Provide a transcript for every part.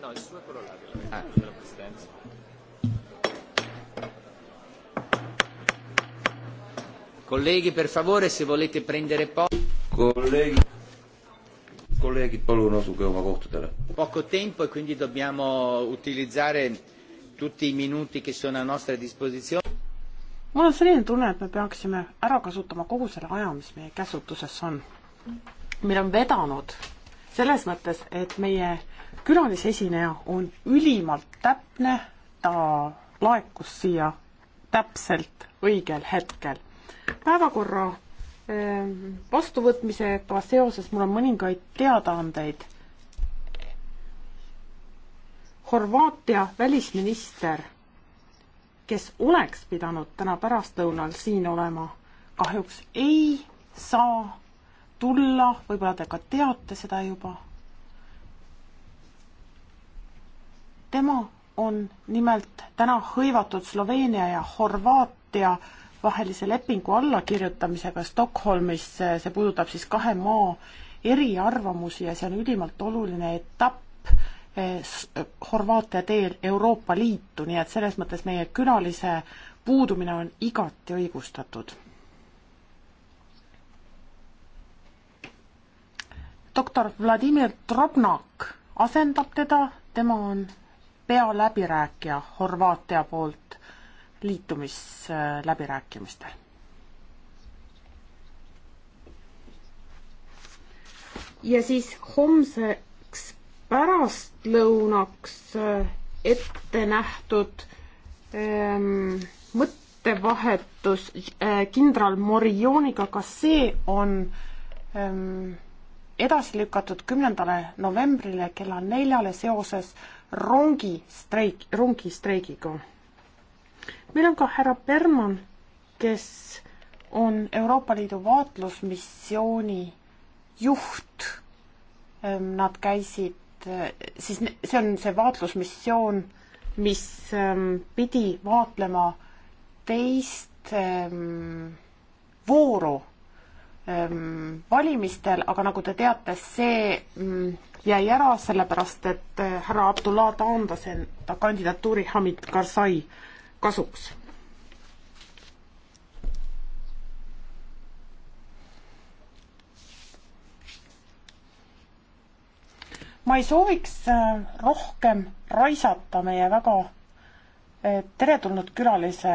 no, il suo è quello là della, ah. della Presidenza. Colleghi, per favore, se volete prendere posto. Colleghi, colleghi, palun asuge oma kohtadele. Poco tempo e quindi dobbiamo utilizzare tutti i minuti che sono a nostra disposizione. mul on selline tunne, et me peaksime ära kasutama kogu selle aja, mis meie käsutuses on. meil on vedanud selles mõttes, et meie külalisesineja on ülimalt täpne, ta laekus siia täpselt õigel hetkel. päevakorra ehm, vastuvõtmisega seoses mul on mõningaid teadaandeid. Horvaatia välisminister, kes oleks pidanud täna pärastlõunal siin olema, kahjuks ei saa tulla, võib-olla te ka teate seda juba tema on nimelt täna hõivatud Sloveenia ja Horvaatia vahelise lepingu allakirjutamisega Stockholmis, see puudutab siis kahe maa eriarvamusi ja see on ülimalt oluline etapp eh, Horvaatia teel Euroopa Liitu, nii et selles mõttes meie külalise puudumine on igati õigustatud. doktor Vladimir Drobnak asendab teda, tema on pealäbirääkija Horvaatia poolt liitumisläbirääkimistel? ja siis homseks pärastlõunaks äh, ette nähtud ähm, mõttevahetus äh, kindral Morioniga, kas see on ähm, edasi lükatud kümnendale novembrile kella neljale seoses äh, rongistreik, rongistreigiga. meil on ka härra Berman, kes on Euroopa Liidu vaatlusmissiooni juht. Ehm, nad käisid, eh, siis see on see vaatlusmissioon, mis ehm, pidi vaatlema teist ehm, vooru Ähm, valimistel, aga nagu te teate, see mm, jäi ära, sellepärast et äh, härra Abdullah taandas enda kandidatuuri Hamid Karzai kasuks. ma ei sooviks äh, rohkem raisata meie väga äh, teretulnud külalise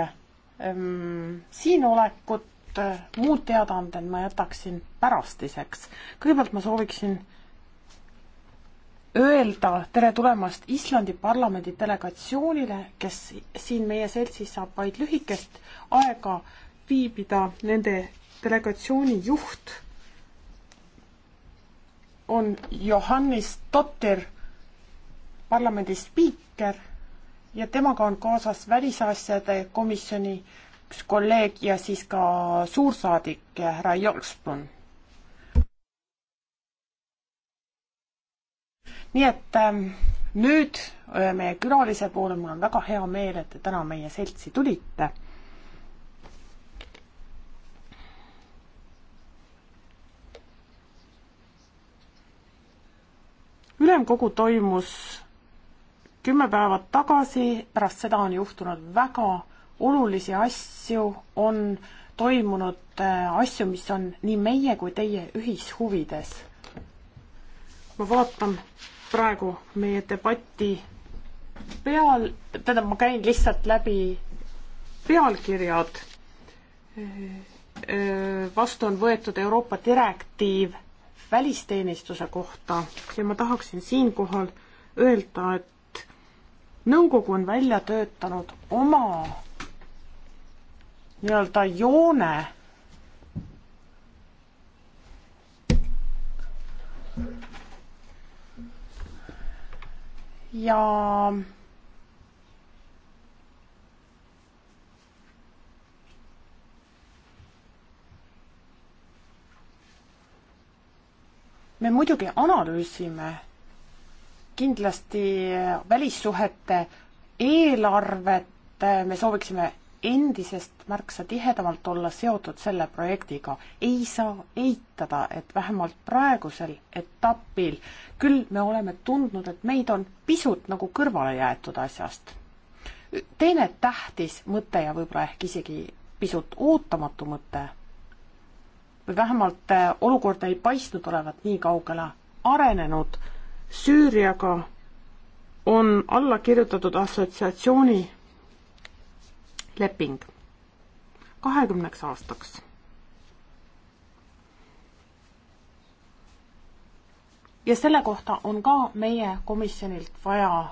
ähm, siin olekut, Äh, muud teadaanded ma jätaksin pärastiseks. kõigepealt ma sooviksin öelda tere tulemast Islandi parlamendi delegatsioonile, kes siin meie seltsis saab vaid lühikest aega viibida. Nende delegatsiooni juht on Johannes Totter, parlamendi spiiker ja temaga on kaasas välisasjade komisjoni äh, üks kolleeg ja siis ka suursaadik härra Jolksbrun. nii et ähm, nüüd äh, meie külalise poole, mul on väga hea meel, et te täna meie seltsi tulite ülemkogu toimus kümme päeva tagasi, pärast seda on juhtunud väga olulisi asju on toimunud äh, asju, mis on nii meie kui teie ühishuvides. ma vaatan praegu meie debati peal, tähendab, ma käin lihtsalt läbi pealkirjad. vastu on võetud Euroopa direktiiv välisteenistuse kohta ja ma tahaksin siinkohal öelda, et nõukogu on välja töötanud oma nii-öelda joone ja me muidugi analüüsime kindlasti välissuhete eelarvet, me sooviksime endisest märksa tihedamalt olla seotud selle projektiga. ei saa eitada, et vähemalt praegusel etapil küll me oleme tundnud, et meid on pisut nagu kõrvale jäetud asjast. teine tähtis mõte ja võib-olla ehk isegi pisut ootamatu mõte või vähemalt äh, olukord ei paistnud olevat nii kaugele arenenud, Süüriaga on alla kirjutatud assotsiatsiooni leping kahekümneks aastaks. ja selle kohta on ka meie komisjonilt vaja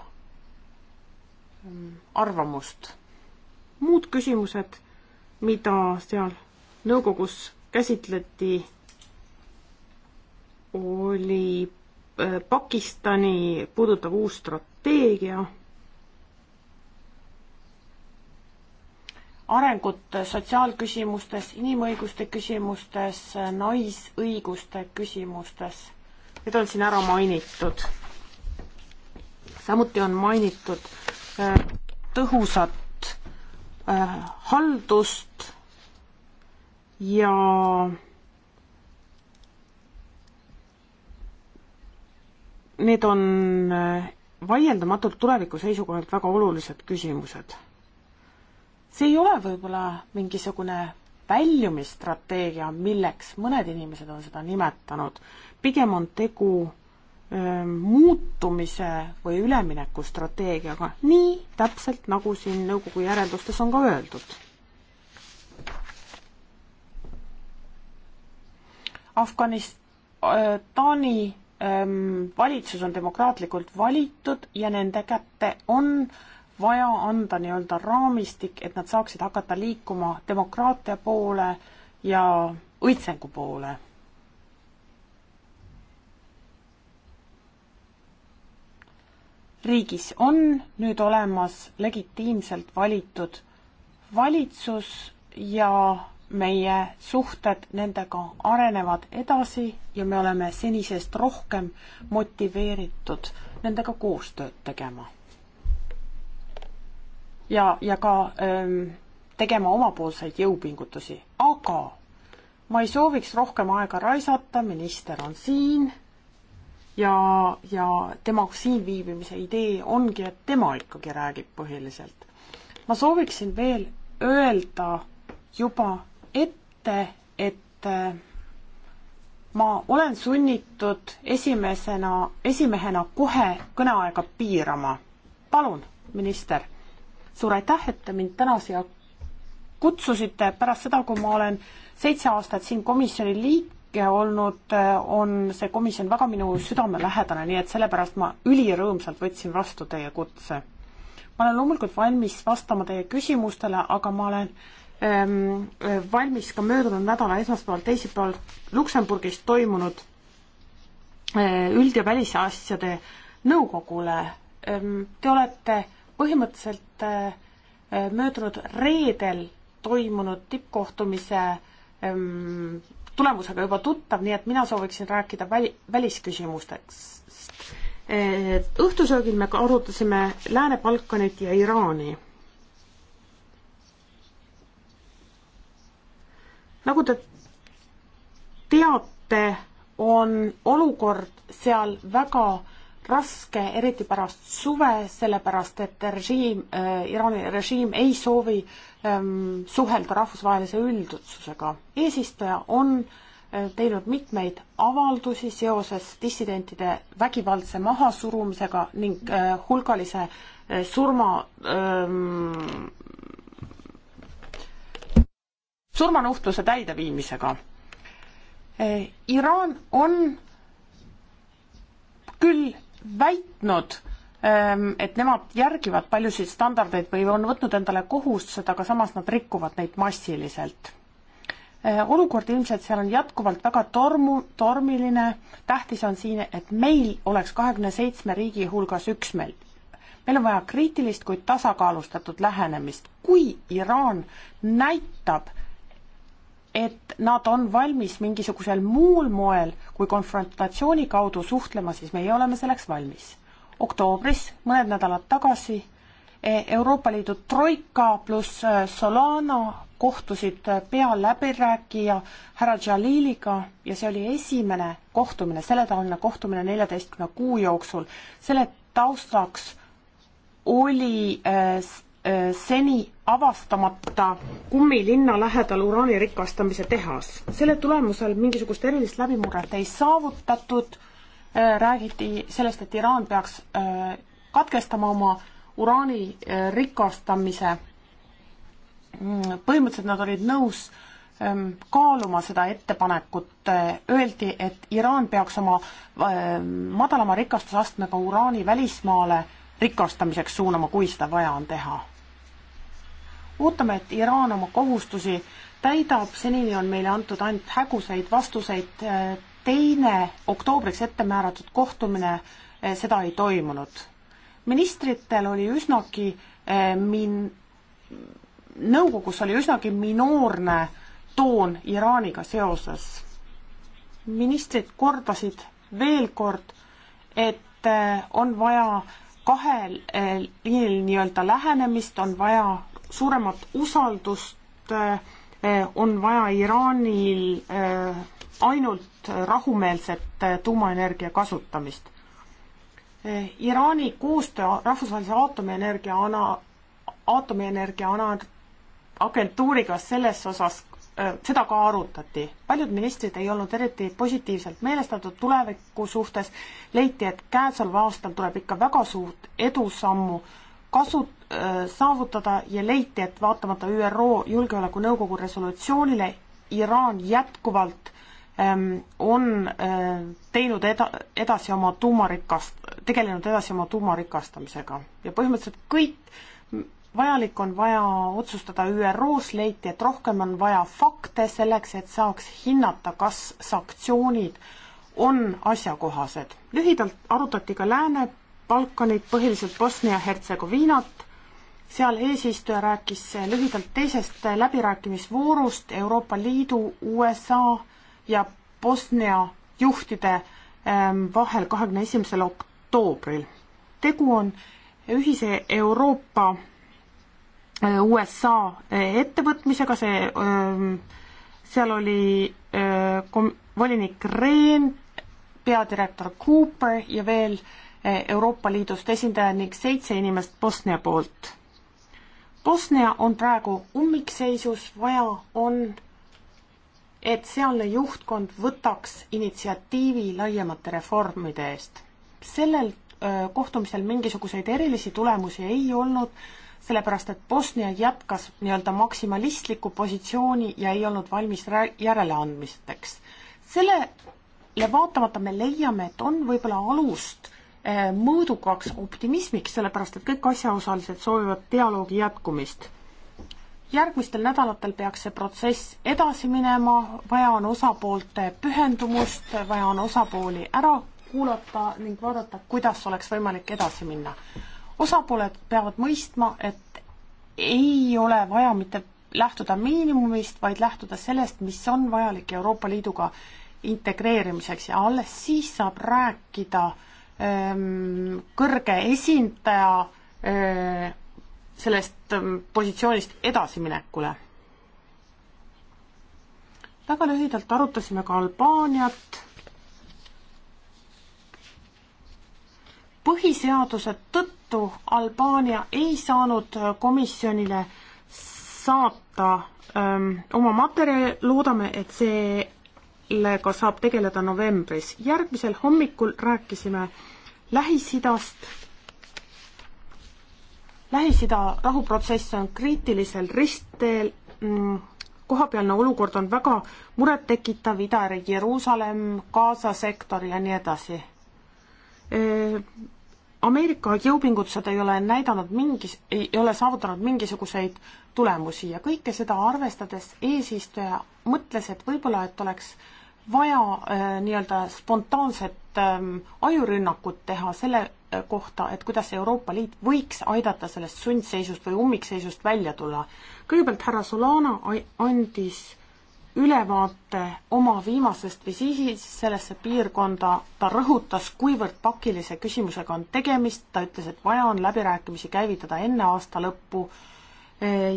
mm, arvamust. muud küsimused, mida seal nõukogus käsitleti, oli äh, Pakistani puudutav uus strateegia arengut sotsiaalküsimustes, inimõiguste küsimustes, naisõiguste küsimustes. Need on siin ära mainitud. samuti on mainitud äh, tõhusat äh, haldust ja need on äh, vaieldamatult tuleviku seisukohalt väga olulised küsimused see ei ole võib-olla mingisugune väljumisstrateegia, milleks mõned inimesed on seda nimetanud, pigem on tegu öö, muutumise või üleminekustrateegiaga, nii täpselt, nagu siin nõukogu järeldustes on ka öeldud. Afganist-, Taani öö, valitsus on demokraatlikult valitud ja nende kätte on öö, vaja anda nii-öelda raamistik, et nad saaksid hakata liikuma demokraatia poole ja õitsengu poole. riigis on nüüd olemas legitiimselt valitud valitsus ja meie suhted nendega arenevad edasi ja me oleme senisest rohkem motiveeritud nendega koostööd tegema ja, ja ka ähm, tegema omapoolseid jõupingutusi, aga ma ei sooviks rohkem aega raisata, minister on siin ja, ja tema siin viibimise idee ongi, et tema ikkagi räägib põhiliselt. ma sooviksin veel öelda juba ette, et äh, ma olen sunnitud esimesena, esimehena kohe kõneaega piirama. palun, minister suur aitäh, et te mind täna siia kutsusite, pärast seda, kui ma olen seitse aastat siin komisjoni liige olnud, eh, on see komisjon väga minu südamelähedane, nii et sellepärast ma ülirõõmsalt võtsin vastu teie kutse. ma olen loomulikult valmis vastama teie küsimustele, aga ma olen ähm, valmis ka möödunud nädala esmaspäeval, teisipäeval Luksemburgis toimunud äh, üld- ja välisasjade nõukogule ähm,. Te olete äh, põhimõtteliselt äh, äh, möödunud reedel toimunud tippkohtumise ähm, tulemusega juba tuttav, nii et mina sooviksin rääkida väli, välisküsimustest. Äh, õhtusöögil me arutasime Lääne-Balkanit ja Iraani. nagu te teate, on olukord seal väga raske, eriti pärast suve, sellepärast et režiim äh,, Iraani režiim ei soovi ähm, suhelda rahvusvahelise üldsusega. eesistuja on äh, teinud mitmeid avaldusi seoses dissidentide vägivaldse mahasurumisega ning äh, hulgalise äh, surma ähm, surmanuhtluse täideviimisega. Äh, Iraan on küll väitnud, ähm, et nemad järgivad paljusid standardeid või on võtnud endale kohustused, aga samas nad rikuvad neid massiliselt. Äh, olukord ilmselt seal on jätkuvalt väga tormu, tormiline, tähtis on siin, et meil oleks kahekümne seitsme riigi hulgas üksmeel. meil on vaja kriitilist, kuid tasakaalustatud lähenemist. kui Iraan näitab, et nad on valmis mingisugusel muul moel kui konfrontatsiooni kaudu suhtlema, siis meie oleme selleks valmis. oktoobris, mõned nädalad tagasi, e, Euroopa Liidu Troika pluss e, Solana kohtusid e, pealäbirääkija härra Jaliliga ja see oli esimene kohtumine, selletaoline kohtumine neljateistkümne kuu jooksul. selle taustaks oli äh, Äh, seni avastamata kummilinna lähedal uraani rikastamise tehas. selle tulemusel mingisugust erilist läbimurret ei saavutatud, äh, räägiti sellest, et Iraan peaks äh, katkestama oma uraani rikastamise. Mm, põhimõtteliselt nad olid nõus ähm, kaaluma seda ettepanekut, öeldi, et Iraan peaks oma madalama rikastusastmega uraani välismaale rikastamiseks suunama, kui seda vaja on teha ootame, et Iraan oma kohustusi täidab, senini on meile antud ainult häguseid vastuseid, teine oktoobriks ette määratud kohtumine eh, seda ei toimunud. ministritel oli üsnagi eh, min-, nõukogus oli üsnagi minoorne toon Iraaniga seoses. ministrid kordasid veel kord, et eh, on vaja kahel liinil nii-öelda lähenemist, on vaja suuremat usaldust eh, on vaja Iraanil eh, ainult rahumeelset eh, tuumaenergia kasutamist. Iraani koostöö rahvusvahelise aatomienergia ana-, aatomienergia ana-, agentuuriga selles osas seda ka arutati. paljud ministrid ei olnud eriti positiivselt meelestatud tuleviku suhtes, leiti, et käesoleval aastal tuleb ikka väga suurt edusammu kasu-, äh, saavutada ja leiti, et vaatamata ÜRO Julgeolekunõukogu resolutsioonile, Iraan jätkuvalt ähm, on äh, teinud eda-, edasi oma tuumarikast, tegelenud edasi oma tuumarikastamisega ja põhimõtteliselt kõik vajalik on vaja otsustada ÜRO-s, leiti, et rohkem on vaja fakte selleks, et saaks hinnata, kas sanktsioonid on asjakohased. lühidalt arutati ka lääne Balkanit, põhiliselt Bosnia-Hertsegoviinat. seal eesistuja rääkis lühidalt teisest läbirääkimisvoorust Euroopa Liidu, USA ja Bosnia juhtide ähm, vahel kahekümne esimesel oktoobril. tegu on ühise Euroopa äh, USA äh, ettevõtmisega, see, ähm, seal oli äh, kom-, volinik Rehn, peadirektor Cooper ja veel Euroopa Liidust esindaja ning seitse inimest Bosnia poolt. Bosnia on praegu ummikseisus, vaja on, et sealne juhtkond võtaks initsiatiivi laiemate reformide eest. sellel öö, kohtumisel mingisuguseid erilisi tulemusi ei olnud, sellepärast et Bosnia jätkas nii-öelda maksimalistliku positsiooni ja ei olnud valmis järeleandmisteks. sellele vaatamata me leiame, et on võib-olla alust Eh, mõõdukaks optimismiks, sellepärast et kõik asjaosalised soovivad dialoogi jätkumist. järgmistel nädalatel peaks see protsess edasi minema, vaja on osapoolte pühendumust, vaja on osapooli ära kuulata ning vaadata, kuidas oleks võimalik edasi minna. osapooled peavad mõistma, et ei ole vaja mitte lähtuda miinimumist, vaid lähtuda sellest, mis on vajalik Euroopa Liiduga integreerimiseks ja alles siis saab rääkida äh, Ähm, kõrge esindaja äh, sellest ähm, positsioonist edasiminekule. väga lühidalt arutasime ka Albaaniat. põhiseaduse tõttu Albaania ei saanud komisjonile saata öö, ähm, oma materjali, loodame, et see millega saab tegeleda novembris. järgmisel hommikul rääkisime Lähis-Idast. Lähis-Ida rahuprotsess on kriitilisel ristteel, mm, kohapealne olukord on väga murettekitav, idariigi Jeruusalemm, Gaza sektor ja nii edasi. Ameerika jõupingutused ei ole näidanud mingis, ei ole saavutanud mingisuguseid tulemusi ja kõike seda arvestades eesistuja mõtles, et võib-olla, et oleks vaja äh, nii-öelda spontaanset äh, ajurünnakut teha selle äh, kohta, et kuidas Euroopa Liit võiks aidata sellest sundseisust või ummikseisust välja tulla. kõigepealt härra Solana andis ülevaate oma viimasest visiidist sellesse piirkonda, ta rõhutas, kuivõrd pakilise küsimusega on tegemist, ta ütles, et vaja on läbirääkimisi käivitada enne aasta lõppu äh,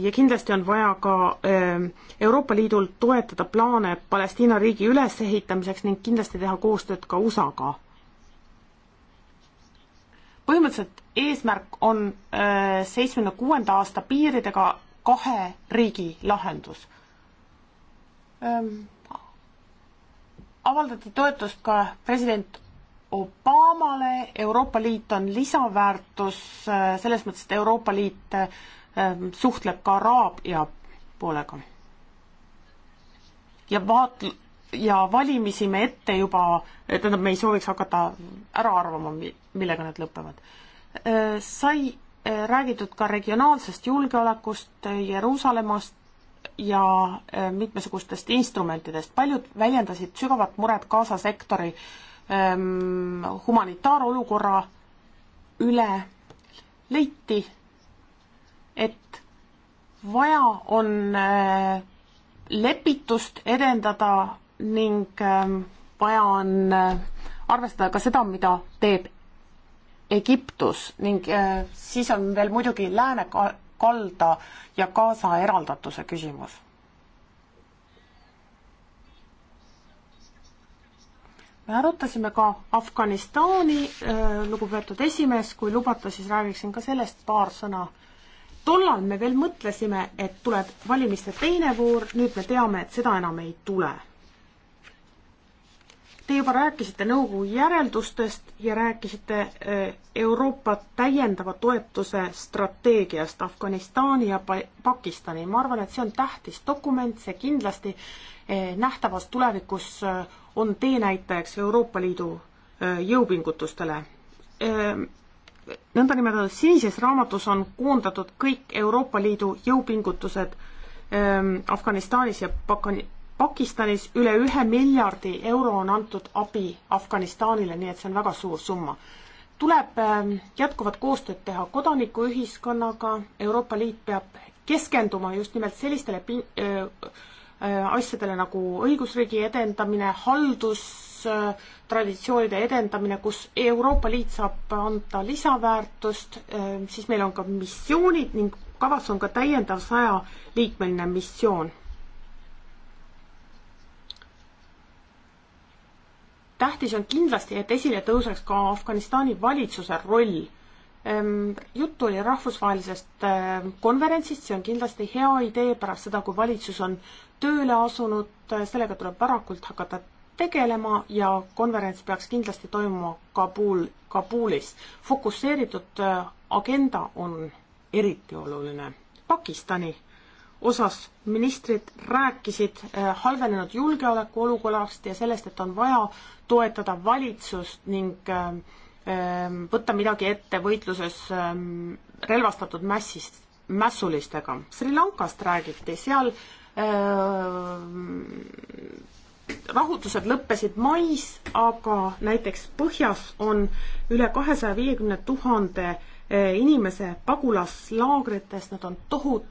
ja kindlasti on vaja ka äh, Euroopa Liidul toetada plaane Palestiina riigi ülesehitamiseks ning kindlasti teha koostööd ka USA-ga. põhimõtteliselt eesmärk on äh, seitsmekümne kuuenda aasta piiridega kahe riigi lahendus. Ähm, avaldati toetust ka president Obamale, Euroopa Liit on lisaväärtus äh, selles mõttes, et Euroopa Liit Ähm, suhtleb ka araabia poolega. ja vaat-, ja valimisi me ette juba, tähendab, me ei sooviks hakata ära arvama, millega need lõpevad. Äh, sai äh, räägitud ka regionaalsest julgeolekust, äh, Jeruusalemmast ja mitmesugustest instrumentidest, paljud väljendasid sügavat muret Gaza sektori ähm, humanitaarolukorra üle, leiti, et vaja on äh, lepitust edendada ning ähm, vaja on äh, arvestada ka seda, mida teeb Egiptus ning äh, siis on veel muidugi lääne kalda ja Gaza eraldatuse küsimus. me arutasime ka Afganistani, lugupeetud esimees, kui lubate, siis räägiksin ka sellest paar sõna tollal me veel mõtlesime, et tuleb valimiste teine voor, nüüd me teame, et seda enam ei tule. Te juba rääkisite nõukogu järeldustest ja rääkisite äh, Euroopa täiendava toetuse strateegiast Afganistani ja Pakistani. ma arvan, et see on tähtis dokument, see kindlasti äh, nähtavas tulevikus äh, on teenäitajaks Euroopa Liidu jõupingutustele nõndanimetatud sinises raamatus on koondatud kõik Euroopa Liidu jõupingutused ähm, Afganistanis ja Pakani, Pakistanis, üle ühe miljardi euro on antud abi Afganistanile, nii et see on väga suur summa. tuleb ähm, jätkuvat koostööd teha kodanikuühiskonnaga, Euroopa Liit peab keskenduma just nimelt sellistele pin- äh,, äh, asjadele nagu õigusriigi edendamine, haldus traditsioonide edendamine, kus Euroopa Liit saab anda lisaväärtust, eh, siis meil on ka missioonid ning kavas on ka täiendav sajaliikmeline missioon. tähtis on kindlasti, et esile tõuseks ka Afganistani valitsuse roll ehm, juttu oli rahvusvahelisest eh, konverentsist, see on kindlasti hea idee pärast seda, kui valitsus on tööle asunud, eh, sellega tuleb varakult hakata tegelema ja konverents peaks kindlasti toimuma Kabul, Kabulis. fokusseeritud äh, agenda on eriti oluline. Pakistani osas ministrid rääkisid äh, halvenenud julgeolekuolukorrast ja sellest, et on vaja toetada valitsust ning äh, ähm, võtta midagi ette võitluses ähm, relvastatud mässist, mässulistega. Sri Lankast räägiti, seal rahutused lõppesid mais, aga näiteks põhjas on üle kahesaja viiekümne tuhande eh, inimese pagulaslaagrites, nad on tohut-,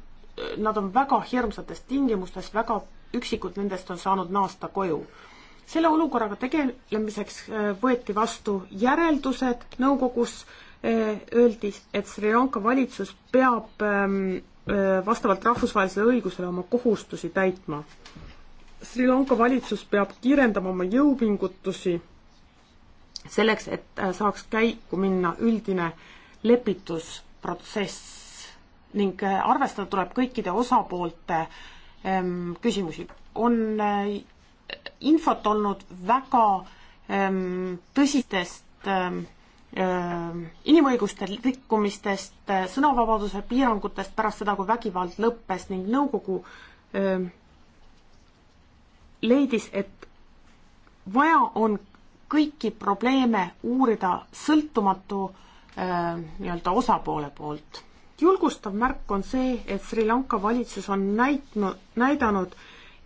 nad on väga hirmsates tingimustes, väga üksikud nendest on saanud naasta koju. selle olukorraga tegelemiseks eh, võeti vastu järeldused nõukogus, eh, öeldi, et Sri Lanka valitsus peab ehm, vastavalt rahvusvahelisele õigusele oma kohustusi täitma Sri Lanka valitsus peab kiirendama oma jõupingutusi selleks, et äh, saaks käiku minna üldine lepitusprotsess ning äh, arvestada tuleb kõikide osapoolte ähm, küsimusi. on äh, infot olnud väga ähm, tõsistest ähm, ähm inimõiguste rikkumistest, äh, sõnavabaduse piirangutest pärast seda, kui vägivald lõppes ning nõukogu ähm, leidis, et vaja on kõiki probleeme uurida sõltumatu äh, nii-öelda osapoole poolt. julgustav märk on see, et Sri Lanka valitsus on näitnud, näidanud,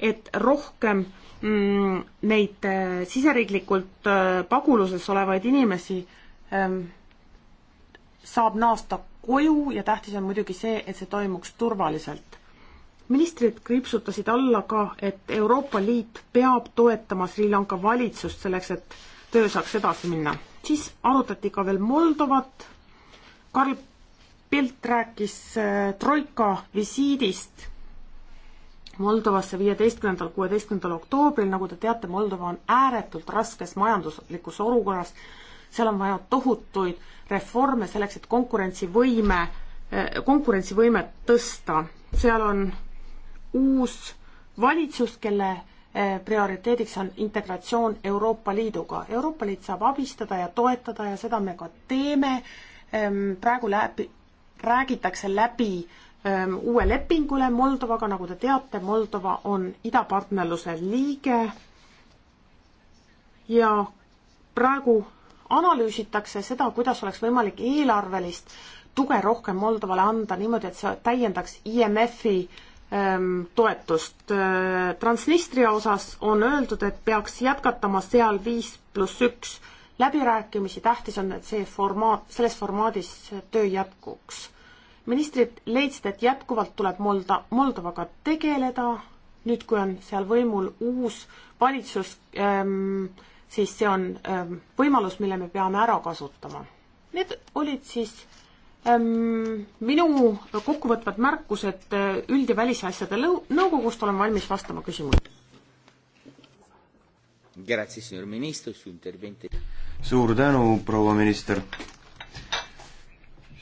et rohkem mm, neid äh, siseriiklikult äh, paguluses olevaid inimesi ähm, saab naasta koju ja tähtis on muidugi see, et see toimuks turvaliselt ministrid kriipsutasid alla ka, et Euroopa Liit peab toetama Sri Lanka valitsust selleks, et töö saaks edasi minna. siis arutati ka veel Moldovat, Karl Pilt rääkis äh, Troika visiidist Moldovasse viieteistkümnendal, kuueteistkümnendal oktoobril, nagu te teate, Moldova on ääretult raskes majanduslikus olukorras, seal on vaja tohutuid reforme selleks, et konkurentsivõime, äh, konkurentsivõimet tõsta, seal on uus valitsus, kelle eh, prioriteediks on integratsioon Euroopa Liiduga. Euroopa Liit saab abistada ja toetada ja seda me ka teeme. Ehm, praegu läbi, räägitakse läbi ehm, uue lepingule Moldovaga, nagu te teate, Moldova on idapartnerluse liige ja praegu analüüsitakse seda, kuidas oleks võimalik eelarvelist tuge rohkem Moldovale anda niimoodi, et see täiendaks IMF-i äh, Ähm, toetust. Äh, Transnistria osas on öeldud, et peaks jätkatama seal viis pluss üks läbirääkimisi, tähtis on, et see formaat, selles formaadis töö jätkuks. ministrid leidsid, et jätkuvalt tuleb Molda, Moldovaga tegeleda, nüüd kui on seal võimul uus valitsus ähm,, siis see on ähm, võimalus, mille me peame ära kasutama. Need olid siis Ehm, minu kokkuvõtvad märkused eh, üld- ja välisasjade nõukogust, olen valmis vastama küsimustele. suur tänu, proua minister.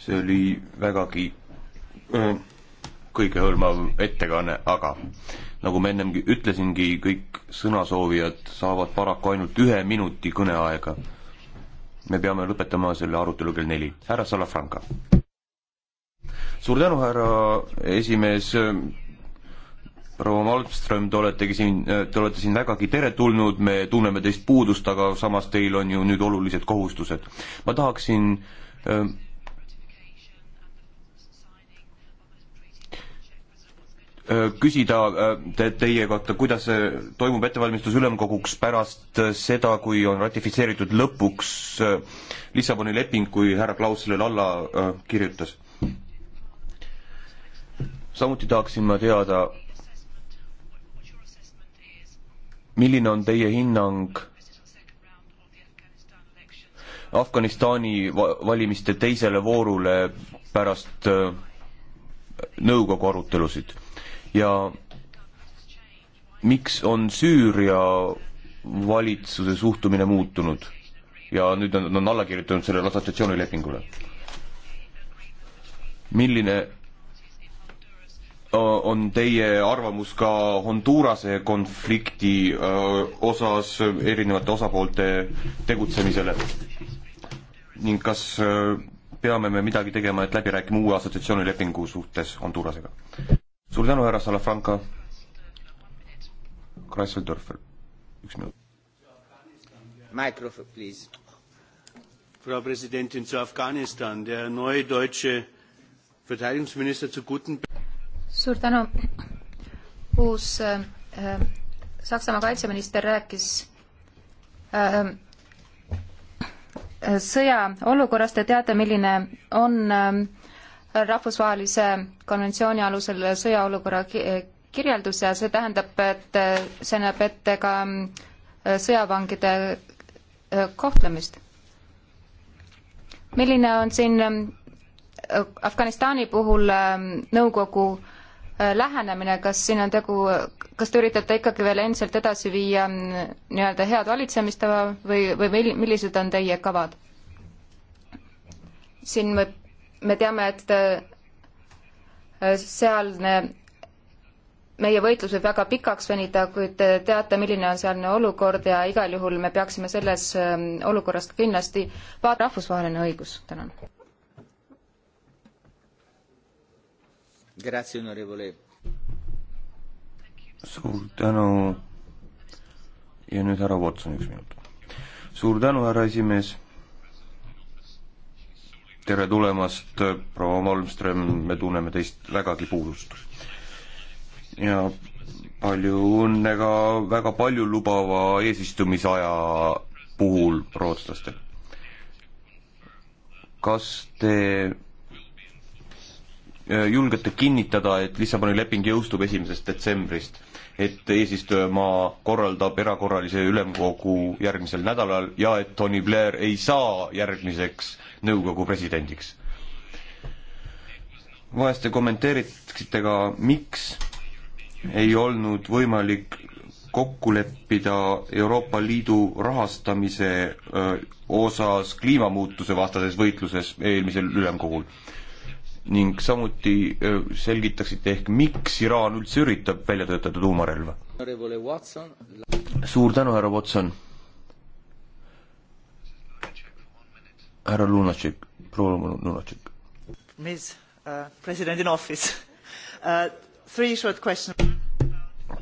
see oli vägagi eh, kõigehõlmav ettekanne, aga nagu ma ennemgi ütlesingi, kõik sõnasoovijad saavad paraku ainult ühe minuti kõneaega. me peame lõpetama selle arutelu kell neli. härra Salafranca suur tänu, härra esimees, proua Malmström, te oletegi siin, te olete siin vägagi teretulnud, me tunneme teist puudust, aga samas teil on ju nüüd olulised kohustused. ma tahaksin ähm, äh, küsida äh, te, teie kohta, kuidas toimub ettevalmistus ülemkoguks pärast äh, seda, kui on ratifitseeritud lõpuks äh, Lissaboni leping, kui härra Klaus sellele alla kirjutas? samuti tahaksin ma teada, milline on teie hinnang Afganistani valimiste teisele voorule pärast äh, nõukogu arutelusid ja miks on Süüria valitsuse suhtumine muutunud ja nüüd nad on alla kirjutanud sellele assotsiatsioonilepingule? milline Äh, on teie arvamus ka Hondurase konflikti äh, osas äh, erinevate osapoolte tegutsemisele? ning kas peame me midagi tegema, et läbi rääkima uue assotsiatsioonilepingu suhtes Hondurasega? suur tänu, härra Salafranca. Kreisel-Dörfer, üks minut. Mikrofon, please. Frau Präsidentin, zu Afghanistan. Der neue deutsche Verteidigungsminister zu Guten suur tänu. uus äh, Saksamaa kaitseminister rääkis äh, äh sõjaolukorrast ja teate, milline on äh, rahvusvahelise konventsiooni alusel sõjaolukorra kirjeldus ja see tähendab, et äh, see näeb ette ka äh, sõjavangide kohtlemist. milline on siin Afganistani puhul nõukogu lähenemine, kas siin on tegu, kas te üritate ikkagi veel endiselt edasi viia nii-öelda head valitsemistava või, või millised on teie kavad? siin võib, me teame, et äh, sealne meie võitlus võib väga pikaks venida, kuid te teate, milline on sealne olukord ja igal juhul me peaksime selles ähm, olukorras kindlasti vaatama rahvusvaheline õigus, tänan suur tänu ja nüüd härra Watson, üks minut. suur tänu, härra esimees. tere tulemast, proua Malmström, me tunneme teist vägagi puudust. ja palju õnne ka väga paljulubava eesistumisaja puhul rootslastel. kas te Äh, julgete kinnitada, et Lissaboni leping jõustub esimesest detsembrist, et eesistujamaa korraldab erakorralise ülemkogu järgmisel nädalal ja et Tony Blair ei saa järgmiseks nõukogu presidendiks? vahest te kommenteeriksite ka, miks ei olnud võimalik kokku leppida Euroopa Liidu rahastamise öö, äh, osas kliimamuutuse vastases võitluses eelmisel ülemkogul? ning samuti selgitaksite ehk, miks Iraan üldse üritab välja töötada tuumarelva? suur tänu, härra Watson. härra Lunatšik, proua Lunatšik. Miss uh, President in Office uh,, three short questions.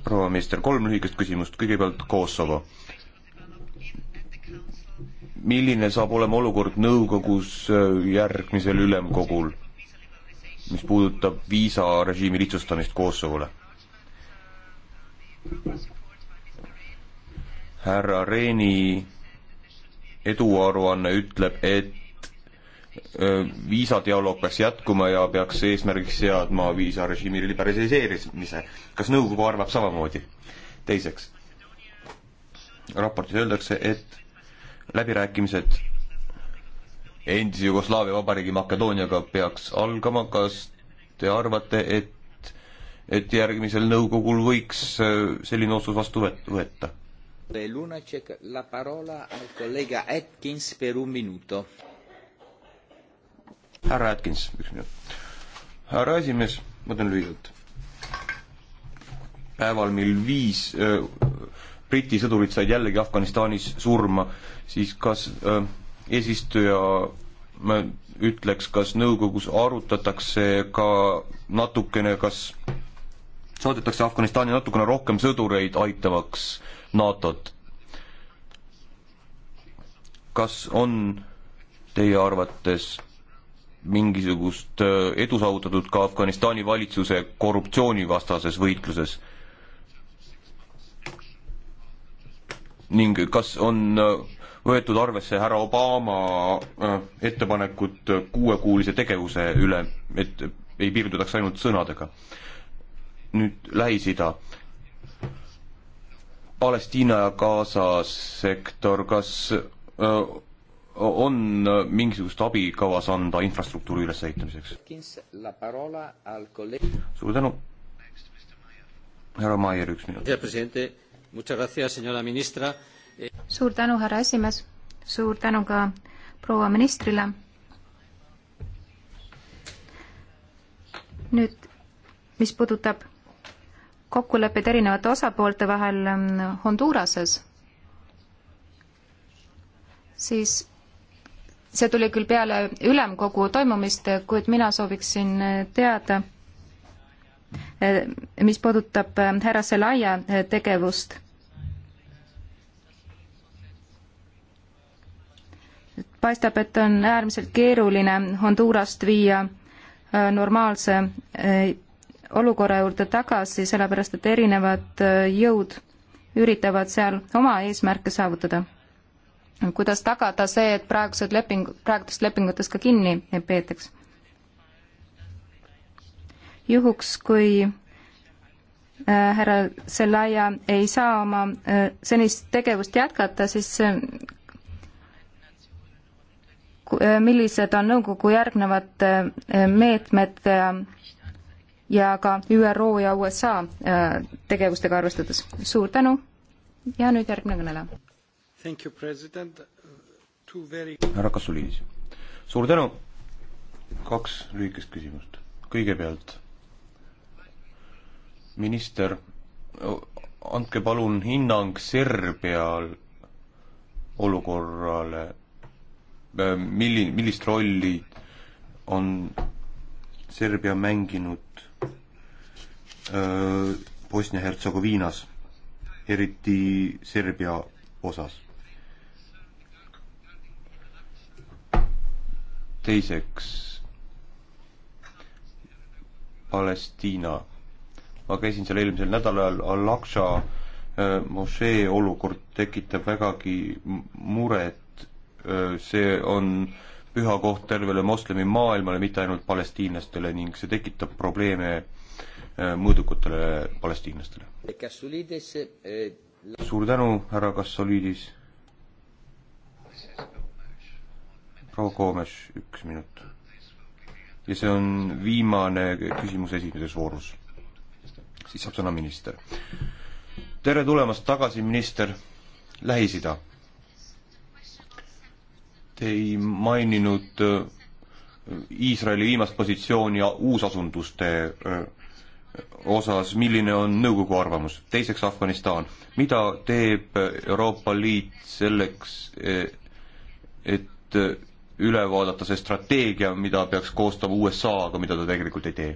proua minister, kolm lühikest küsimust, kõigepealt Kosovo milline saab olema olukord nõukogus äh, järgmisel ülemkogul? mis puudutab viisarežiimi lihtsustamist Kosovole. härra Reeni eduaruanne ütleb, et viisadialoog peaks jätkuma ja peaks eesmärgiks seadma viisarežiimi liberaliseerimise. kas nõukogu arvab samamoodi? teiseks, raportis öeldakse, et läbirääkimised endise Jugoslaavia vabariigi Makedooniaga peaks algama, kas te arvate, et, et järgmisel nõukogul võiks äh, selline otsus vastu võtta? härra Atkins, üks minut. härra esimees, ma teen lühidalt. päeval, mil viis öö, äh, Briti sõdurit said jällegi Afganistanis surma, siis kas öö, äh, eesistuja, ma ütleks, kas nõukogus arutatakse ka natukene, kas saadetakse Afganistani natukene rohkem sõdureid aitamaks NATO-t? kas on teie arvates mingisugust äh, edu saavutatud ka Afganistani valitsuse korruptsioonivastases võitluses? ning kas on äh, võetud arvesse härra Obama äh, ettepanekut kuuekuulise tegevuse üle, et ei piirdudaks ainult sõnadega. nüüd Lähis-Ida. Palestiina ja Gaza sektor, kas äh, on mingisugust abi kavas anda infrastruktuuri ülesehitamiseks? suur tänu. härra Maier, üks minut suur tänu, härra esimees, suur tänu ka proua ministrile. nüüd, mis puudutab kokkuleppeid erinevate osapoolte vahel ähm, Honduras'es, siis see tuli küll peale ülemkogu toimumist, kuid mina sooviksin teada, äh, mis puudutab äh, härra Selaia äh, tegevust paistab, et on äärmiselt keeruline Hondurast viia äh, normaalse äh, olukorra juurde tagasi, sellepärast et erinevad äh, jõud üritavad seal oma eesmärke saavutada. kuidas tagada see, et praegused leping, praegutest lepingutest ka kinni peetaks? juhuks, kui härra Zelaja ei saa oma senist tegevust jätkata, siis Äh, millised on nõukogu järgnevad äh, meetmed äh, ja ka ÜRO ja USA tegevustega arvestades. suur tänu ja nüüd järgmine kõneleja. härra Kasuliinis, suur tänu, kaks lühikest küsimust. kõigepealt, minister, andke palun hinnang Serbial olukorrale Äh, milli-, millist rolli on Serbia mänginud äh, Bosnia-Hertsegoviinas, eriti Serbia osas. teiseks, Palestiina. ma käisin seal eelmisel nädalal, Al-Aqsa äh, mošee olukord tekitab vägagi muret see on püha koht tervele moslemi maailmale, mitte ainult palestiinlastele ning see tekitab probleeme mõõdukutele palestiinlastele. suur tänu, härra Kassoliidis. proua Koomes, üks minut. ja see on viimane küsimus esimeses voorus. siis saab sõna minister. tere tulemast tagasi, minister, Lähis-Ida Te ei maininud äh, Iisraeli viimast positsiooni uusasunduste äh, osas, milline on nõukogu arvamus? teiseks Afganistan, mida teeb Euroopa Liit selleks, äh, et üle vaadata see strateegia, mida peaks koostama USA, aga mida ta tegelikult ei tee?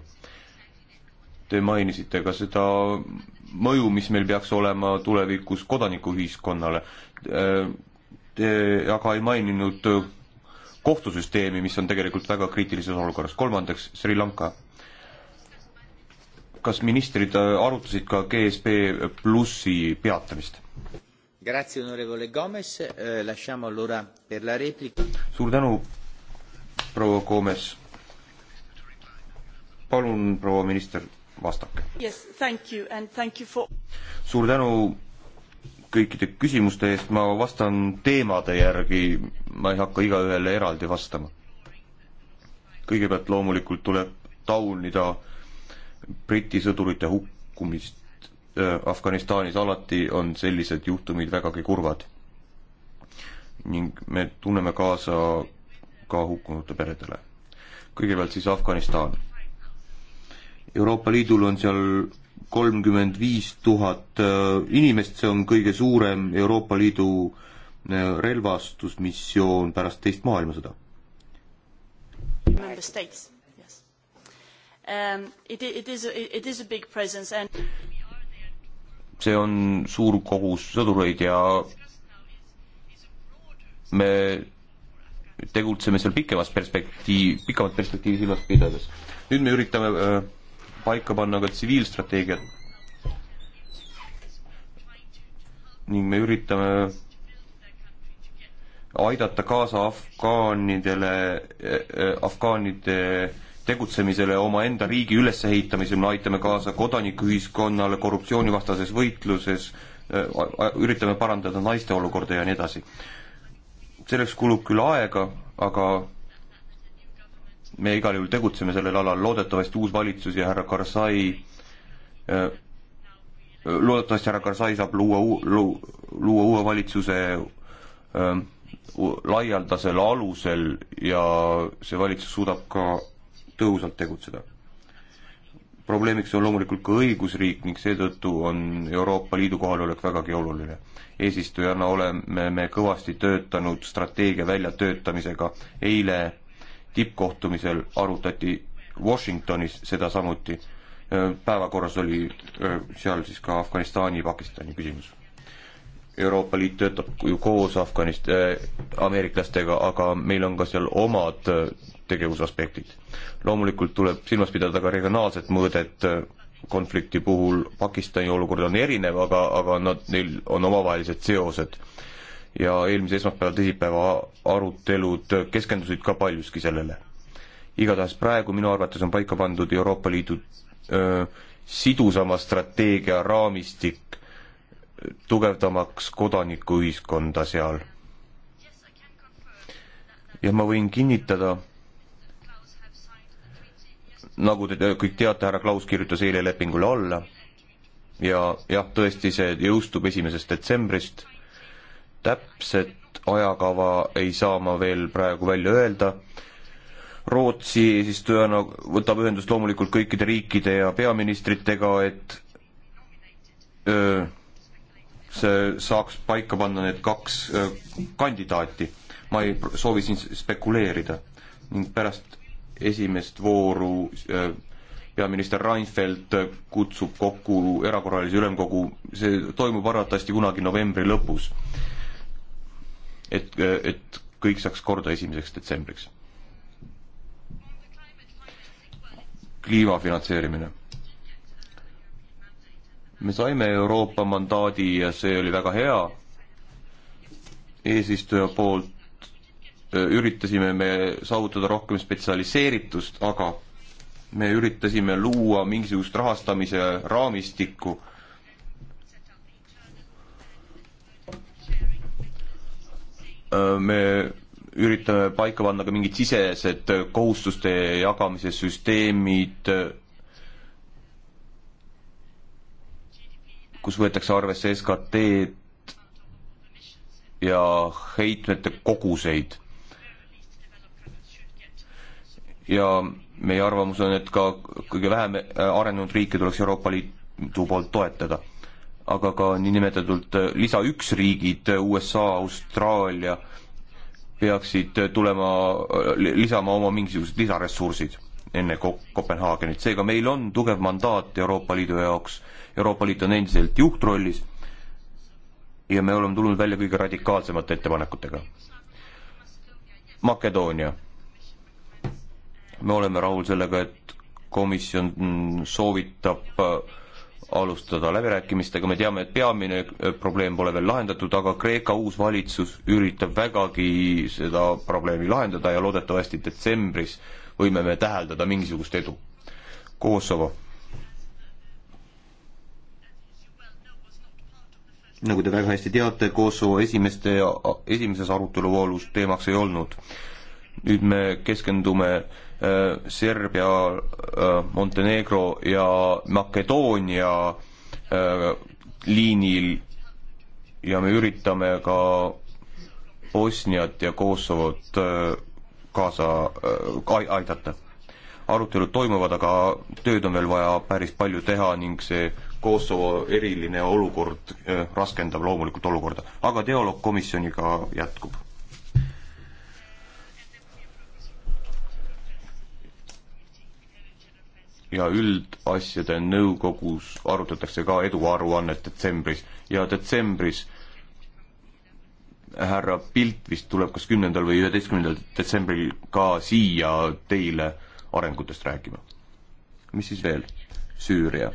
Te mainisite ka seda mõju, mis meil peaks olema tulevikus kodanikuühiskonnale. Te aga ei maininud äh, kohtusüsteemi, mis on tegelikult väga kriitilises olukorras. kolmandaks, Sri Lanka. kas ministrid äh, arutasid ka GSP Plussi peatamist? Grazie onorevole Gomes, äh, lasciamo allora per la replica. suur tänu, proua Gomes. palun, proua minister, vastake. Yes, thank you and thank you for suur tänu kõikide küsimuste eest, ma vastan teemade järgi, ma ei hakka igaühele eraldi vastama. kõigepealt loomulikult tuleb taunida Briti sõdurite hukkumist äh, Afganistanis, alati on sellised juhtumid vägagi kurvad. ning me tunneme kaasa ka hukkunute peredele. kõigepealt siis Afganistan. Euroopa Liidul on seal kolmkümmend viis tuhat äh, inimest, see on kõige suurem Euroopa Liidu äh, relvastusmissioon pärast teist maailmasõda. Yes. Um, and... see on suur kogus sõdureid ja me tegutseme seal pikemas perspektiiv, pikemat perspektiivi silmas pidades. nüüd me üritame äh, paika panna ka tsiviilstrateegiat. ning me üritame aidata kaasa afgaanidele, afgaanide tegutsemisele omaenda riigi ülesehitamisel, me aitame kaasa kodanikuühiskonnale korruptsioonivastases võitluses, üritame parandada naiste olukorda ja nii edasi. selleks kulub küll aega, aga me igal juhul tegutseme sellel alal, loodetavasti uus valitsus ja härra Karzai äh, loodetavasti härra Karzai saab luua, luua uue valitsuse ähm, laialdasel alusel ja see valitsus suudab ka tõhusalt tegutseda. probleemiks on loomulikult ka õigusriik ning seetõttu on Euroopa Liidu kohalolek vägagi oluline. eesistujana oleme me kõvasti töötanud strateegia väljatöötamisega, eile tippkohtumisel arutati Washingtonis seda samuti. päevakorras oli seal siis ka Afganistani ja Pakistani küsimus. Euroopa Liit töötab ju koos Afganist- äh,, ameeriklastega, aga meil on ka seal omad tegevusaspektid. loomulikult tuleb silmas pidada ka regionaalset mõõdet konflikti puhul, Pakistani olukord on erinev, aga, aga nad, neil on omavahelised seosed ja eelmise esmaspäeva, teisipäeva arutelud keskendusid ka paljuski sellele. igatahes praegu minu arvates on paika pandud Euroopa Liidu öö, sidusama strateegia raamistik, tugevdamaks kodanikuühiskonda seal. ja ma võin kinnitada, nagu te kõik teate, härra Klaus kirjutas eile lepingule alla ja jah, tõesti, see jõustub esimesest detsembrist täpset ajakava ei saa ma veel praegu välja öelda. Rootsi eesistujana võtab ühendust loomulikult kõikide riikide ja peaministritega, et öö, see saaks paika panna need kaks öö, kandidaati. ma ei soovi siin spekuleerida ning pärast esimest vooru öö, peaminister Reinfeldt kutsub kokku erakorralise ülemkogu, see toimub arvatavasti kunagi novembri lõpus et, et kõik saaks korda esimeseks detsembriks. kliima finantseerimine. me saime Euroopa mandaadi ja see oli väga hea. eesistuja poolt üritasime me saavutada rohkem spetsialiseeritust, aga me üritasime luua mingisugust rahastamise raamistikku Äh, me üritame paika panna ka mingid sisesed kohustuste jagamise süsteemid, kus võetakse arvesse SKT-d ja heitmete koguseid. ja meie arvamus on, et ka kõige vähem arenenud riike tuleks Euroopa Liidu poolt toetada aga ka niinimetatud äh, lisa üks riigid, äh, USA, Austraalia, peaksid äh, tulema, lisama oma mingisugused lisaressursid enne Kopenhaagenit, seega meil on tugev mandaat Euroopa Liidu jaoks, Euroopa Liit on endiselt juhtrollis ja me oleme tulnud välja kõige radikaalsemate ettepanekutega. Makedoonia. me oleme rahul sellega, et komisjon soovitab äh, alustada läbirääkimistega, me teame, et peamine äh, probleem pole veel lahendatud, aga Kreeka uus valitsus üritab vägagi seda probleemi lahendada ja loodetavasti detsembris võime me täheldada mingisugust edu. Kosovo. nagu te väga hästi teate, Kosovo esimeste, esimeses aruteluvoolus teemaks ei olnud. nüüd me keskendume äh, Äh, Serbia, äh, Montenegro ja Makedoonia äh, liinil ja me üritame ka Bosniat ja Kosovot kaasa aidata. arutelud toimuvad, aga tööd on veel vaja päris palju teha ning see Kosovo eriline olukord raskendab loomulikult olukorda, aga dialoog komisjoniga jätkub ja üldasjade nõukogus arutatakse ka eduaruannet detsembris ja detsembris härra Pilt vist tuleb kas kümnendal või üheteistkümnendal detsembril ka siia teile arengutest rääkima. mis siis veel? Süüria.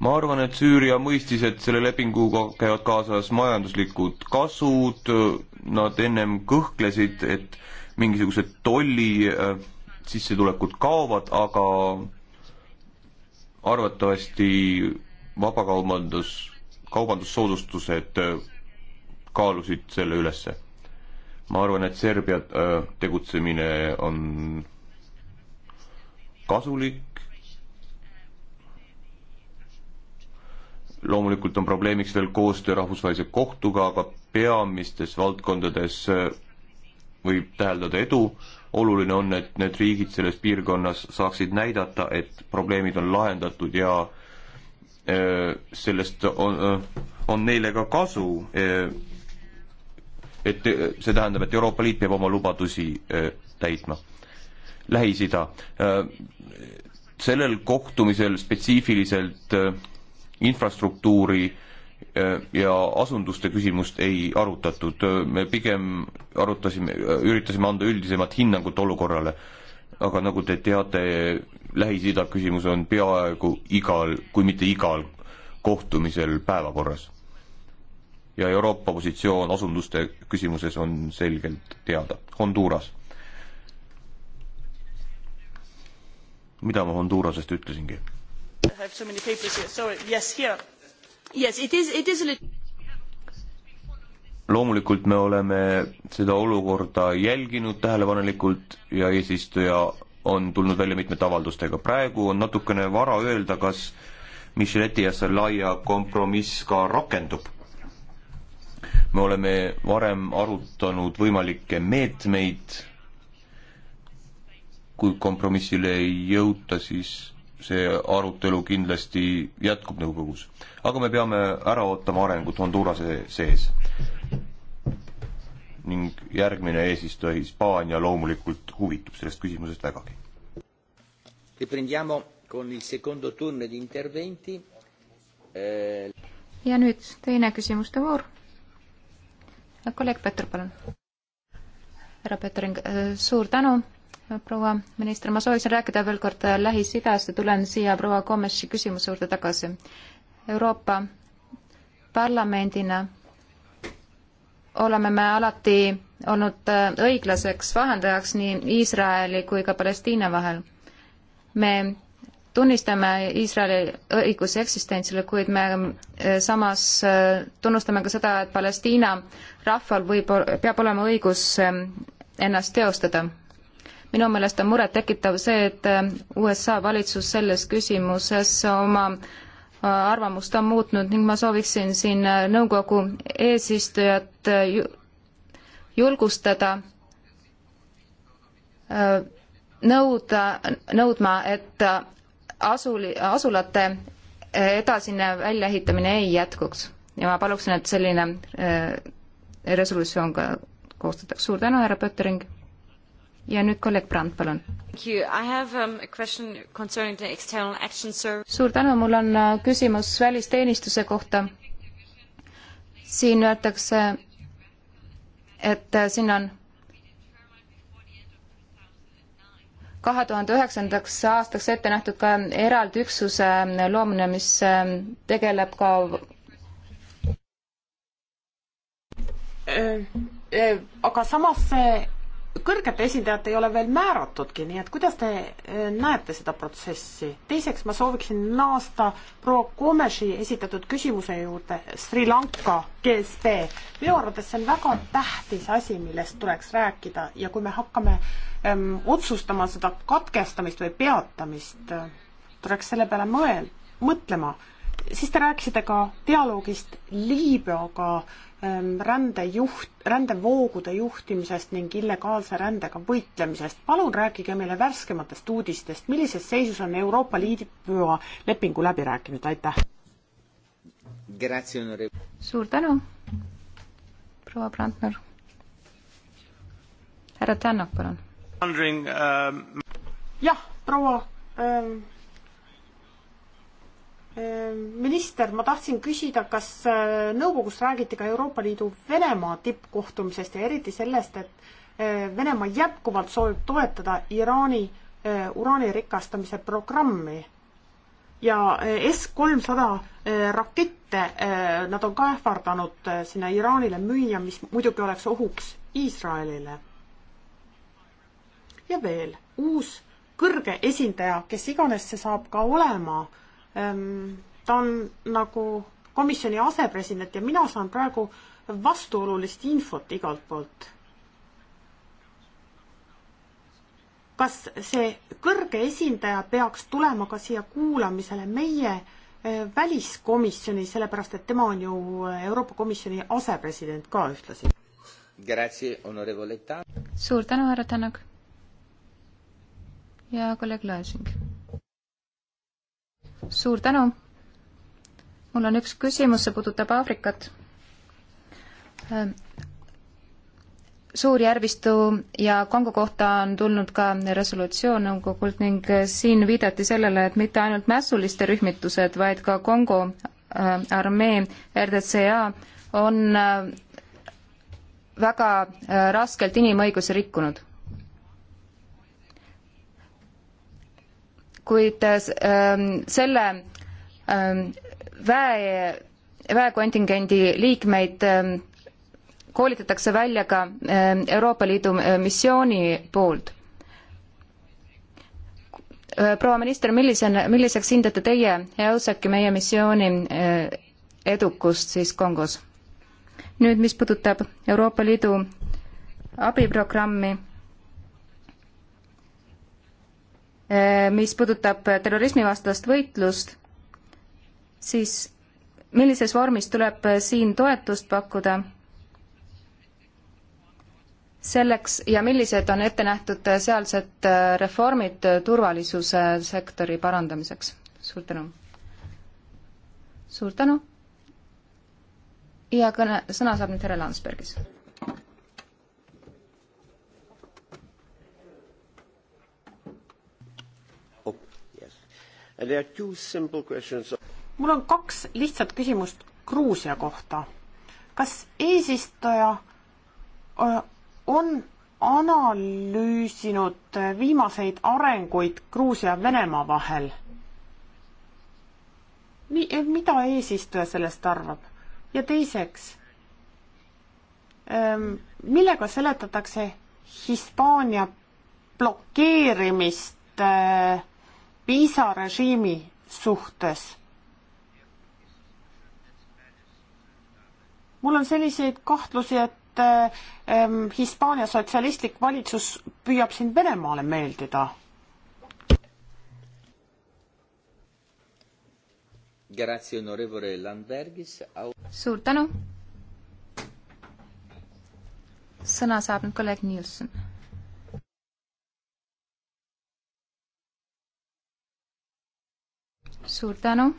ma arvan, et Süüria mõistis, et selle lepinguga käivad kaasas majanduslikud kasud, nad ennem kõhklesid, et äh, mingisugused tolli äh, sissetulekud kaovad, aga arvatavasti vabakaubandus, kaubandussoodustused äh, kaalusid selle ülesse. ma arvan, et Serbia äh, tegutsemine on kasulik. loomulikult on probleemiks veel koostöö rahvusvahelise kohtuga, aga peamistes valdkondades võib täheldada edu, oluline on, et need riigid selles piirkonnas saaksid näidata, et probleemid on lahendatud ja äh, sellest on, äh, on neile ka kasu. Äh, et see tähendab, et Euroopa Liit peab oma lubadusi täitma. Lähis-Ida. sellel kohtumisel spetsiifiliselt infrastruktuuri Äh, ja asunduste küsimust ei arutatud, äh, me pigem arutasime, äh, üritasime anda üldisemat hinnangut olukorrale. aga nagu te teate, Lähis-Ida küsimus on peaaegu igal, kui mitte igal kohtumisel päevakorras. ja Euroopa positsioon asunduste küsimuses on selgelt teada, Honduras. mida ma Hondurasest ütlesingi? I have so many papers here, sorry, yes, here Yes, it is, it is loomulikult me oleme seda olukorda jälginud tähelepanelikult ja eesistuja on tulnud välja mitmete avaldustega. praegu on natukene vara öelda, kas Micheleti ja Salaia kompromiss ka rakendub. me oleme varem arutanud võimalikke meetmeid, kui kompromissile ei jõuta, siis see arutelu kindlasti jätkub nõukogus. aga me peame ära ootama arengut Hondurase sees. ning järgmine eesistuja Hispaania loomulikult huvitub sellest küsimusest vägagi. Eh, ja nüüd teine küsimuste voor. kolleeg Peeter, palun. härra Peetering, suur tänu proua minister, ma sooviksin rääkida veel kord Lähis-Idast ja tulen siia proua Komeši küsimuse juurde tagasi. Euroopa Parlamendina oleme me alati olnud õiglaseks vahendajaks nii Iisraeli kui ka Palestiina vahel. me tunnistame Iisraeli õiguse eksistentsile, kuid me eh, samas eh, tunnustame ka seda, et Palestiina rahval võib, peab olema õigus eh, ennast teostada minu meelest on murettekitav see, et äh, USA valitsus selles küsimuses oma äh, arvamust on muutnud ning ma sooviksin siin äh, nõukogu eesistujat julgustada nõuda, nõudma, et asuli, asulate edasine väljaehitamine ei jätkuks ja ma paluksin, et selline resolutsioon ka koostataks. suur tänu, härra Pöttering! ja nüüd kolleeg Brandt, palun. Um, suur tänu, mul on äh, küsimus välisteenistuse kohta. siin öeldakse, et äh, siin on kahe tuhande üheksandaks aastaks ette nähtud ka eraldi üksuse äh, loomine, mis tegeleb ka aga samas see kõrget esindajat ei ole veel määratudki, nii et kuidas te eh, näete seda protsessi? teiseks ma sooviksin naasta proua Komeši esitatud küsimuse juurde, Sri Lanka GSP. minu arvates see on väga tähtis asi, millest tuleks rääkida ja kui me hakkame öm, ehm, otsustama seda katkestamist või peatamist, eh, tuleks selle peale mõel-, mõtlema siis te rääkisite ka dialoogist Liibüaga, ähm, rände juht, rändevoogude juhtimisest ning illegaalse rändega võitlemisest. palun rääkige meile värskematest uudistest, millises seisus on Euroopa Liidupüha lepingu läbirääkimised, aitäh! suur tänu, proua Brandner. härra Tänak, palun. Um, jah, proua ähm, Ehm, minister, ma tahtsin küsida, kas äh, nõukogus räägiti ka Euroopa Liidu Venemaa tippkohtumisest ja eriti sellest, et äh, Venemaa jätkuvalt soovib toetada Iraani äh, uraani rikastamise programmi. ja S kolmsada rakette nad on ka ähvardanud sinna Iraanile müüa, mis muidugi oleks ohuks Iisraelile. ja veel uus kõrge esindaja, kes iganes see saab ka olema Ehm, ta on nagu komisjoni asepresident ja mina saan praegu vastuolulist infot igalt poolt. kas see kõrge esindaja peaks tulema ka siia kuulamisele meie eh, väliskomisjoni, sellepärast et tema on ju eh, Euroopa Komisjoni asepresident ka ühtlasi? suur tänu, härra Tänak! ja kolleeg Laesing suur tänu. mul on üks küsimus, see puudutab Aafrikat. Äh, Suurjärvistu ja Kongo kohta on tulnud ka resolutsioon nõukogult ning äh, siin viidati sellele, et mitte ainult mässuliste rühmitused, vaid ka Kongo äh, armee RDCA on väga raskelt inimõigusi rikkunud kuid ähm, selle ähm, väe, väekontingendi liikmeid ähm, koolitatakse välja ka Euroopa Liidu äh, missiooni poolt. Äh, proua minister, millisena, milliseks hindate teie EUSEC-i, meie missiooni äh, edukust siis Kongos? nüüd, mis puudutab Euroopa Liidu abiprogrammi Eh, mis puudutab terrorismivastast võitlust, siis millises vormis tuleb eh, siin toetust pakkuda selleks ja millised on ette nähtud eh, sealsed reformid turvalisuse sektori parandamiseks? suur tänu! suur tänu ja kõne, sõna saab nüüd härra Landsbergis mul on kaks lihtsat küsimust Gruusia kohta. kas eesistuja on analüüsinud viimaseid arenguid Gruusia ja Venemaa vahel? nii, eh, mida eesistuja sellest arvab? ja teiseks, ehm, millega seletatakse Hispaania blokeerimist äh, Piisa režiimi suhtes. mul on selliseid kahtlusi, et ähm, Hispaania sotsialistlik valitsus püüab siin Venemaale meeldida. suur tänu. sõna saab nüüd kolleeg Nielsen suur tänu,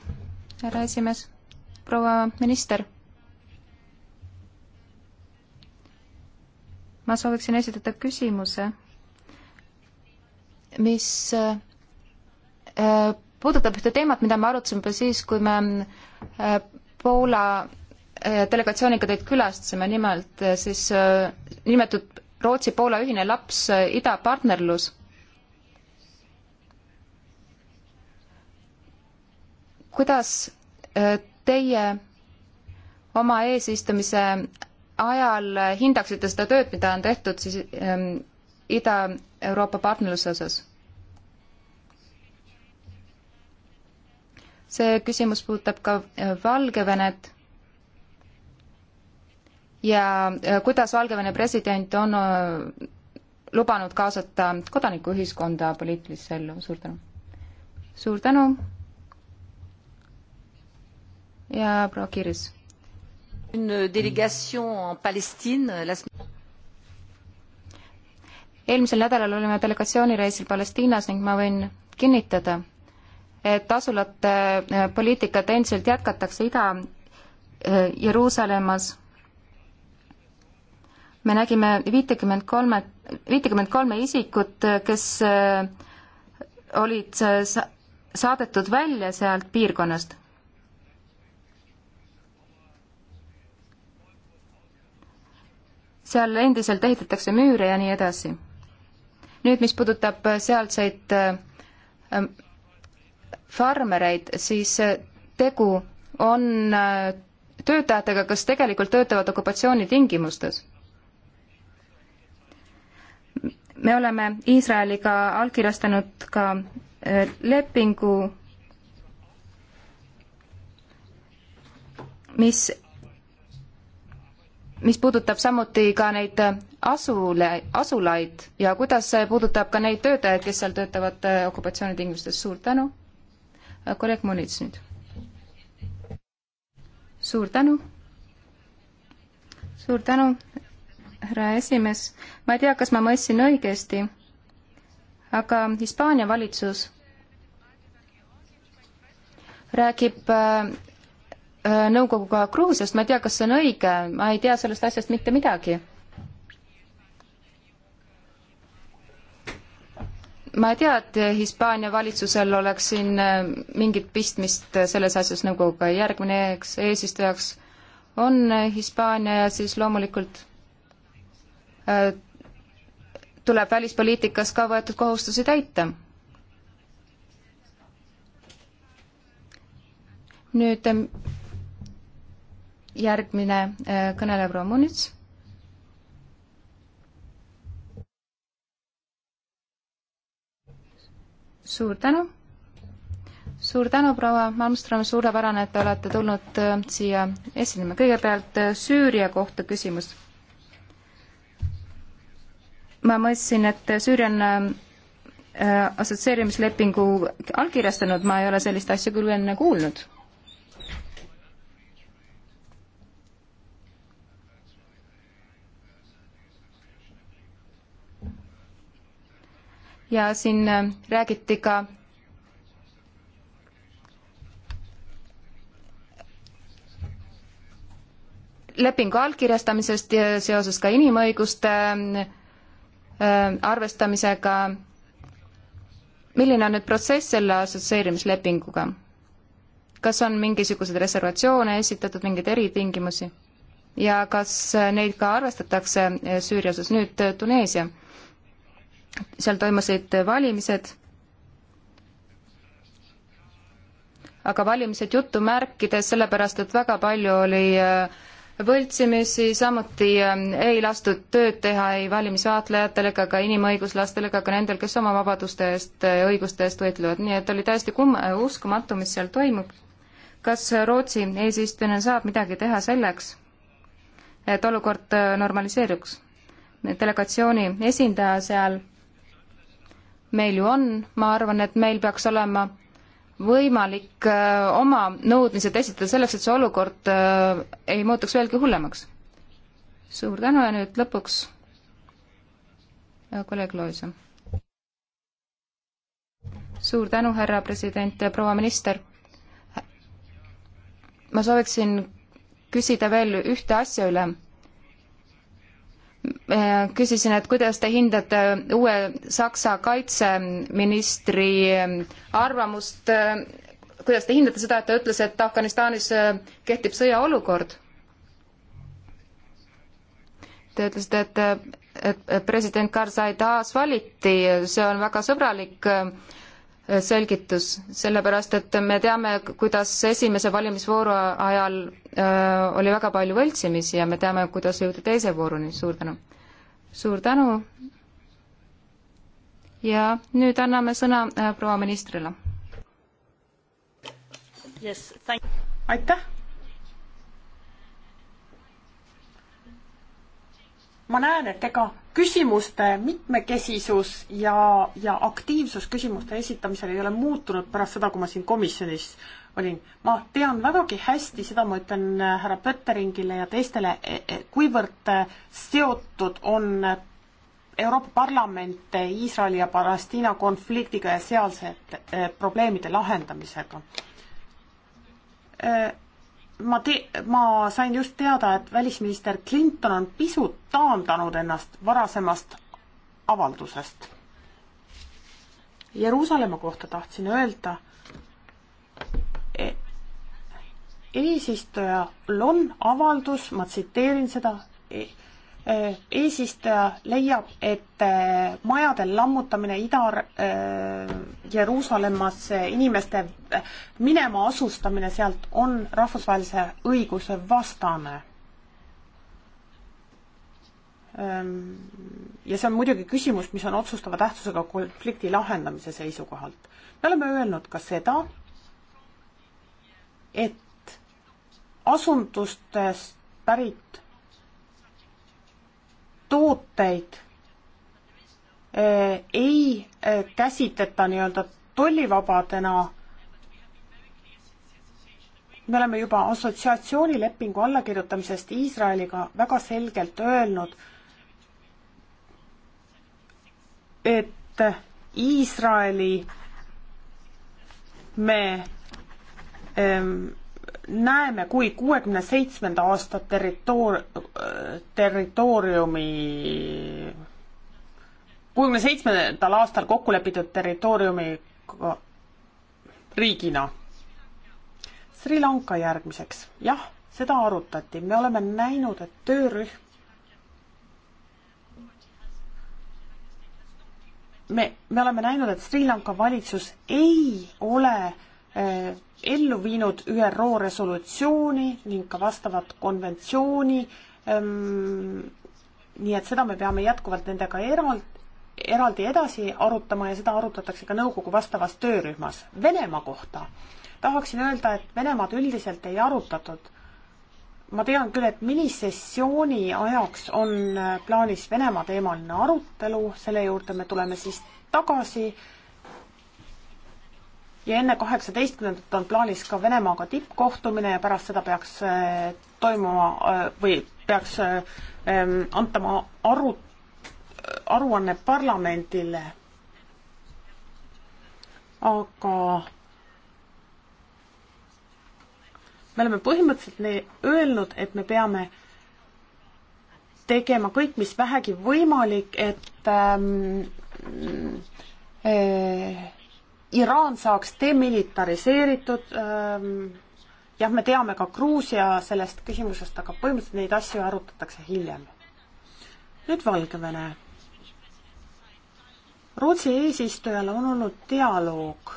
härra esimees. proua minister. ma sooviksin esitada küsimuse, mis äh, puudutab ühte teemat, mida me arutasime juba siis, kui me äh, Poola äh, delegatsiooniga teid külastasime, nimelt siis nimetatud Rootsi-Poola ühine laps idapartnerlus kuidas teie oma eesistumise ajal hindaksite seda tööd, mida on tehtud siis ähm, Ida-Euroopa partnerluse osas? see küsimus puudutab ka Valgevenet ja kuidas Valgevene president on lubanud kaasata kodanikuühiskonda poliitilisse ellu, suur tänu. suur tänu, ja proua Kiris. eelmisel nädalal olime delegatsioonireisil Palestiinas ning ma võin kinnitada, et asulate äh, poliitikat endiselt jätkatakse Ida-Jeruusalemmas. Äh, me nägime viitekümmet kolme, viitekümmet kolme isikut, äh, kes olid saadetud välja sealt piirkonnast seal endiselt ehitatakse müüre ja nii edasi. nüüd, mis puudutab äh, sealseid äh, ähm, farmereid, siis äh, tegu on töötajatega, kes tegelikult töötavad okupatsiooni tingimustes. me oleme Iisraeliga allkirjastanud ka lepingu, mis mis puudutab samuti ka neid asule, asulaid ja kuidas see puudutab ka neid töötajaid, kes seal töötavad äh, okupatsioonitingimustes, suur tänu. Äh, kolleeg Munits nüüd. suur tänu. suur tänu, härra esimees. ma ei tea, kas ma mõistsin õigesti, aga Hispaania valitsus räägib äh, Äh, nõukoguga Gruusiast, ma ei tea, kas see on õige, ma ei tea sellest asjast mitte midagi. ma ei tea, et Hispaania valitsusel oleks siin äh, mingit pistmist äh, selles asjas nõukoguga, järgmine eesistujaks on Hispaania ja siis loomulikult tuleb välispoliitikas ka võetud kohustusi täita. nüüd ähm, järgmine äh, kõneleja proua Munits. suur tänu. suur tänu, proua Malmström, suurepärane, et te olete tulnud äh, siia esinema. kõigepealt äh, Süüria kohta küsimus. ma mõtlesin, et Süüria on assotsieerimislepingu allkirjastanud, ma ei ole sellist asja küll enne kuulnud ja siin äh, räägiti ka lepingu allkirjastamisest ja seoses ka inimõiguste äh, arvestamisega. milline on nüüd protsess selle assotsieerimislepinguga? kas on mingisuguseid reservatsioone esitatud, mingeid eritingimusi? ja kas äh, neid ka arvestatakse Süüria osas? nüüd Tuneesia seal toimusid valimised, aga valimised juttu märkides, sellepärast et väga palju oli äh, võltsimisi, samuti äh, ei lastud tööd teha ei valimisvaatlejatele ega ka inimõiguslastele ega ka nendel, kes oma vabaduste eest, äh, õiguste eest võitlevad, nii et oli täiesti kumm-, uskumatu, mis seal toimub. kas Rootsi eesistujana saab midagi teha selleks, et olukord normaliseeruks? delegatsiooni esindaja seal meil ju on, ma arvan, et meil peaks olema võimalik äh, oma nõudmised esitada selleks, et see olukord äh, ei muutuks veelgi hullemaks. suur tänu ja nüüd lõpuks äh, kolleeg Loisa. suur tänu, härra president ja proua minister. ma sooviksin küsida veel ühte asja üle küsisin, et kuidas te hindate uue Saksa kaitseministri arvamust, kuidas te hindate seda, et ta ütles, et Afganistanis kehtib sõjaolukord? Te ütlesite, et, et president Karzai taas valiti, see on väga sõbralik äh, selgitus, sellepärast et me teame, kuidas esimese valimisvooru ajal öö, äh, oli väga palju võltsimisi ja me teame, kuidas jõuda teise vooruni, suur tänu. suur tänu. ja nüüd anname sõna äh, proua ministrile yes,. aitäh. ma näen, et ega küsimuste mitmekesisus ja, ja aktiivsus küsimuste esitamisel ei ole muutunud pärast seda, kui ma siin komisjonis olin. ma tean vägagi hästi, seda ma ütlen äh, härra Pötteringile ja teistele, e, e, kuivõrd äh, seotud on Euroopa Parlament Iisraeli ja Palestiina konfliktiga ja sealsete äh, probleemide lahendamisega ma te-, ma sain just teada, et välisminister Clinton on pisut taandanud ennast varasemast avaldusest. Jeruusalemma kohta tahtsin öelda e, eesistujal on avaldus, ma tsiteerin seda e, Äh, eesistuja leiab, et äh, majade lammutamine Ida-Jeruusalemmas, äh, inimeste minema asustamine sealt on rahvusvahelise õiguse vastane. Ähm, ja see on muidugi küsimus, mis on otsustava tähtsusega konflikti lahendamise seisukohalt. me oleme öelnud ka seda, et asundustest pärit tooteid eh, ei eh, käsitleta nii-öelda tollivabadena. me oleme juba assotsiatsioonilepingu allakirjutamisest Iisraeliga väga selgelt öelnud, et Iisraeli me ähm, näeme, kui kuuekümne seitsmenda aasta territoor-, territooriumi, kuuekümne seitsmendal aastal kokku lepitud territooriumi riigina. Sri Lanka järgmiseks, jah, seda arutati, me oleme näinud, et töörühm me, me oleme näinud, et Sri Lanka valitsus ei ole äh, ellu viinud ÜRO resolutsiooni ning ka vastavat konventsiooni. Ehm, nii et seda me peame jätkuvalt nendega eraldi eraldi edasi arutama ja seda arutatakse ka nõukogu vastavas töörühmas. Venemaa kohta tahaksin öelda, et Venemaad üldiselt ei arutatud. ma tean küll, et minisessiooni ajaks on äh, plaanis Venemaa teemaline arutelu, selle juurde me tuleme siis tagasi ja enne kaheksateistkümnendat on plaanis ka Venemaaga tippkohtumine ja pärast seda peaks äh, toimuma äh, või peaks äh, antama aru, aruanne parlamendile. aga me oleme põhimõtteliselt öelnud, et me peame tegema kõik, mis vähegi võimalik, et ähm, äh, Iraan saaks demilitariseeritud, ähm, jah, me teame ka Gruusia sellest küsimusest, aga põhimõtteliselt neid asju arutatakse hiljem. nüüd Valgevene. Rootsi eesistujal on olnud dialoog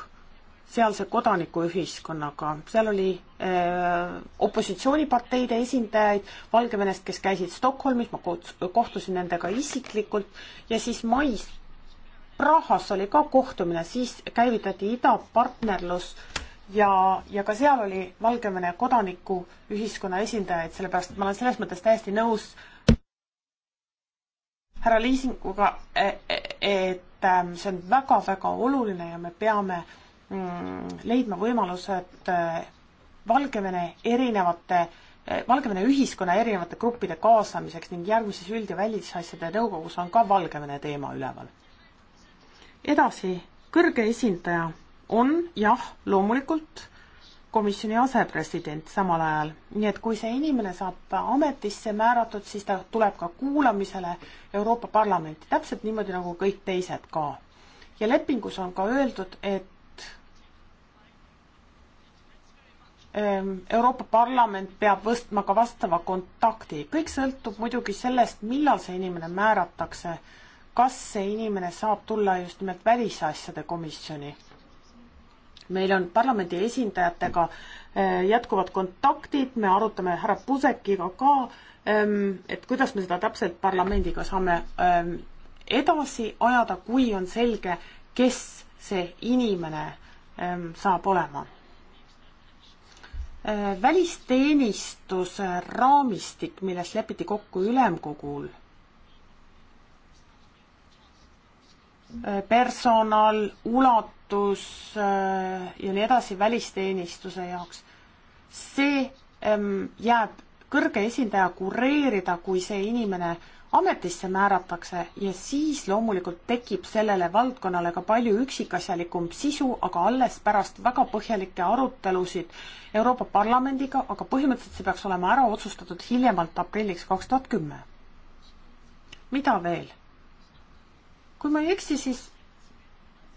sealse kodanikuühiskonnaga, seal oli öö, äh, opositsiooniparteide esindajaid Valgevenest, kes käisid Stockholmis, ma kohtusin nendega isiklikult ja siis mais Prahas oli ka kohtumine, siis käivitati idapartnerlus ja, ja ka seal oli Valgevene kodanikuühiskonna esindajaid, sellepärast et ma olen selles mõttes täiesti nõus härra Liisinguga, e, e, et ähm, see on väga-väga oluline ja me peame mm, leidma võimalused äh, Valgevene erinevate, äh, Valgevene ühiskonna erinevate gruppide kaasamiseks ning järgmises üld- ja välisasjade nõukogus on ka Valgevene teema üleval edasi, kõrge esindaja on jah, loomulikult komisjoni asepresident samal ajal, nii et kui see inimene saab ametisse määratud, siis ta tuleb ka kuulamisele Euroopa Parlamenti, täpselt niimoodi nagu kõik teised ka. ja lepingus on ka öeldud, et ehm, Euroopa Parlament peab võtma ka vastava kontakti, kõik sõltub muidugi sellest, millal see inimene määratakse kas see inimene saab tulla just nimelt välisasjade komisjoni. meil on parlamendi esindajatega äh, jätkuvad kontaktid, me arutame härra Pusekiga ka, ähm, et kuidas me seda täpselt parlamendiga saame ähm, edasi ajada, kui on selge, kes see inimene ähm, saab olema äh, välisteenistuse raamistik, milles lepiti kokku ülemkogul personal, ulatus äh, ja nii edasi välisteenistuse jaoks. see ähm, jääb kõrge esindaja kureerida, kui see inimene ametisse määratakse ja siis loomulikult tekib sellele valdkonnale ka palju üksikasjalikum sisu, aga alles pärast väga põhjalikke arutelusid Euroopa Parlamendiga, aga põhimõtteliselt see peaks olema ära otsustatud hiljemalt aprilliks kaks tuhat kümme. mida veel? kui ma ei eksi, siis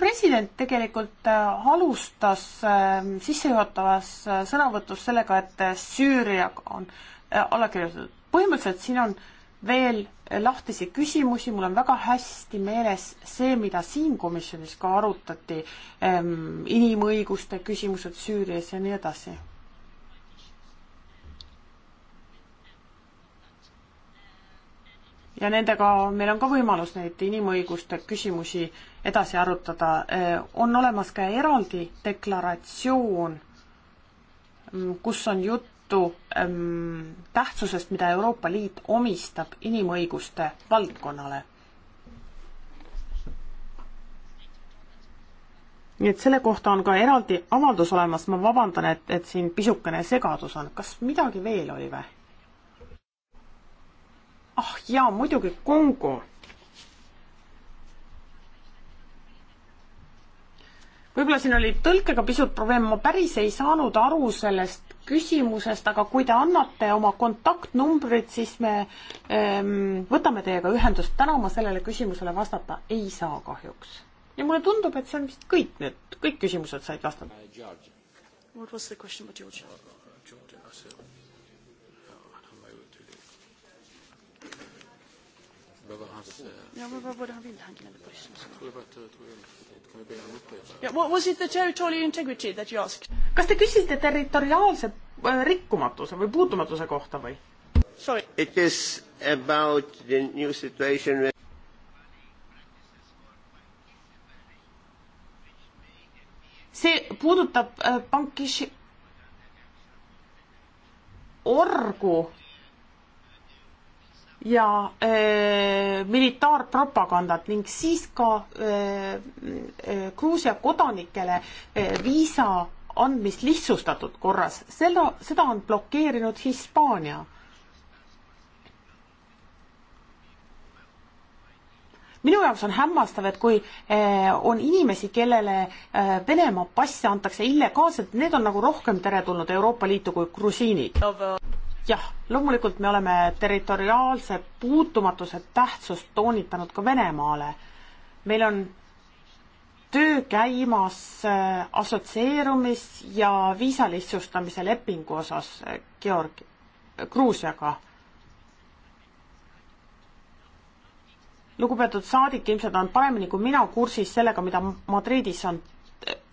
president tegelikult äh, alustas ähm, sissejuhatavas äh, sõnavõtus sellega, et äh, Süüriaga on alla kirjutatud. põhimõtteliselt siin on veel lahtisi küsimusi, mul on väga hästi meeles see, mida siin komisjonis ka arutati, ähm, inimõiguste küsimused Süürias ja nii edasi ja nendega meil on ka võimalus neid inimõiguste küsimusi edasi arutada. Äh, on olemas ka eraldi deklaratsioon, mm, kus on juttu mm, tähtsusest, mida Euroopa Liit omistab inimõiguste valdkonnale. nii et selle kohta on ka eraldi avaldus olemas, ma vabandan, et, et siin pisukene segadus on, kas midagi veel oli või? ah jaa, muidugi Kongo. võib-olla siin oli tõlkega pisut probleem, ma päris ei saanud aru sellest küsimusest, aga kui te annate oma kontaktnumbrid, siis me ähm, võtame teiega ühendust. täna ma sellele küsimusele vastata ei saa kahjuks. ja mulle tundub, et see on vist kõik nüüd, kõik küsimused said vastatud. What was the question about Georgia? behöver hans... Eh, ja, men vad var det han ville? Han gnällde på ryssen. Jag skulle bara tule peale mõtteid. Yeah, what was it the territorial integrity that you asked? kas te küsisite territoriaalse äh, rikkumatuse või puutumatuse kohta või? Sorry. It is about the new situation where see puudutab äh, pankiši orgu ja öö, äh, militaarpropagandat ning siis ka öö, äh, äh, Gruusia kodanikele öö, viisa andmist lihtsustatud korras, seda, seda on blokeerinud Hispaania. minu jaoks on hämmastav, et kui öö, on inimesi, kellele Venemaa passe antakse illegaalselt, need on nagu rohkem teretulnud Euroopa Liitu kui grusiinid jah, loomulikult me oleme territoriaalse puutumatuse tähtsust toonitanud ka Venemaale. meil on töö käimas äh, assotsieerumis ja viisalihtsustamise lepingu osas äh, Georg, äh, Gruusiaga. lugupeetud saadik ilmselt on paremini kui mina kursis sellega, mida Madridis on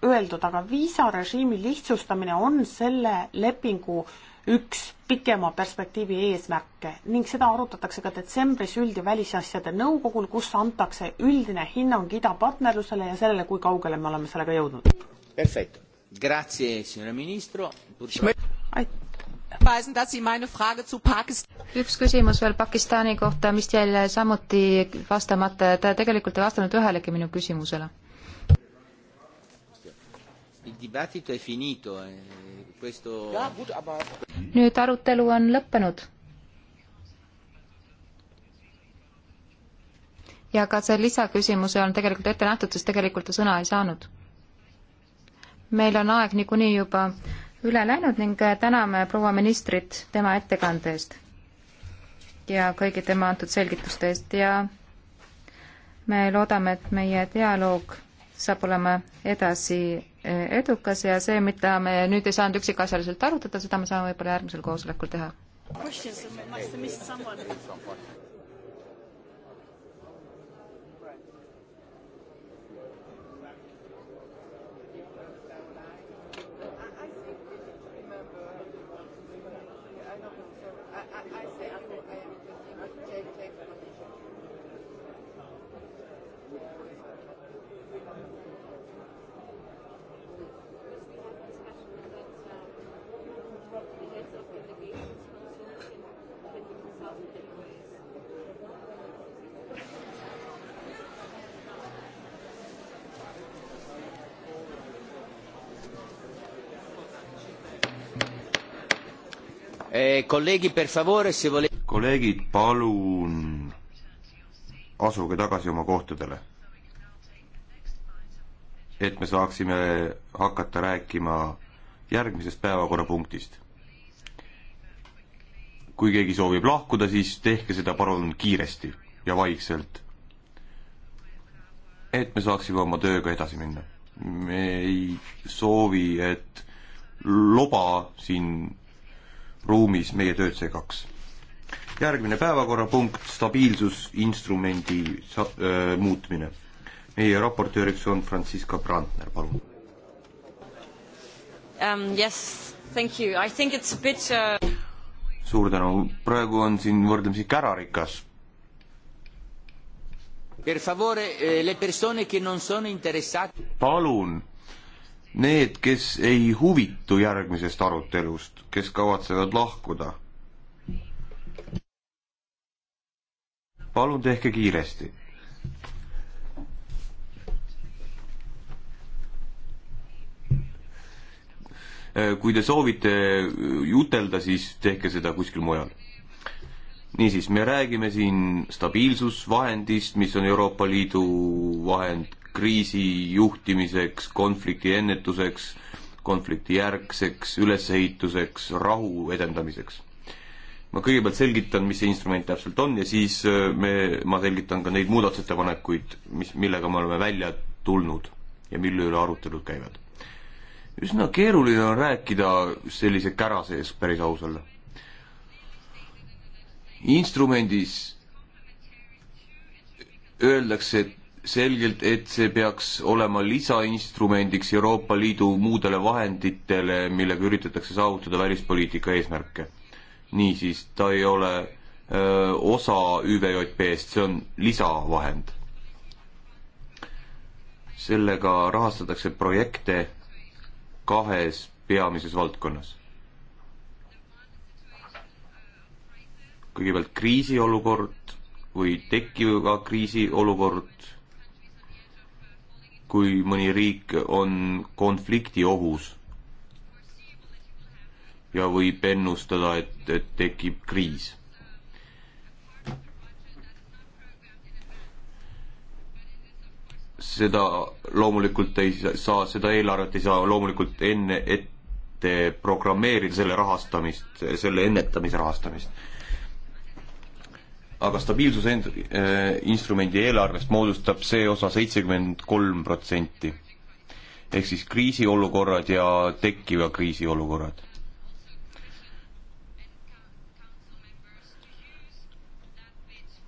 öeldud, aga viisarežiimi lihtsustamine on selle lepingu äh, üks pikema perspektiivi eesmärke ning seda arutatakse ka detsembris üld- ja välisasjade nõukogul, kus antakse üldine hinnang idapartnerlusele ja sellele, kui kaugele me oleme sellega jõudnud. Perfetto, grazie, signor ministro. üks küsimus veel Pakistani kohta, mis jäi samuti vastamata, te tegelikult ei vastanud ühelegi minu küsimusele Eh, nüüd arutelu on lõppenud. ja ka see lisaküsimus ei olnud tegelikult ette nähtud, sest tegelikult ta sõna ei saanud. meil on aeg niikuinii juba üle läinud ning täname proua ministrit tema ettekande eest ja kõigi tema antud selgituste eest ja me loodame, et meie dialoog saab olema edasi edukas ja see, mida me nüüd ei saanud üksikasjaliselt arutada, seda me saame võib-olla järgmisel koosolekul teha. kolleegid, per favore, se vole-. kolleegid, palun asuge tagasi oma kohtadele. et me saaksime hakata rääkima järgmisest päevakorrapunktist. kui keegi soovib lahkuda, siis tehke seda palun kiiresti ja vaikselt. et me saaksime oma tööga edasi minna. me ei soovi, et loba siin ruumis meie tööd segaks. järgmine päevakorrapunkt, stabiilsusinstrumendi sa-, öö, muutmine. meie raportööriks on Franziska Brandner, palun um,. Yes, thank you, I think it's a bit uh... suur tänu, praegu on siin võrdlemisi kärarikas. Per favore, eh, le persone che non sono interessate palun need, kes ei huvitu järgmisest arutelust, kes kavatsevad lahkuda, palun tehke kiiresti. Äh, kui te soovite jutelda, siis tehke seda kuskil mujal. niisiis, me räägime siin stabiilsusvahendist, mis on Euroopa Liidu vahend kriisi juhtimiseks, konflikti ennetuseks, konflikti järgseks ülesehituseks, rahu edendamiseks. ma kõigepealt selgitan, mis see instrument täpselt on ja siis äh, me, ma selgitan ka neid muudatusettepanekuid, mis, millega me oleme välja tulnud ja mille üle arutelud käivad. üsna keeruline on rääkida sellise kära sees, päris aus olla. instrumendis öeldakse, et selgelt, et see peaks olema lisainstrumendiks Euroopa Liidu muudele vahenditele, millega üritatakse saavutada välispoliitika eesmärke. niisiis, ta ei ole öö, osa ÜVJP-st, see on lisavahend. sellega rahastatakse projekte kahes peamises valdkonnas. kõigepealt kriisiolukord või tekkiva kriisiolukord kui mõni riik on konflikti ohus ja võib ennustada, et, et tekib kriis. seda loomulikult ei saa, seda eelarvet ei saa loomulikult enne ette programmeerida, selle rahastamist, selle ennetamise rahastamist aga stabiilsuse eh, instrumendi eelarvest moodustab see osa seitsekümmend kolm protsenti. ehk siis kriisiolukorrad ja tekkiva kriisiolukorrad.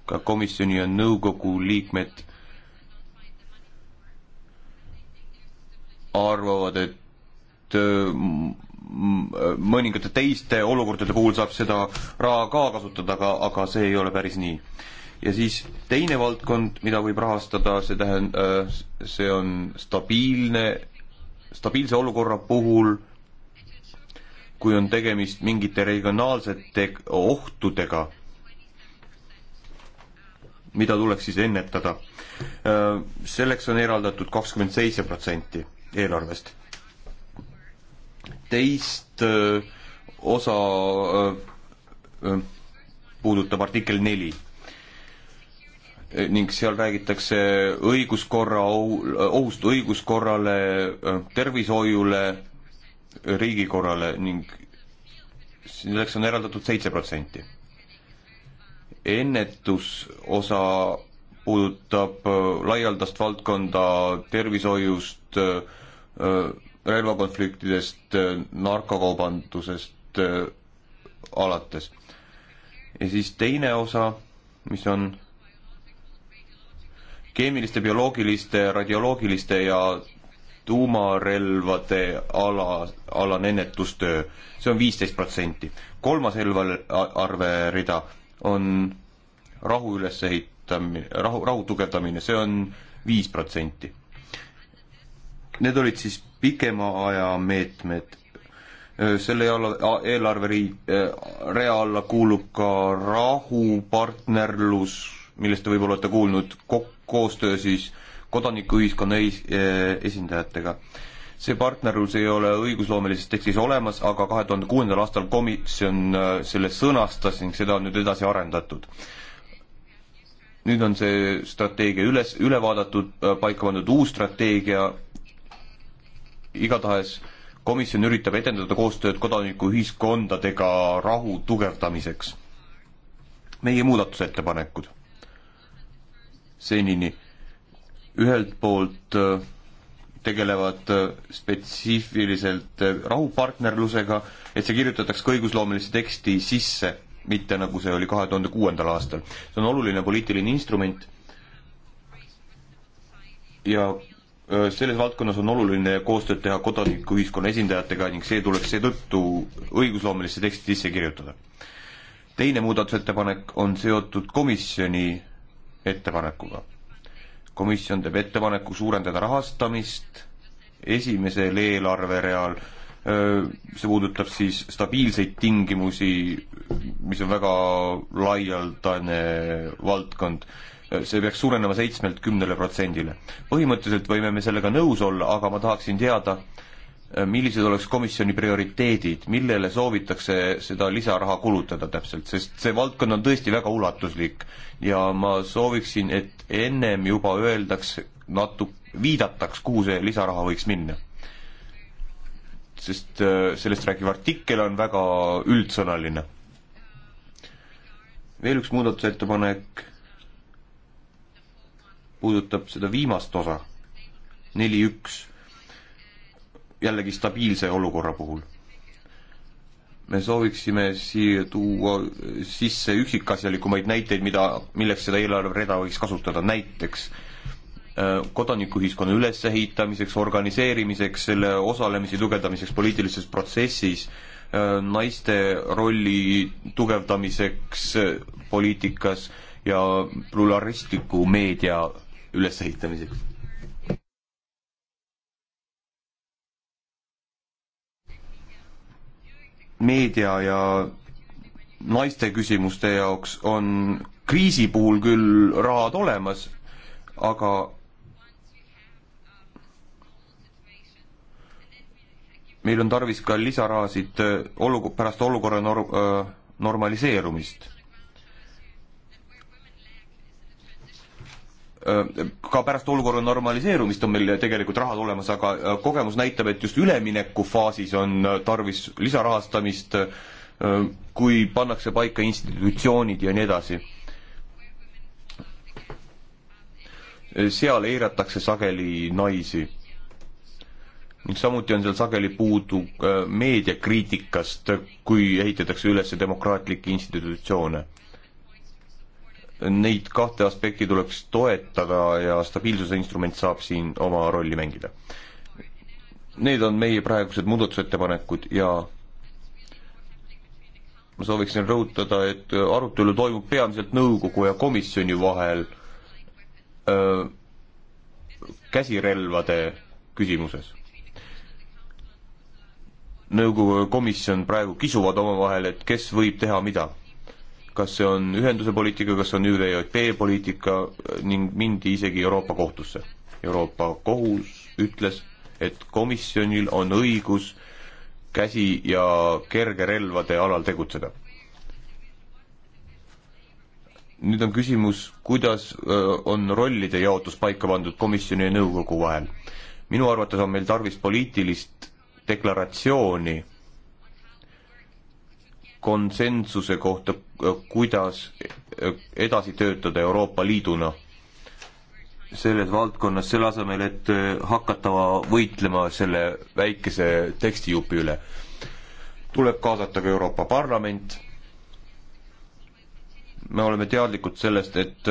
ka komisjoni ja nõukogu liikmed arvavad, et eh, mõningate teiste olukordade puhul saab seda raha ka kasutada, aga, aga see ei ole päris nii. ja siis teine valdkond, mida võib rahastada, see tähendab, äh, see on stabiilne, stabiilse olukorra puhul, kui on tegemist mingite regionaalsete ohtudega, mida tuleks siis ennetada. Äh, selleks on eraldatud kakskümmend seitse protsenti eelarvest teist äh, osa äh, äh, puudutab artikkel neli ning seal räägitakse õiguskorra ohust õiguskorrale, tervishoiule, riigikorrale ning selleks on eraldatud seitse protsenti. ennetusosa puudutab laialdast valdkonda tervishoiust, relvakonfliktidest, äh, narkokaubandusest äh, alates. ja siis teine osa, mis on keemiliste, bioloogiliste, radioloogiliste ja tuumarelvade ala, alane ennetustöö, see on viisteist protsenti. kolmas relvaarve rida on rahu ülesehitamine, rahu, rahu tugevdamine, see on viis protsenti. Need olid siis pikema aja meetmed, selle alla, eelarve ri-, rea alla kuulub ka rahupartnerlus, millest te võib-olla olete kuulnud, kok-, koostöö siis kodanikuühiskonna es-, esindajatega. see partnerlus ei ole õigusloomelises tekstis olemas, aga kahe tuhande kuuendal aastal komisjon selle sõnastas ning seda on nüüd edasi arendatud. nüüd on see strateegia üles, üle vaadatud, paika pandud uus strateegia, igatahes komisjon üritab edendada koostööd kodanikuühiskondadega rahu tugevdamiseks. meie muudatusettepanekud senini ühelt poolt äh, tegelevad äh, spetsiifiliselt äh, rahupartnerlusega, et see kirjutatakse ka õigusloomelisse teksti sisse, mitte nagu see oli kahe tuhande kuuendal aastal. see on oluline poliitiline instrument ja selles valdkonnas on oluline koostööd teha kodanikuühiskonna esindajatega ning see tuleks seetõttu õigusloomelisse teksti sisse kirjutada. teine muudatusettepanek on seotud komisjoni ettepanekuga. komisjon teeb ettepaneku suurendada rahastamist esimesel eelarvereal, see puudutab siis stabiilseid tingimusi, mis on väga laialdane valdkond see peaks suurenema seitsmelt kümnele protsendile. põhimõtteliselt võime me sellega nõus olla, aga ma tahaksin teada, millised oleks komisjoni prioriteedid, millele soovitakse seda lisaraha kulutada täpselt, sest see valdkond on tõesti väga ulatuslik ja ma sooviksin, et ennem juba öeldaks natu-, viidataks, kuhu see lisaraha võiks minna. sest äh, sellest rääkiv artikkel on väga üldsõnaline. veel üks muudatusettepanek puudutab seda viimast osa, neli üks, jällegi stabiilse olukorra puhul. me sooviksime siia tuua sisse üksikasjalikumaid näiteid, mida, milleks seda eelarvereda võiks kasutada, näiteks äh, kodanikuühiskonna ülesehitamiseks, organiseerimiseks, selle osalemise tugevdamiseks poliitilises protsessis, äh, naiste rolli tugevdamiseks poliitikas ja pluralistliku meedia ülesehitamiseks. meedia ja naiste küsimuste jaoks on kriisi puhul küll rahad olemas, aga meil on tarvis ka lisarahasid äh, olu-, pärast olukorra nor-, äh, normaliseerumist ka pärast olukorra normaliseerumist on meil tegelikult rahad olemas, aga äh, kogemus näitab, et just üleminekufaasis on äh, tarvis lisarahastamist, äh, kui pannakse paika institutsioonid ja nii edasi. seal eiratakse sageli naisi ning samuti on seal sageli puudu meediakriitikast, kui ehitatakse üles demokraatlikke institutsioone neid kahte aspekti tuleks toetada ja stabiilsuse instrument saab siin oma rolli mängida. Need on meie praegused muudatusettepanekud ja ma sooviksin rõhutada, et arutelu toimub peamiselt nõukogu ja komisjoni vahel öö, käsirelvade küsimuses. nõukogu ja komisjon praegu kisuvad omavahel, et kes võib teha mida kas see on ühenduse poliitika, kas see on ÜVJP poliitika ning mindi isegi Euroopa kohtusse. Euroopa kohus ütles, et komisjonil on õigus käsi- ja kergerelvade alal tegutseda. nüüd on küsimus, kuidas on rollide jaotus paika pandud komisjoni ja nõukogu vahel. minu arvates on meil tarvis poliitilist deklaratsiooni konsensuse kohta, kuidas edasi töötada Euroopa Liiduna selles valdkonnas, selle asemel, et hakata võitlema selle väikese tekstijupi üle. tuleb kaasata ka Euroopa Parlament, me oleme teadlikud sellest, et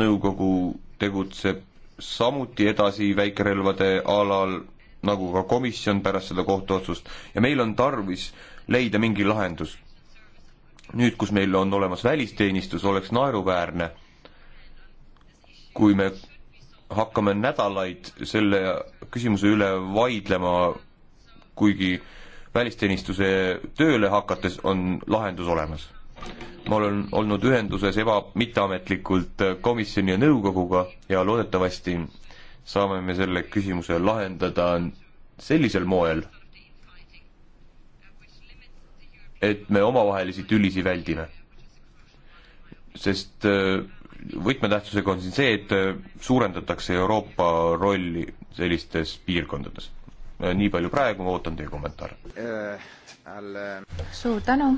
nõukogu tegutseb samuti edasi väikerelvade alal, nagu ka komisjon pärast seda kohtuotsust, ja meil on tarvis leida mingi lahendus nüüd, kus meil on olemas välisteenistus, oleks naeruväärne, kui me hakkame nädalaid selle küsimuse üle vaidlema, kuigi välisteenistuse tööle hakates on lahendus olemas. ma olen olnud ühenduses eba, mitteametlikult komisjoni ja nõukoguga ja loodetavasti saame me selle küsimuse lahendada sellisel moel, et me omavahelisi tülisi väldime. sest äh, võtmetähtsusega on siin see, et äh, suurendatakse Euroopa rolli sellistes piirkondades. Äh, nii palju praegu, ma ootan teie kommentaare äh,. Äh... suur tänu.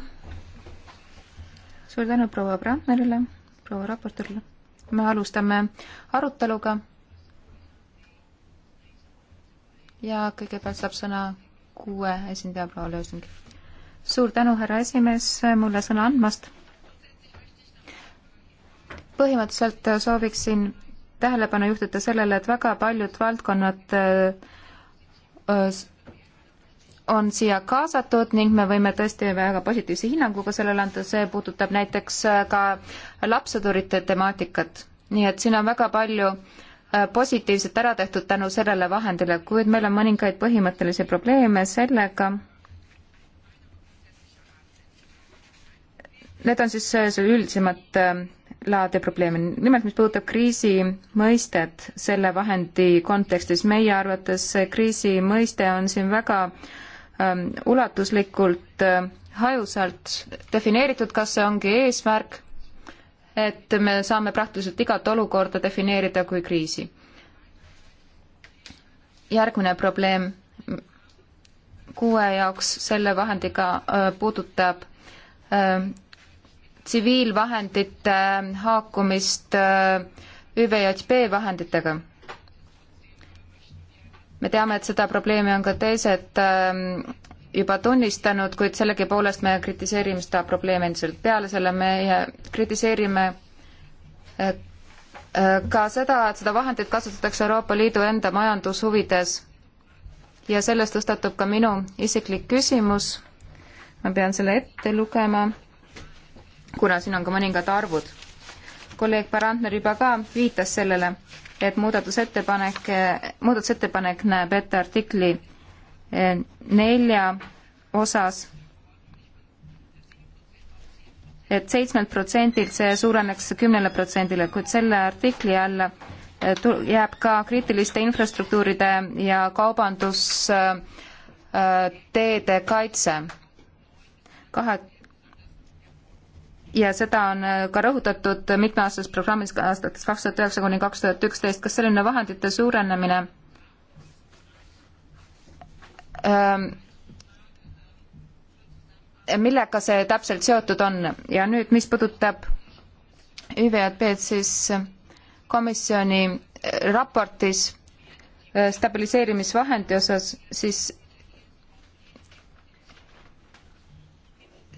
suur tänu proua Brandnerile, proua raportöörile. me alustame aruteluga. ja kõigepealt saab sõna kuue esindaja proua Lösing suur tänu, härra esimees, mulle sõna andmast. põhimõtteliselt sooviksin tähelepanu juhtida sellele, et väga paljud valdkonnad äh, on siia kaasatud ning me võime tõesti väga positiivse hinnanguga sellele anda, see puudutab näiteks äh, ka lapsõdurite temaatikat. nii et siin on väga palju äh, positiivset ära tehtud tänu sellele vahendile, kuid meil on mõningaid põhimõttelisi probleeme sellega, need on siis äh, see üldisemad äh, laadi probleemi. nimelt, mis puudutab kriisi mõistet selle vahendi kontekstis, meie arvates see kriisi mõiste on siin väga ähm, ulatuslikult äh, hajusalt defineeritud, kas see ongi eesmärk, et me saame praktiliselt igat olukorda defineerida kui kriisi. järgmine probleem kuue jaoks selle vahendiga äh, puudutab äh, tsiviilvahendite äh, haakumist äh, ÜVJP vahenditega. me teame, et seda probleemi on ka teised ähm, juba tunnistanud, kuid sellegipoolest me kritiseerime seda probleemi endiselt. peale selle me äh, kritiseerime ka seda, et seda vahendit kasutatakse Euroopa Liidu enda majandushuvides. ja sellest tõstatub ka minu isiklik küsimus. ma pean selle ette lugema kuna siin on ka mõningad arvud. kolleeg Barandner juba ka viitas sellele, et muudatusettepanek, muudatusettepanek näeb ette artikli eh, nelja osas et seitsmelt protsendilt see suureneks kümnele protsendile, kuid selle artikli alla eh, jääb ka kriitiliste infrastruktuuride ja kaubandusteede eh, kaitse. kahe ja seda on äh, ka rõhutatud mitmeaastases programmis aastates kaks tuhat üheksa kuni kaks tuhat üksteist, kas selline vahendite suurenemine ähm, millega see täpselt seotud on ja nüüd, mis puudutab ÜVJP-d, siis komisjoni äh, raportis äh, stabiliseerimisvahendi osas, siis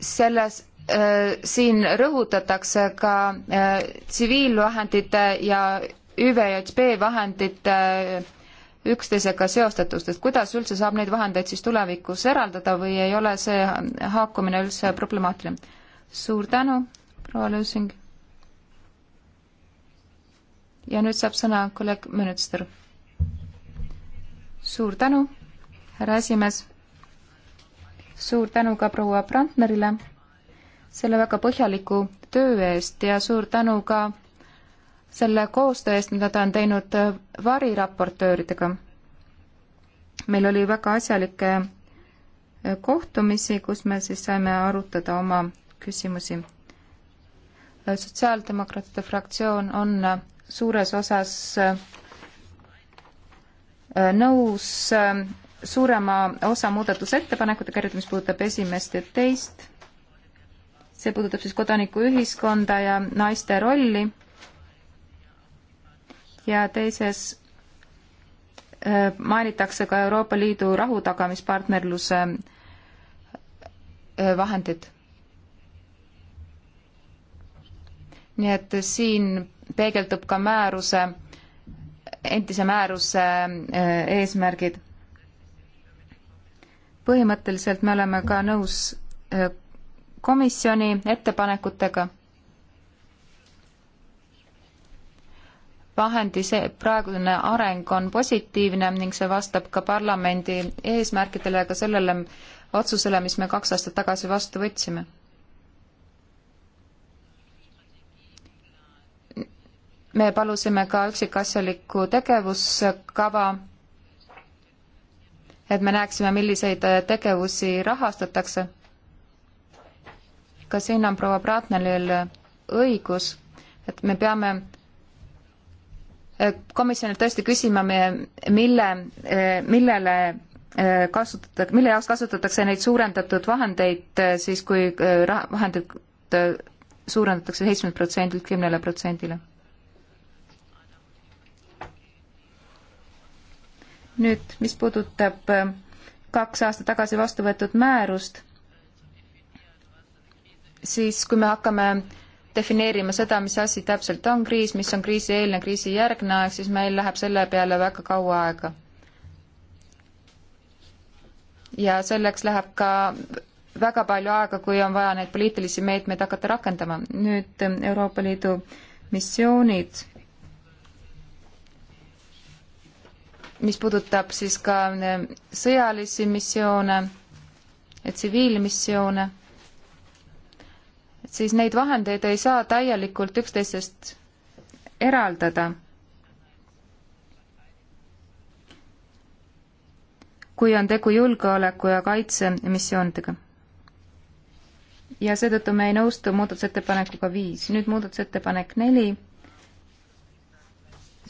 selles Äh, siin rõhutatakse ka äh, tsiviilvahendite ja ÜVJP vahendite äh, üksteisega seostatust, et kuidas üldse saab neid vahendeid siis tulevikus eraldada või ei ole see haakumine üldse problemaatiline? suur tänu, proua Lüüsing. ja nüüd saab sõna kolleeg Münster. suur tänu, härra esimees. suur tänu ka proua Brandnerile selle väga põhjaliku töö eest ja suur tänu ka selle koostöö eest, mida ta on teinud variraportööridega. meil oli väga asjalikke kohtumisi, kus me siis saime arutada oma küsimusi. sotsiaaldemokraatide fraktsioon on suures osas äh, nõus äh, suurema osa muudatusettepanekutega, eriti mis puudutab esimest ja teist see puudutab siis kodanikuühiskonda ja naiste rolli. ja teises äh, mainitakse ka Euroopa Liidu rahutagamispartnerluse äh, vahendid. nii et siin peegeldub ka määruse, endise määruse äh, eesmärgid. põhimõtteliselt me oleme ka nõus komisjoni ettepanekutega. vahendi see praegune areng on positiivne ning see vastab ka parlamendi eesmärkidele ja ka sellele otsusele, mis me kaks aastat tagasi vastu võtsime me palusime ka üksikasjalikku tegevuskava, et me näeksime, milliseid tegevusi rahastatakse ka siin on proua Pratnelil õigus, et me peame eh, komisjonilt tõesti küsima, mille, eh, millele eh, kasutada, mille jaoks kasutatakse neid suurendatud vahendeid siis kui, kui raha, vahendid suurendatakse seitsmelt protsendilt kümnele protsendile. nüüd, mis puudutab kaks aastat tagasi vastu võetud määrust siis kui me hakkame defineerima seda, mis asi täpselt on kriis, mis on kriisieelne, kriisijärgne aeg, siis meil läheb selle peale väga kaua aega. ja selleks läheb ka väga palju aega, kui on vaja neid poliitilisi meetmeid hakata rakendama. nüüd ähm, Euroopa Liidu missioonid, mis puudutab siis ka ähm, sõjalisi missioone, tsiviilmissioone siis neid vahendeid ei saa täielikult üksteisest eraldada. kui on tegu julgeoleku ja kaitsemissioonidega. ja seetõttu me ei nõustu muudatusettepanekuga viis. nüüd muudatusettepanek neli.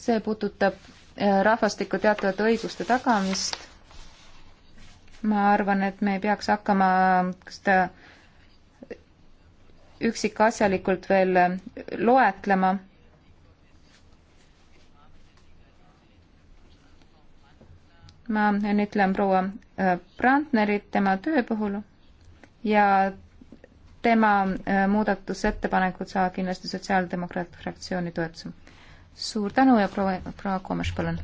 see puudutab äh, rahvastiku teatavate õiguste tagamist. ma arvan, et me ei peaks hakkama seda üksikasjalikult veel loetlema. ma õnnitlen proua äh, Brandnerit tema töö puhul ja tema äh, muudatusettepanekud saa kindlasti Sotsiaaldemokraatide fraktsiooni toetuse. suur tänu ja proua, proua Komes, palun.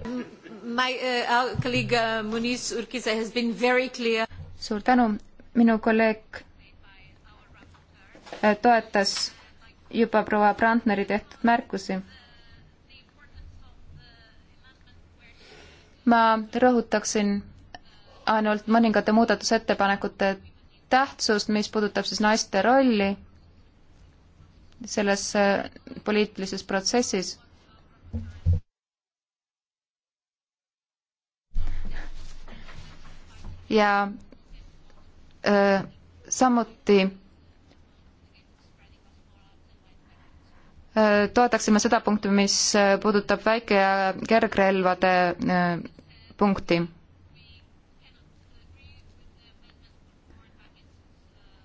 My uh, colleague uh, Muniz Urkiza has been very clear. suur tänu, minu kolleeg Äh, toetas juba proua Brandneri tehtud märkusi. ma rõhutaksin ainult mõningate muudatusettepanekute tähtsust, mis puudutab siis naiste rolli selles äh, poliitilises protsessis. ja öö, äh, samuti toetaksime seda punkti, mis puudutab väike- ja kergrelvade äh, punkti.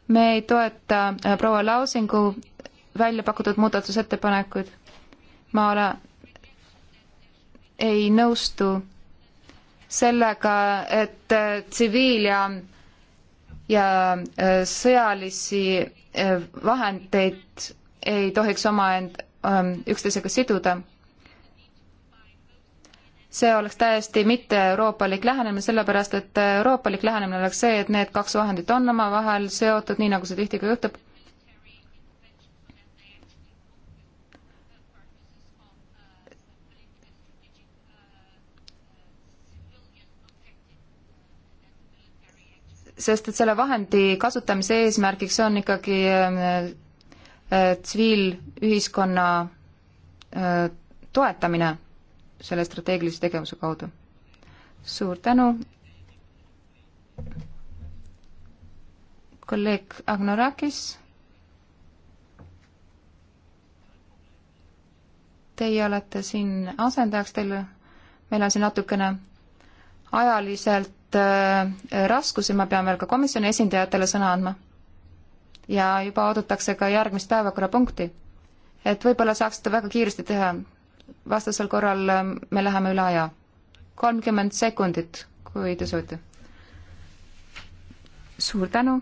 me ei toeta äh, proua Lausingu välja pakutud muudatusettepanekuid. ma ole, ei nõustu sellega, et äh, tsiviil- ja, ja sõjalisi vahendeid ei tohiks omaend ähm, üksteisega siduda. see oleks täiesti mitte-euroopalik lähenemine, sellepärast et euroopalik lähenemine oleks see, et need kaks vahendit on omavahel seotud, nii nagu see tihti ka juhtub. sest et selle vahendi kasutamise eesmärgiks on ikkagi ähm, Äh, tsiviilühiskonna äh, toetamine selle strateegilise tegevuse kaudu. suur tänu. kolleeg Agnorakis. Teie olete siin asendajaks, teil, meil on siin natukene ajaliselt äh, raskusi, ma pean veel ka komisjoni esindajatele sõna andma ja juba oodatakse ka järgmist päevakorrapunkti. et võib-olla saaks seda väga kiiresti teha. vastasel korral ähm, me läheme üle aja. kolmkümmend sekundit, kui te soovite. suur tänu.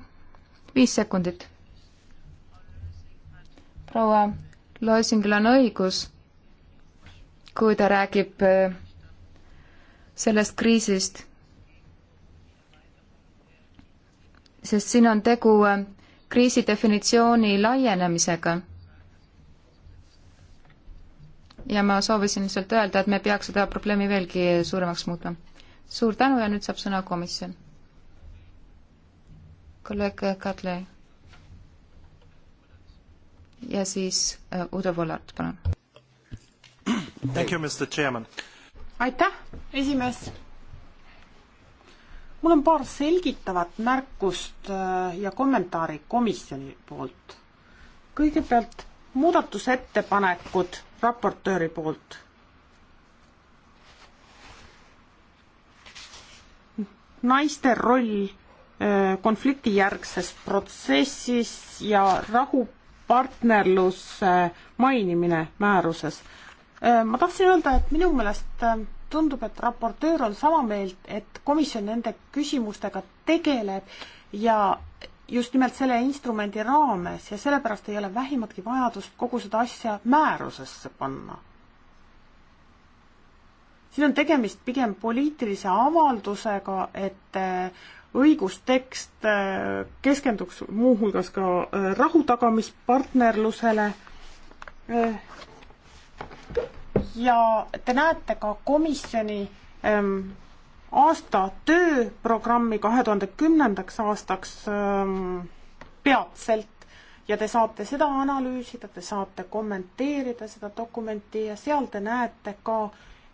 viis sekundit. proua Loisingil on õigus, kui ta räägib äh, sellest kriisist, sest siin on tegu äh, kriisi definitsiooni laienemisega. ja ma soovisin lihtsalt öelda, et me peaks seda probleemi veelgi suuremaks muutma. suur tänu ja nüüd saab sõna komisjon. kolleeg Kadri. ja siis äh, Udo Vollart, palun. aitäh, esimees mul on paar selgitavat märkust äh, ja kommentaari komisjoni poolt. kõigepealt muudatusettepanekud raportööri poolt. naiste roll äh, konfliktijärgses protsessis ja rahupartnerluse mainimine määruses. Äh, ma tahtsin öelda, et minu meelest tundub, et raportöör on sama meelt, et komisjon nende küsimustega tegeleb ja just nimelt selle instrumendi raames ja sellepärast ei ole vähimatki vajadust kogu seda asja määrusesse panna. siin on tegemist pigem poliitilise avaldusega, et äh, õigustekst äh, keskenduks muuhulgas ka äh, rahutagamispartnerlusele ja te näete ka komisjoni ähm, aasta tööprogrammi kahe tuhande kümnendaks aastaks ähm, peatselt ja te saate seda analüüsida, te saate kommenteerida seda dokumenti ja seal te näete ka,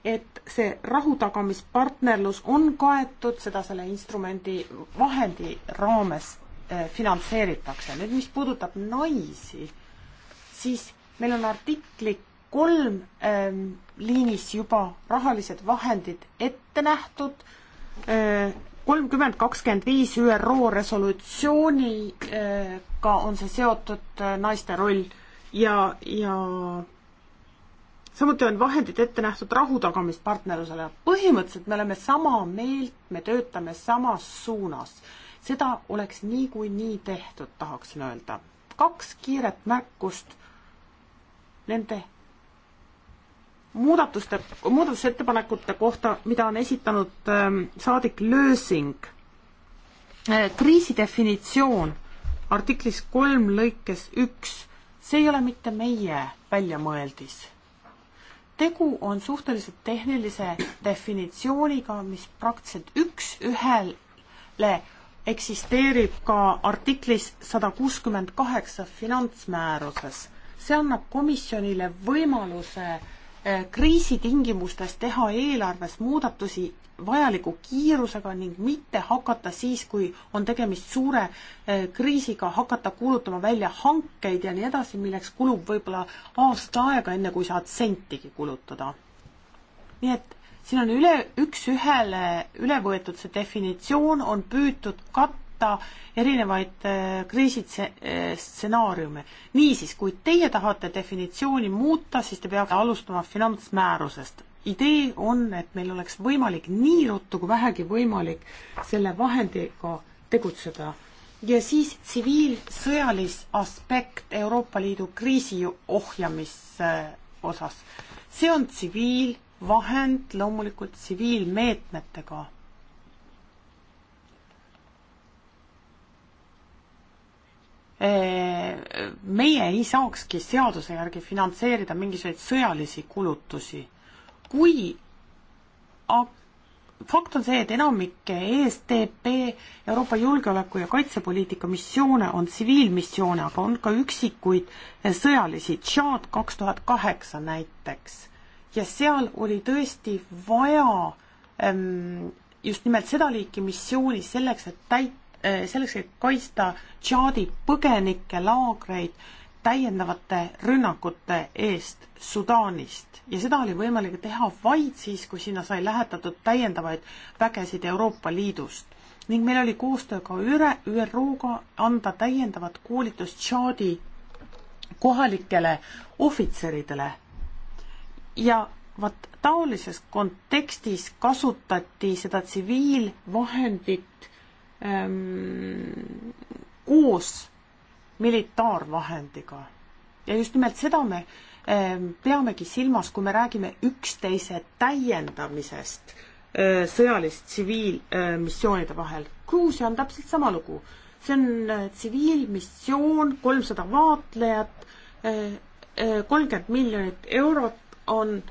et see rahutagamispartnerlus on kaetud, seda selle instrumendi vahendi raames äh, finantseeritakse. nüüd, mis puudutab naisi, siis meil on artikli kolm ähm, liinis juba rahalised vahendid ette nähtud, äh, kolmkümmend kakskümmend viis ÜRO resolutsiooniga äh, on see seotud äh, naiste roll ja, ja samuti on vahendid ette nähtud rahu tagamispartnerlusele. põhimõtteliselt me oleme sama meelt, me töötame samas suunas. seda oleks niikuinii nii tehtud, tahaksin öelda. kaks kiiret märkust nende muudatuste, muudatusettepanekute kohta, mida on esitanud ähm, saadik Lösing äh,. kriisi definitsioon artiklis kolm lõikes üks, see ei ole mitte meie väljamõeldis. tegu on suhteliselt tehnilise definitsiooniga, mis praktiliselt üks-ühele eksisteerib ka artiklis sada kuuskümmend kaheksa finantsmääruses. see annab komisjonile võimaluse äh, Äh, kriisitingimustes teha eelarves muudatusi vajaliku kiirusega ning mitte hakata siis, kui on tegemist suure äh, kriisiga, hakata kuulutama välja hankeid ja nii edasi, milleks kulub võib-olla aasta aega, enne kui saad sentigi kulutada. nii et siin on üle, üks-ühele üle võetud see definitsioon, on püütud katta võtta erinevaid äh, kriisitsenaariume. Äh, niisiis, kui teie tahate definitsiooni muuta, siis te peate alustama finantsmäärusest. idee on, et meil oleks võimalik nii ruttu kui vähegi võimalik selle vahendiga tegutseda. ja siis tsiviilsõjalis aspekt Euroopa Liidu kriisi ohjamise äh, osas. see on tsiviilvahend loomulikult tsiviilmeetmetega Äh, meie ei saakski seaduse järgi finantseerida mingisuguseid sõjalisi kulutusi. kui fakt on see, et enamik ESTP Euroopa julgeoleku- ja kaitsepoliitika missioone on tsiviilmissioone, aga on ka üksikuid äh, sõjalisi, Tšaad kaks tuhat kaheksa näiteks. ja seal oli tõesti vaja ähm, just nimelt seda liiki missiooni selleks, et täita Äh, selleks, et kaitsta Tšaadi põgenikelaagreid täiendavate rünnakute eest Sudaanist ja seda oli võimalik teha vaid siis, kui sinna sai lähetatud täiendavaid vägesid Euroopa Liidust. ning meil oli koostöö ka üle ÜRO-ga anda täiendavat koolitust Tšaadi kohalikele ohvitseridele. ja vot taolises kontekstis kasutati seda tsiviilvahendit ähm, koos militaarvahendiga. ja just nimelt seda me ähm, peamegi silmas, kui me räägime üksteise täiendamisest äh, sõjalist tsiviilmissioonide ehm, äh, vahel. Gruusia on täpselt sama lugu, see on äh, tsiviilmissioon, kolmsada vaatlejat, eh, eh, kolmkümmend miljonit eurot on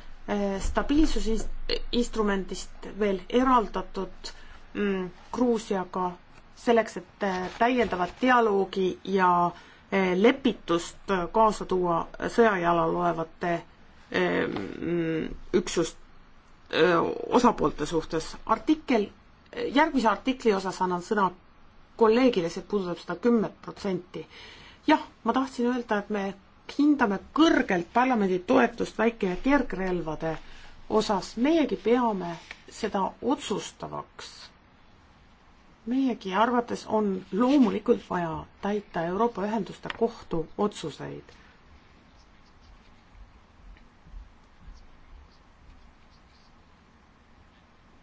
stabiilsusinstrumendist veel eraldatud mm, Gruusiaga selleks, et äh, täiendavat dialoogi ja äh, lepitust äh, kaasa tuua sõjajalal olevate mm, üksust, osapoolte suhtes. artikkel, järgmise artikli osas annan sõna kolleegile, see puudutab seda kümmet protsenti. jah, ma tahtsin öelda, et me hindame kõrgelt parlamendi toetust väike- ja kergrelvade osas, meiegi peame seda otsustavaks meiegi arvates on loomulikult vaja täita Euroopa Ühenduste Kohtu otsuseid.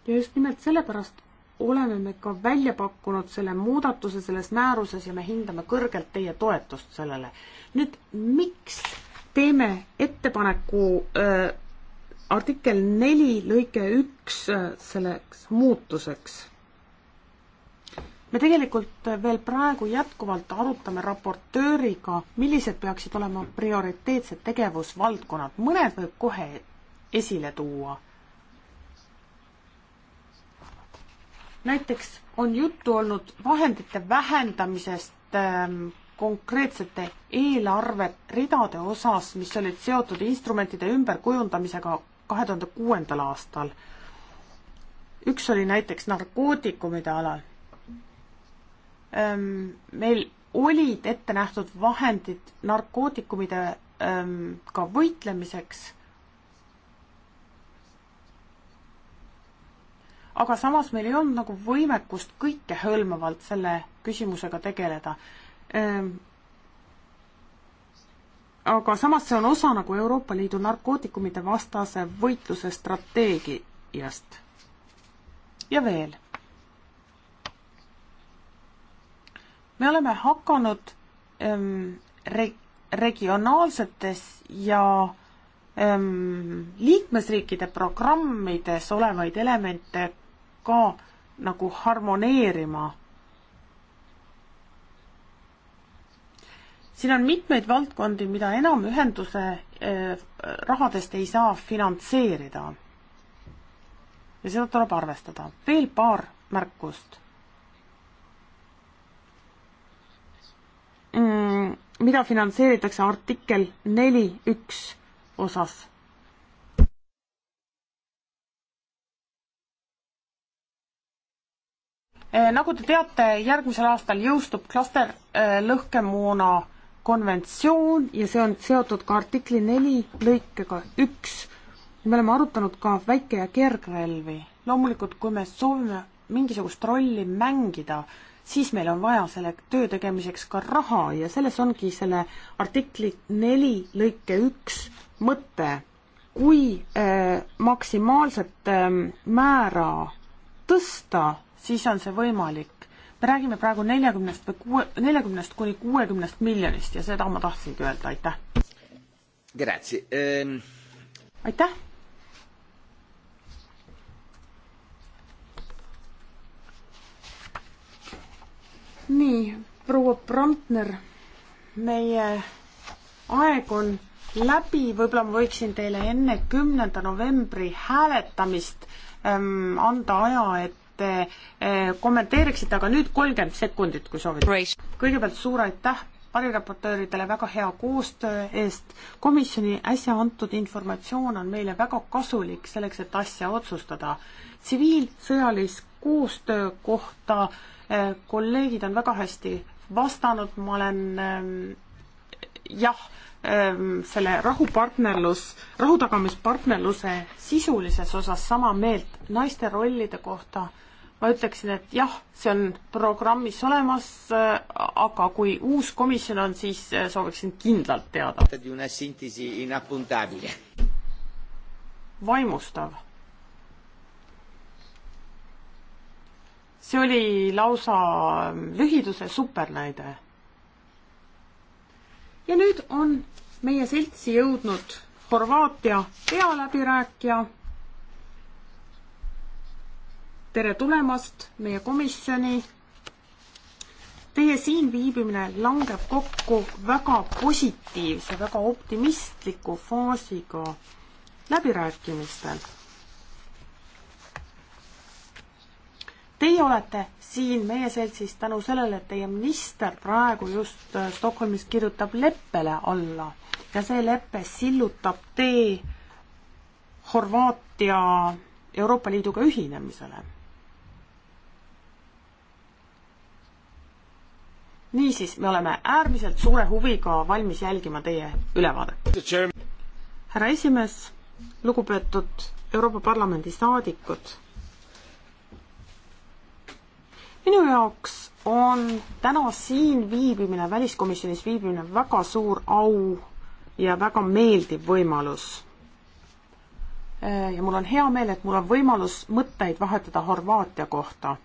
ja just nimelt sellepärast oleme me ka välja pakkunud selle muudatuse selles määruses ja me hindame kõrgelt teie toetust sellele. nüüd miks teeme ettepaneku äh, artikkel neli lõige üks äh, selleks muutuseks me tegelikult veel praegu jätkuvalt arutame raportööriga, millised peaksid olema prioriteetsed tegevusvaldkonnad, mõned võib kohe esile tuua. näiteks on juttu olnud vahendite vähendamisest ähm, konkreetsete eelarveridade osas, mis olid seotud instrumentide ümberkujundamisega kahe tuhande kuuendal aastal. üks oli näiteks narkootikumide alal meil olid ette nähtud vahendid narkootikumide ka võitlemiseks. aga samas meil ei olnud nagu võimekust kõike hõlmavalt selle küsimusega tegeleda. aga samas see on osa nagu Euroopa Liidu narkootikumide vastase võitluse strateegiast. ja veel me oleme hakanud ähm, re-, regionaalsetes ja ähm, liikmesriikide programmides olevaid elemente ka nagu harmoneerima. siin on mitmeid valdkondi, mida enam ühenduse äh, rahadest ei saa finantseerida. ja seda tuleb arvestada. veel paar märkust mida finantseeritakse artikkel neli üks osas eh, nagu te teate, järgmisel aastal jõustub klaster eh, lõhkemoona konventsioon ja see on seotud ka artikli neli lõikega üks. me oleme arutanud ka väike- ja kergrelvi. loomulikult, kui me soovime mingisugust rolli mängida, siis meil on vaja selle töö tegemiseks ka raha ja selles ongi selle artikli neli lõike üks mõte. kui äh, maksimaalset äh, määra tõsta, siis on see võimalik. me räägime praegu neljakümnest või kuue, neljakümnest kuni kuuekümnest miljonist ja seda ma tahtsingi öelda, aitäh. Grazie ähm.... aitäh nii, proua Promptner, meie aeg on läbi, võib-olla ma võiksin teile enne kümnenda novembri hääletamist ähm, anda aja, et te äh, kommenteeriksite, aga nüüd kolmkümmend sekundit, kui soovite. kõigepealt suur aitäh variraportööridele väga hea koostöö eest. komisjoni äsja antud informatsioon on meile väga kasulik selleks, et asja otsustada. tsiviilsõjalist koostöö kohta äh, kolleegid on väga hästi vastanud, ma olen ähm, jah, ähm, selle rahupartnerlus, rahutagamispartnerluse sisulises osas sama meelt naiste rollide kohta ma ütleksin, et jah, see on programmis olemas, äh, aga kui uus komisjon on, siis äh, sooviksin kindlalt teada. vaimustav see oli lausa lühiduse supernäide. ja nüüd on meie seltsi jõudnud Horvaatia pealäbirääkija. tere tulemast meie komisjoni. Teie siin viibimine langeb kokku väga positiivse, väga optimistliku faasiga läbirääkimistel Teie olete siin meie seltsis tänu sellele, et teie minister praegu just äh, Stockholmis kirjutab leppele alla ja see lepe sillutab tee Horvaatia Euroopa Liiduga ühinemisele. niisiis, me oleme äärmiselt suure huviga valmis jälgima teie ülevaadet. härra esimees, lugupeetud Euroopa Parlamendi saadikud minu jaoks on täna siin viibimine, väliskomisjonis viibimine väga suur au ja väga meeldiv võimalus. ja mul on hea meel, et mul on võimalus mõtteid vahetada Horvaatia kohta.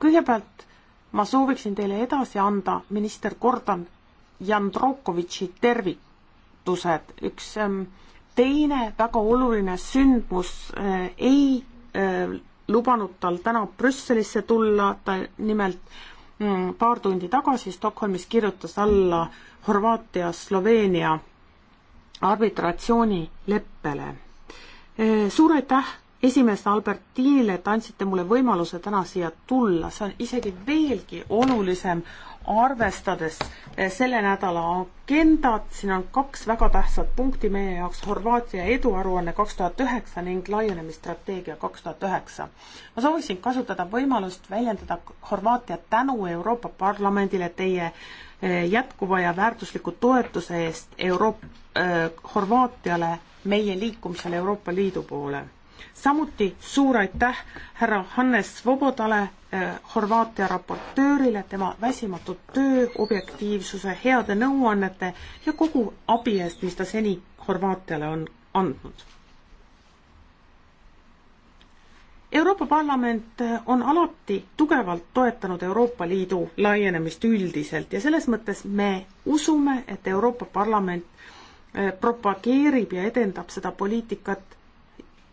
kõigepealt ma sooviksin teile edasi anda minister Gordan Jandrokovitši tervitused, üks ähm, teine väga oluline sündmus äh, ei äh, lubanud tal täna Brüsselisse tulla, ta nimelt mm, paar tundi tagasi Stockholmis kirjutas alla Horvaatia-Sloveenia arbitratsioonileppele. Eh, suur aitäh esimest Albertinile, et andsite mulle võimaluse täna siia tulla, see on isegi veelgi olulisem arvestades eh, selle nädala agendat, siin on kaks väga tähtsat punkti meie jaoks, Horvaatia eduaruanne kaks tuhat üheksa ning laienemisstrateegia kaks tuhat üheksa. ma sooviksin kasutada võimalust väljendada Horvaatia tänu Euroopa Parlamendile teie eh, jätkuva ja väärtusliku toetuse eest Euroop- eh,, Horvaatiale meie liikumisel Euroopa Liidu poole. samuti suur aitäh härra Hannes Vobodale, Äh, Horvaatia raportöörile tema väsimatu töö, objektiivsuse, heade nõuannete ja kogu abi eest, mis ta seni Horvaatiale on andnud. Euroopa Parlament äh, on alati tugevalt toetanud Euroopa Liidu laienemist üldiselt ja selles mõttes me usume, et Euroopa Parlament äh, propageerib ja edendab seda poliitikat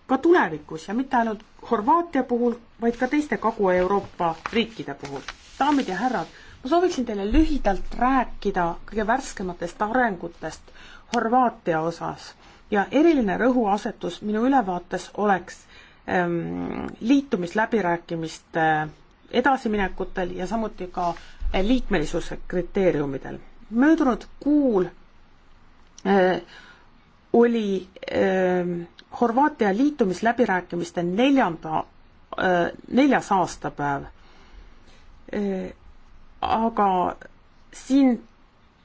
ka tulevikus ja mitte ainult Horvaatia puhul, vaid ka teiste Kagu-Euroopa riikide puhul. daamid ja härrad, ma sooviksin teile lühidalt rääkida kõige värskematest arengutest Horvaatia osas ja eriline rõhuasetus minu ülevaates oleks ähm, liitumisläbirääkimiste edasiminekutel ja samuti ka äh, liikmelisuse kriteeriumidel. möödunud kuul äh, oli äh, Horvaatia liitumisläbirääkimiste neljanda, äh, neljas aastapäev. Äh, aga siin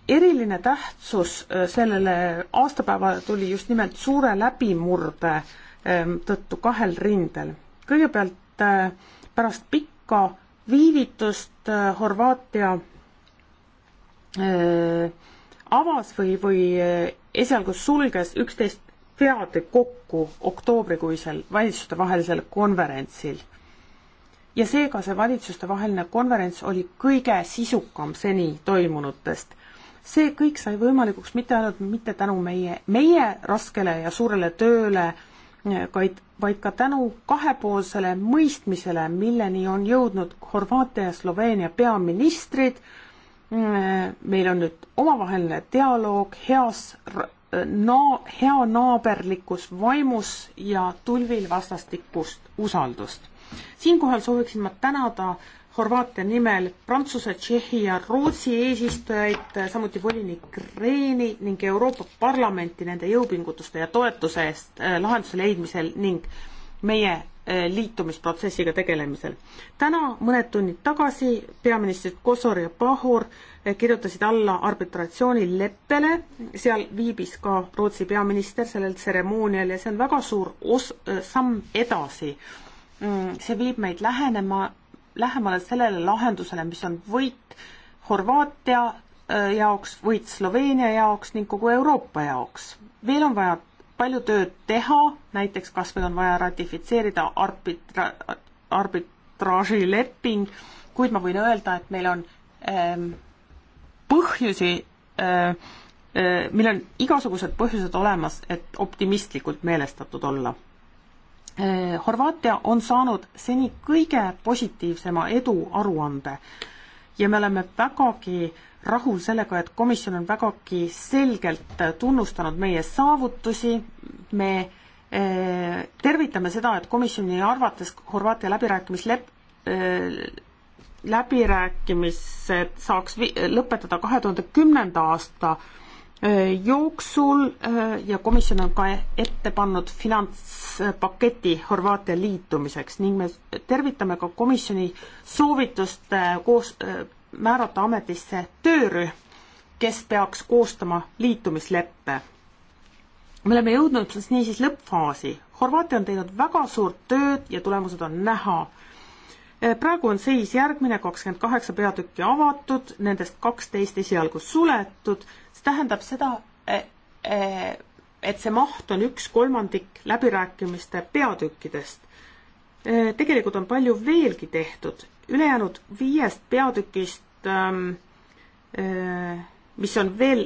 eriline tähtsus äh, sellele aastapäevale tuli just nimelt suure läbimurde ähm, tõttu kahel rindel. kõigepealt pärast pikka viivitust Horvaatia avas või, või esialgu sulges üksteist pead kokku oktoobrikuisel valitsustevahelisel konverentsil. ja seega see valitsustevaheline konverents oli kõige sisukam seni toimunutest. see kõik sai võimalikuks mitte ainult mitte tänu meie, meie raskele ja suurele tööle, vaid, vaid ka tänu kahepoolsele mõistmisele, milleni on jõudnud Horvaatia ja Sloveenia peaministrid, meil on nüüd omavaheline dialoog heas naa-, heanaaberlikus vaimus ja tulvil vastastikust usaldust. siinkohal sooviksin ma tänada Horvaatia nimel Prantsuse, Tšehhi ja Rootsi eesistujaid, samuti volinik Reeni ning Euroopa Parlamenti nende jõupingutuste ja toetuse eest äh, lahenduse leidmisel ning meie äh, liitumisprotsessiga tegelemisel. täna mõned tunnid tagasi peaministrid Kosor ja Pahor Eh, kirjutasid alla arbitratsioonileppele, seal viibis ka Rootsi peaminister sellel tseremoonial ja see on väga suur os-, eh, samm edasi. Mm, see viib meid lähenema, lähemale sellele lahendusele, mis on võit Horvaatia eh, jaoks, võit Sloveenia jaoks ning kogu Euroopa jaoks. veel on vaja palju tööd teha, näiteks kas meil on vaja ratifitseerida arbitra-, arbitraažileping, kuid ma võin öelda, et meil on ähm, põhjusi, äh, äh, meil on igasugused põhjused olemas, et optimistlikult meelestatud olla. Äh, Horvaatia on saanud seni kõige positiivsema edu aruande ja me oleme vägagi rahul sellega, et komisjon on vägagi selgelt tunnustanud meie saavutusi, me tervitame seda, et komisjoni arvates Horvaatia läbirääkimislep-, läbirääkimised saaks lõpetada kahe tuhande kümnenda aasta äh, jooksul äh, ja komisjon on ka ette pannud finantspaketi Horvaatia liitumiseks ning me tervitame ka komisjoni soovitust äh, koos, määrata ametisse töörühm, kes peaks koostama liitumisleppe. me oleme jõudnud siis niisiis lõppfaasi. Horvaatia on teinud väga suurt tööd ja tulemused on näha Eh, praegu on seis järgmine, kakskümmend kaheksa peatükki avatud, nendest kaksteist esialgu suletud, see tähendab seda, e, e, et see maht on üks kolmandik läbirääkimiste peatükkidest. E, tegelikult on palju veelgi tehtud, ülejäänud viiest peatükist, ähm, mis on veel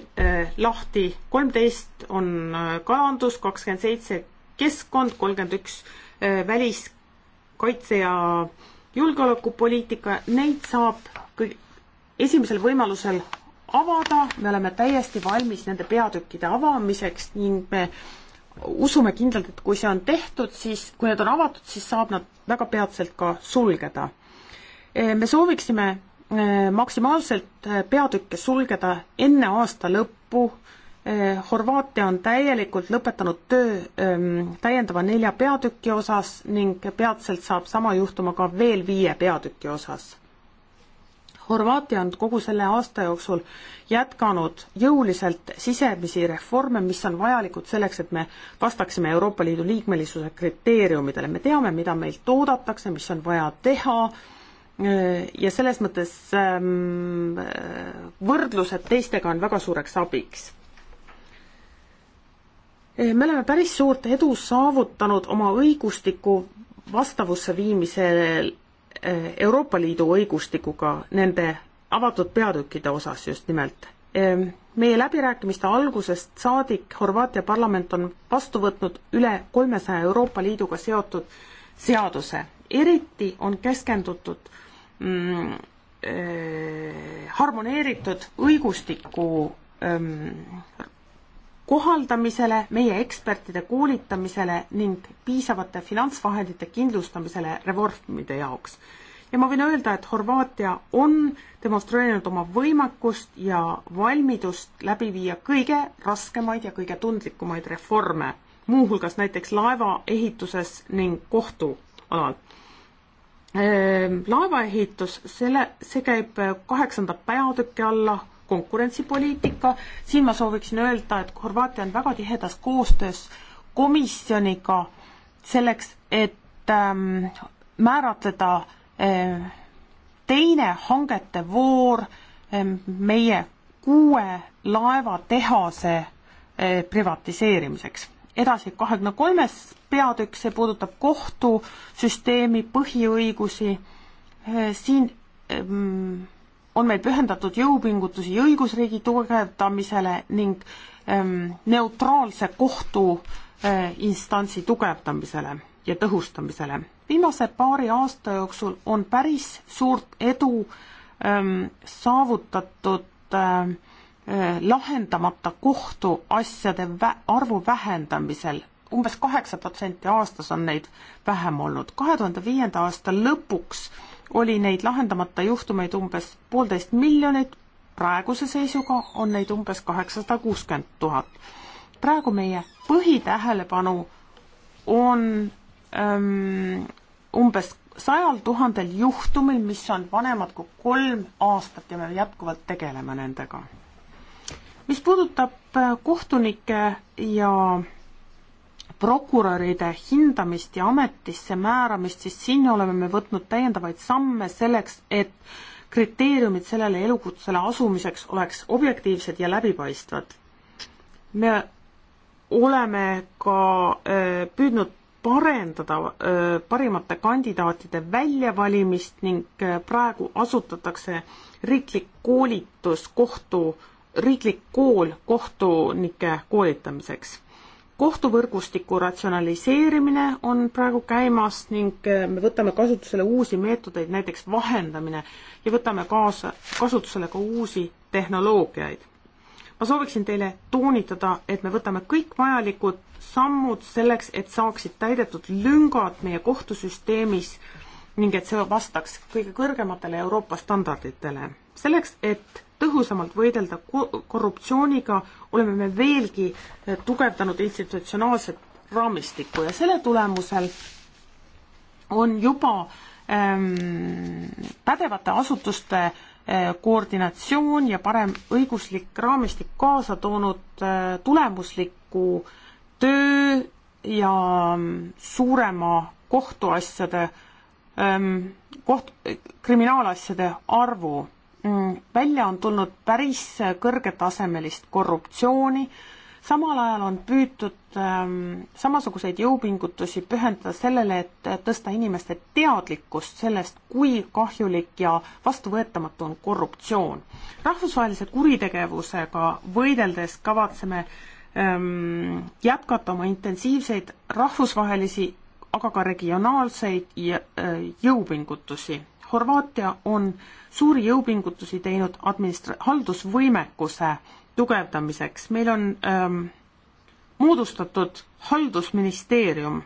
lahti, kolmteist on kalandus, kakskümmend seitse keskkond, kolmkümmend üks väliskaitse ja äh, julgeolekupoliitika, neid saab kõige, esimesel võimalusel avada, me oleme täiesti valmis nende peatükkide avamiseks ning me usume kindlalt, et kui see on tehtud, siis kui need on avatud, siis saab nad väga peatselt ka sulgeda. me sooviksime maksimaalselt peatükke sulgeda enne aasta lõppu Äh, Horvaatia on täielikult lõpetanud töö ähm, täiendava nelja peatüki osas ning peatselt saab sama juhtuma ka veel viie peatüki osas. Horvaatia on kogu selle aasta jooksul jätkanud jõuliselt sisemisi reforme, mis on vajalikud selleks, et me vastaksime Euroopa Liidu liikmelisuse kriteeriumidele. me teame, mida meilt oodatakse, mis on vaja teha äh, ja selles mõttes ähm, võrdlused teistega on väga suureks abiks Eh, me oleme päris suurt edu saavutanud oma õigustiku vastavusse viimisel eh, Euroopa Liidu õigustikuga nende avatud peatükkide osas just nimelt. Eh, meie läbirääkimiste algusest saadik Horvaatia parlament on vastu võtnud üle kolmesaja Euroopa Liiduga seotud seaduse, eriti on keskendutud mm, äh, harmoneeritud õigustiku ähm, kohaldamisele, meie ekspertide koolitamisele ning piisavate finantsvahendite kindlustamisele reformide jaoks. ja ma võin öelda, et Horvaatia on demonstreerinud oma võimekust ja valmidust läbi viia kõige raskemaid ja kõige tundlikumaid reforme, muuhulgas näiteks laevaehituses ning kohtualal. Ehm, laevaehitus, selle, see käib kaheksanda peatüki alla konkurentsipoliitika, siin ma sooviksin öelda, et Horvaatia on väga tihedas koostöös komisjoniga selleks, et ähm, määratleda ähm, teine hangete voor ähm, meie kuue laevatehase äh, privatiseerimiseks. edasi kahekümne kolmes peatükk, see puudutab kohtusüsteemi põhiõigusi äh,, siin ähm, on meil pühendatud jõupingutusi õigusriigi tugevdamisele ning ähm, neutraalse kohtu äh, instantsi tugevdamisele ja tõhustamisele. viimase paari aasta jooksul on päris suurt edu ähm, saavutatud ähm, lahendamata kohtuasjade vä arvu vähendamisel umbes kaheksa protsenti aastas on neid vähem olnud. kahe tuhande viienda aasta lõpuks äh, oli neid lahendamata juhtumeid umbes poolteist miljonit, praeguse seisuga on neid umbes kaheksasada kuuskümmend tuhat. praegu meie põhitähelepanu on öm, ähm, umbes sajal tuhandel juhtumil, mis on vanemad kui kolm aastat ja me jätkuvalt tegeleme nendega. mis puudutab äh, kohtunike ja prokuröride hindamist ja ametisse määramist, siis siin oleme me võtnud täiendavaid samme selleks, et kriteeriumid sellele elukutsele asumiseks oleks objektiivsed ja läbipaistvad. me oleme ka öö, äh, püüdnud parendada öö, äh, parimate kandidaatide väljavalimist ning öö, äh, praegu asutatakse riiklik koolitus kohtu, riiklik kool kohtunike koolitamiseks kohtuvõrgustiku ratsionaliseerimine on praegu käimas ning äh, me võtame kasutusele uusi meetodeid, näiteks vahendamine ja võtame kaasa, kasutusele ka uusi tehnoloogiaid. ma sooviksin teile toonitada, et me võtame kõik vajalikud sammud selleks, et saaksid täidetud lüngad meie kohtusüsteemis ning et see vastaks kõige kõrgematele Euroopa standarditele. selleks, et tõhusamalt võidelda korruptsiooniga, oleme me veelgi tugevdanud institutsionaalset raamistikku ja selle tulemusel on juba ähm, pädevate asutuste äh, koordinatsioon ja parem õiguslik raamistik kaasa toonud äh, tulemusliku töö ja mm, suurema kohtuasjade ähm,, koht-, kriminaalasjade arvu Mm, välja on tulnud päris kõrgetasemelist korruptsiooni, samal ajal on püütud ähm, samasuguseid jõupingutusi pühendada sellele, et tõsta inimeste teadlikkust sellest, kui kahjulik ja vastuvõetamatu on korruptsioon. rahvusvahelise kuritegevusega võideldes kavatseme ähm, jätkata oma intensiivseid rahvusvahelisi, aga ka regionaalseid äh, jõupingutusi Horvaatia on suuri jõupingutusi teinud administra-, haldusvõimekuse tugevdamiseks, meil on ähm, moodustatud haldusministeerium.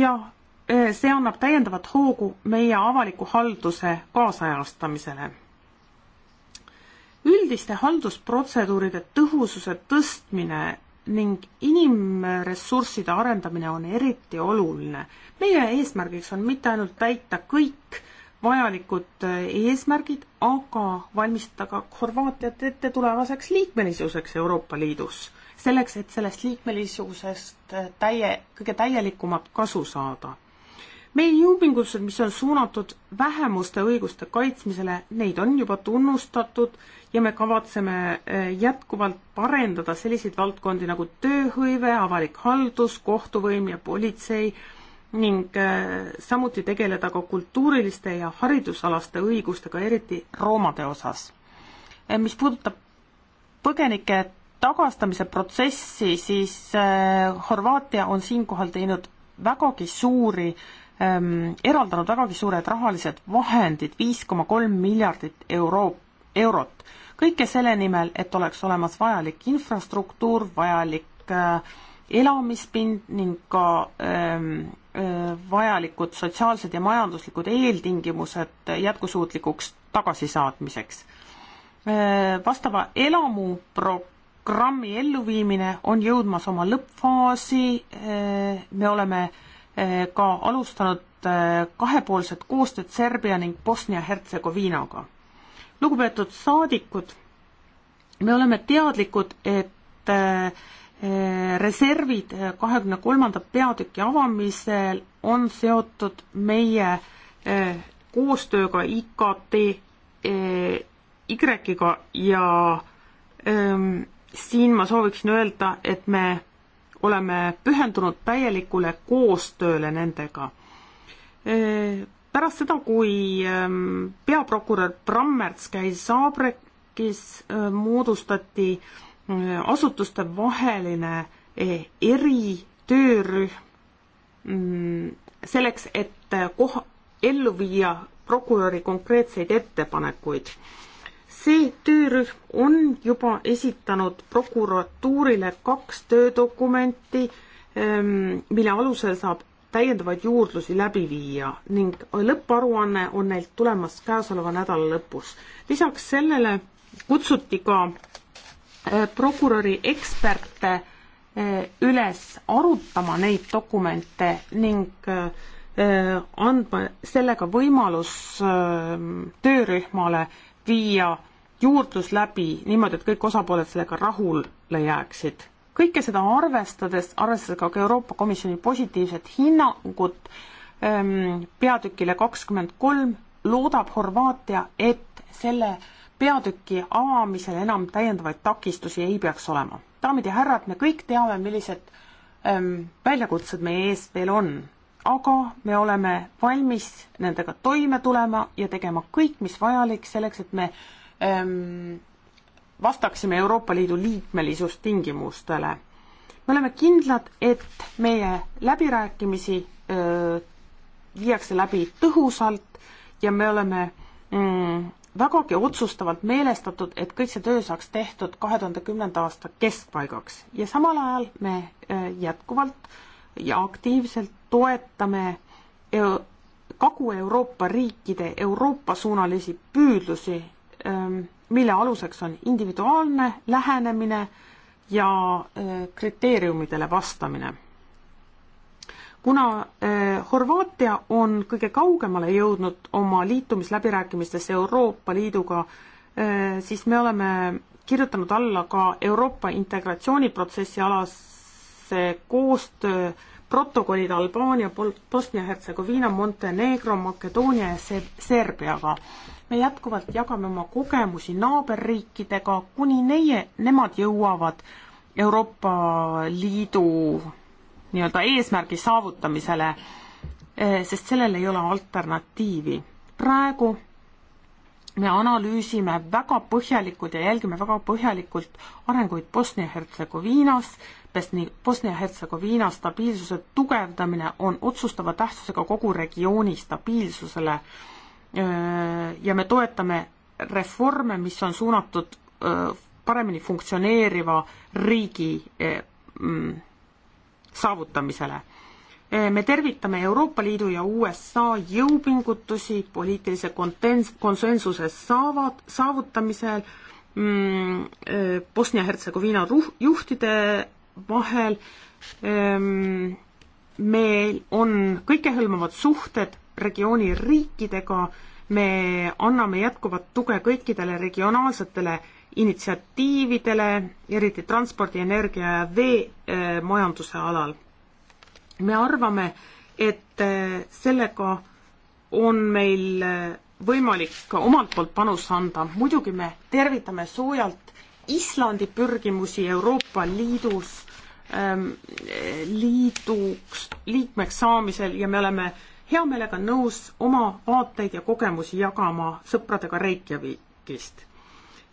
ja äh, see annab täiendavat hoogu meie avaliku halduse kaasajastamisele. üldiste haldusprotseduuride tõhususe tõstmine ning inimressursside arendamine on eriti oluline. meie eesmärgiks on mitte ainult täita kõik vajalikud eesmärgid, aga valmistada ka Horvaatiat ette tulevaseks liikmelisuseks Euroopa Liidus. selleks, et sellest liikmelisusest täie, kõige täielikumat kasu saada meie jõupingutused, mis on suunatud vähemuste õiguste kaitsmisele, neid on juba tunnustatud ja me kavatseme eh, jätkuvalt parendada selliseid valdkondi nagu tööhõive, avalik haldus, kohtuvõim ja politsei ning eh, samuti tegeleda ka kultuuriliste ja haridusalaste õigustega, eriti roomade osas. Eh, mis puudutab põgenike tagastamise protsessi, siis Horvaatia on siinkohal teinud vägagi suuri äh, ähm, eraldanud vägagi suured rahalised vahendid, viis koma kolm miljardit euro, eurot, kõike selle nimel, et oleks olemas vajalik infrastruktuur, vajalik äh, elamispind ning ka ähm, äh, vajalikud sotsiaalsed ja majanduslikud eeltingimused jätkusuutlikuks tagasisaatmiseks äh,. vastava elamuprogrammi elluviimine on jõudmas oma lõppfaasi äh,, me oleme äh, Eh, ka alustanud eh, kahepoolset koostööd Serbia ning Bosnia-Hertsegoviinaga. lugupeetud saadikud, me oleme teadlikud, et eh, reservid kahekümne kolmanda peatüki avamisel on seotud meie koostööga IKT Y-ga ja ähm, siin ma sooviksin öelda, et me oleme pühendunud täielikule koostööle nendega. pärast seda, kui peaprokurör Brammerts käis Saabrekis, e, moodustati e, asutuste vaheline e, eritöörühm mm, selleks, et koha, ellu viia prokuröri konkreetseid ettepanekuid see töörühm on juba esitanud prokuratuurile kaks töödokumenti, ehm, mille alusel saab täiendavaid juurdlusi läbi viia ning lõpparuanne on neilt tulemas käesoleva nädala lõpus. lisaks sellele kutsuti ka eh, prokuröri eksperte eh, üles arutama neid dokumente ning eh, andma sellega võimalus töörühmale viia juurdlus läbi niimoodi, et kõik osapooled sellega rahule jääksid. kõike seda arvestades, arvestades ka Euroopa Komisjoni positiivset hinnangut ähm, peatükile kakskümmend kolm, loodab Horvaatia, et selle peatüki avamisel enam täiendavaid takistusi ei peaks olema. daamid ja härrad, me kõik teame, millised ähm, väljakutsed meie ees veel on, aga me oleme valmis nendega toime tulema ja tegema kõik, mis vajalik selleks, et me äh, vastaksime Euroopa Liidu liikmelisustingimustele. me oleme kindlad, et meie läbirääkimisi viiakse läbi tõhusalt ja me oleme mm, vägagi otsustavalt meelestatud, et kõik see töö saaks tehtud kahe tuhande kümnenda aasta keskpaigaks ja samal ajal me jätkuvalt ja aktiivselt toetame Kagu-Euroopa riikide Euroopa-suunalisi püüdlusi Ähm, mille aluseks on individuaalne lähenemine ja äh, kriteeriumidele vastamine. kuna äh, Horvaatia on kõige kaugemale jõudnud oma liitumisläbirääkimistes Euroopa Liiduga, äh, siis me oleme kirjutanud alla ka Euroopa integratsiooniprotsessi alase koostöö protokollid Albaania, Bosnia-Hertsegoviina, Montenegro, Makedoonia ja Serbiaga me jätkuvalt jagame oma kogemusi naaberriikidega, kuni neie, nemad jõuavad Euroopa Liidu nii-öelda eesmärgi saavutamisele, eh, sest sellel ei ole alternatiivi. praegu me analüüsime väga põhjalikult ja jälgime väga põhjalikult arenguid Bosnia-Hertsegoviinas, Bosnia-Hertsegoviina stabiilsuse tugevdamine on otsustava tähtsusega kogu regiooni stabiilsusele äh, ja me toetame reforme, mis on suunatud paremini funktsioneeriva riigi mm, saavutamisele. me tervitame Euroopa Liidu ja USA jõupingutusi poliitilise kontens-, konsensuse saavad, saavutamisel mm, Bosnia-Hertsegoviina juhtide vahel, meil on kõikehõlmavad suhted regiooni riikidega, me anname jätkuvat tuge kõikidele regionaalsetele initsiatiividele, eriti transpordi, energia ja veemajanduse eh, alal. me arvame, et eh, sellega on meil eh, võimalik ka omalt poolt panus anda, muidugi me tervitame soojalt Islandi pürgimusi Euroopa Liidus ähm,, liiduks, liikmeks saamisel ja me oleme äh, hea meelega nõus oma vaateid ja kogemusi jagama sõpradega Reykjavikist.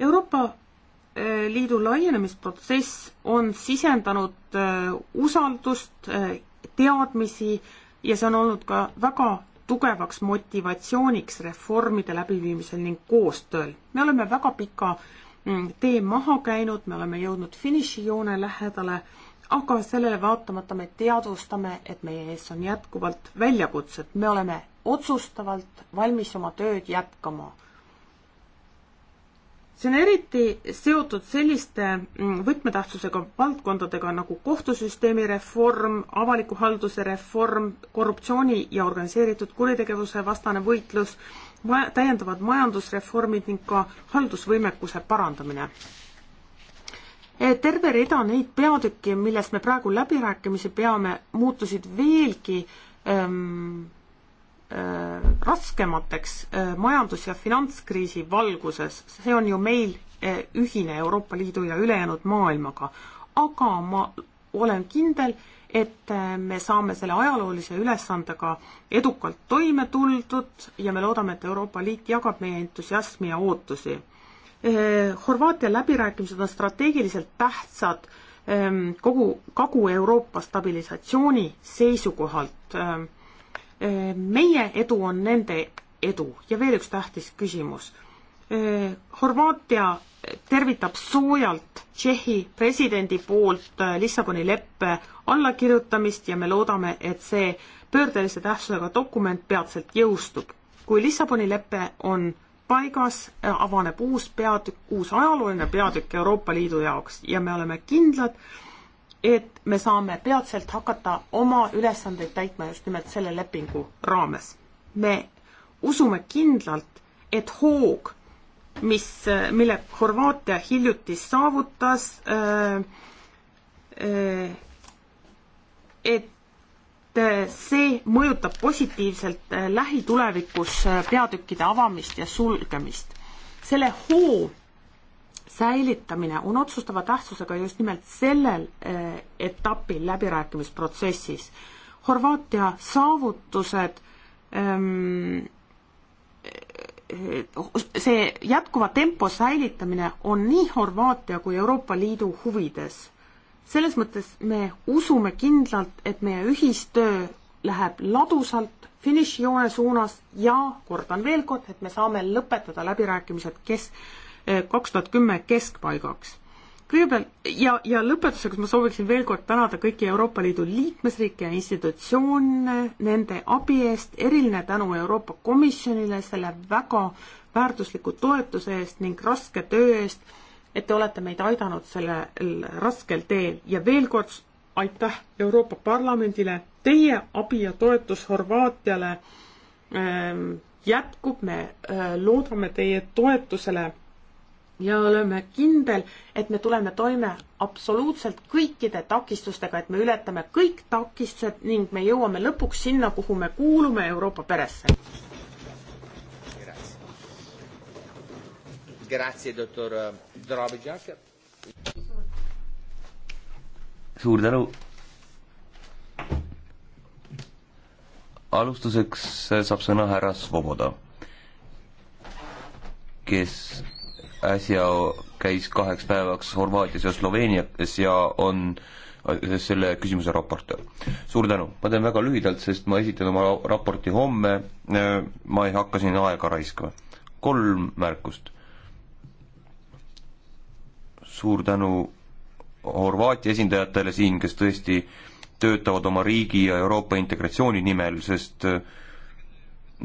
Euroopa eh, Liidu laienemisprotsess on sisendanud eh, usaldust, eh, teadmisi ja see on olnud ka väga tugevaks motivatsiooniks reformide läbiviimisel ning koostööl. me oleme väga pika mm, tee maha käinud, me oleme jõudnud finišijoone lähedale aga sellele vaatamata me teadvustame, et meie ees on jätkuvalt väljakutsed, me oleme otsustavalt valmis oma tööd jätkama. see on eriti seotud selliste mm, võtmetähtsusega valdkondadega nagu kohtusüsteemi reform, avaliku halduse reform, korruptsiooni ja organiseeritud kuritegevuse vastane võitlus, täiendavad majandusreformid ning ka haldusvõimekuse parandamine Eh, terve rida neid peatükki, millest me praegu läbirääkimisi peame, muutusid veelgi ähm, äh, raskemateks äh, majandus- ja finantskriisi valguses, see on ju meil äh, ühine Euroopa Liidu ja ülejäänud maailmaga. aga ma olen kindel, et me saame selle ajaloolise ülesandega edukalt toime tuldud ja me loodame, et Euroopa Liit jagab meie entusiasmi ja ootusi Eh, Horvaatia läbirääkimised on strateegiliselt tähtsad ehm, kogu Kagu-Euroopa stabilisatsiooni seisukohalt. Ehm, eh, meie edu on nende edu ja veel üks tähtis küsimus. Eh, Horvaatia tervitab soojalt Tšehhi presidendi poolt Lissaboni leppe allakirjutamist ja me loodame, et see pöördelise tähtsusega dokument peatselt jõustub. kui Lissaboni lepe on paigas, avaneb uus peatükk, uus ajalooline peatükk Euroopa Liidu jaoks ja me oleme kindlad, et me saame peatselt hakata oma ülesandeid täitma just nimelt selle lepingu raames. me usume kindlalt, et hoog, mis, mille Horvaatia hiljuti saavutas äh,, äh, et Äh, see mõjutab positiivselt äh, lähitulevikus äh, peatükkide avamist ja sulgemist. selle hoo säilitamine on otsustava tähtsusega just nimelt sellel etapil läbirääkimisprotsessis. Horvaatia saavutused ähm, see jätkuva tempo säilitamine on nii Horvaatia kui Euroopa Liidu huvides selles mõttes me usume kindlalt, et meie ühistöö läheb ladusalt finišijoone suunas ja kordan veel kord, et me saame lõpetada läbirääkimised kes-, eh, kaks tuhat kümme keskpaigaks. kõigepealt ja, ja lõpetuseks ma sooviksin veel kord tänada kõiki Euroopa Liidu liikmesriike ja institutsioone nende abi eest, eriline tänu Euroopa Komisjonile selle väga väärtusliku toetuse eest ning raske töö eest et te olete meid aidanud sellel raskel teel ja veel kord aitäh Euroopa Parlamendile, teie abi ja toetus Horvaatiale ähm, jätkub, me äh, loodame teie toetusele ja oleme kindel, et me tuleme toime absoluutselt kõikide takistustega, et me ületame kõik takistused ning me jõuame lõpuks sinna, kuhu me kuulume Euroopa peresse. grazie, doktor eh, Drobidžak. suur tänu. alustuseks saab sõna härra Svoboda, kes äsja käis kaheks päevaks Horvaatias ja Sloveenias ja on äh, selle küsimuse raportöör. suur tänu, ma teen väga lühidalt, sest ma esitan oma raporti homme, äh, ma ei hakka siin aega raiskama. kolm märkust suur tänu Horvaatia esindajatele siin, kes tõesti töötavad oma riigi ja Euroopa integratsiooni nimel, sest äh,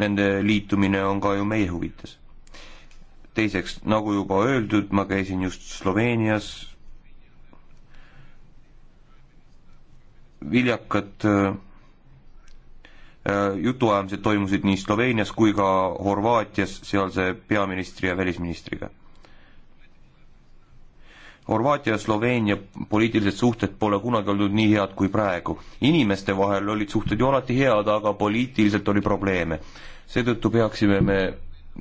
nende liitumine on ka ju meie huvides. teiseks, nagu juba öeldud, ma käisin just Sloveenias, viljakad äh, äh, jutuajamised toimusid nii Sloveenias kui ka Horvaatias sealse peaministri ja välisministriga Horvaatia ja Sloveenia poliitilised suhted pole kunagi olnud nii head kui praegu. inimeste vahel olid suhted ju alati head, aga poliitiliselt oli probleeme. seetõttu peaksime me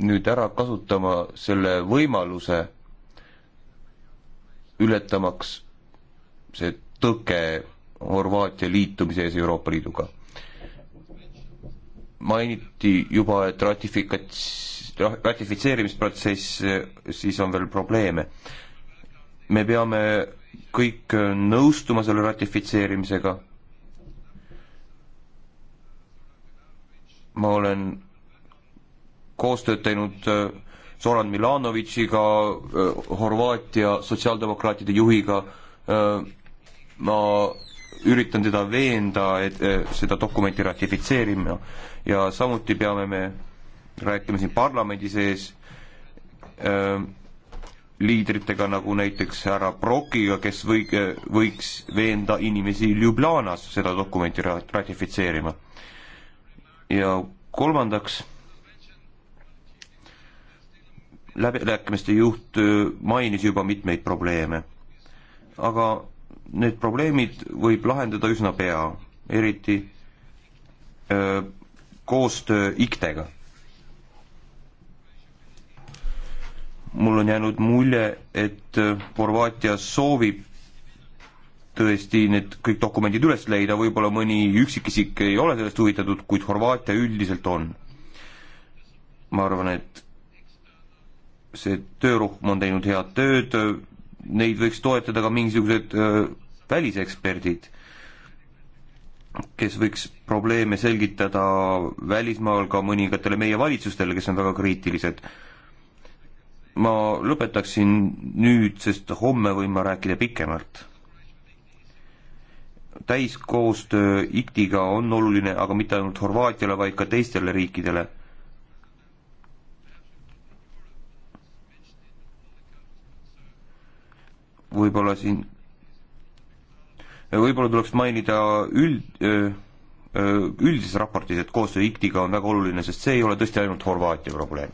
nüüd ära kasutama selle võimaluse, ületamaks see tõke Horvaatia liitumise ees Euroopa Liiduga. mainiti juba, et ratifikats-, ratifitseerimisprotsess, siis on veel probleeme me peame kõik äh, nõustuma selle ratifitseerimisega. ma olen koostööd teinud äh, Zoran Milanovitšiga, äh, Horvaatia sotsiaaldemokraatide juhiga, ma üritan teda veenda, et seda dokumenti ratifitseerima ja samuti peame me rääkima siin parlamendi sees, liidritega, nagu näiteks härra Brokiga, kes või-, võiks veenda inimesi Ljubljanas seda dokumenti ratifitseerima. ja kolmandaks, läbirääkimiste juht äh, mainis juba mitmeid probleeme, aga need probleemid võib lahendada üsna pea, eriti öö, äh, koostöö IKTE-ga mul on jäänud mulje, et äh, Horvaatia soovib tõesti need kõik dokumendid üles leida, võib-olla mõni üksikisik ei ole sellest huvitatud, kuid Horvaatia üldiselt on. ma arvan, et see töörühm on teinud head tööd, neid võiks toetada ka mingisugused äh, väliseksperdid, kes võiks probleeme selgitada välismaal ka mõningatele meie valitsustele, kes on väga kriitilised ma lõpetaksin nüüd, sest homme võin ma rääkida pikemalt. täiskoostöö IKT-ga on oluline, aga mitte ainult Horvaatiale, vaid ka teistele riikidele. võib-olla siin, võib-olla tuleks mainida üld, üldises raportis, et koostöö IKT-ga on väga oluline, sest see ei ole tõesti ainult Horvaatia probleem.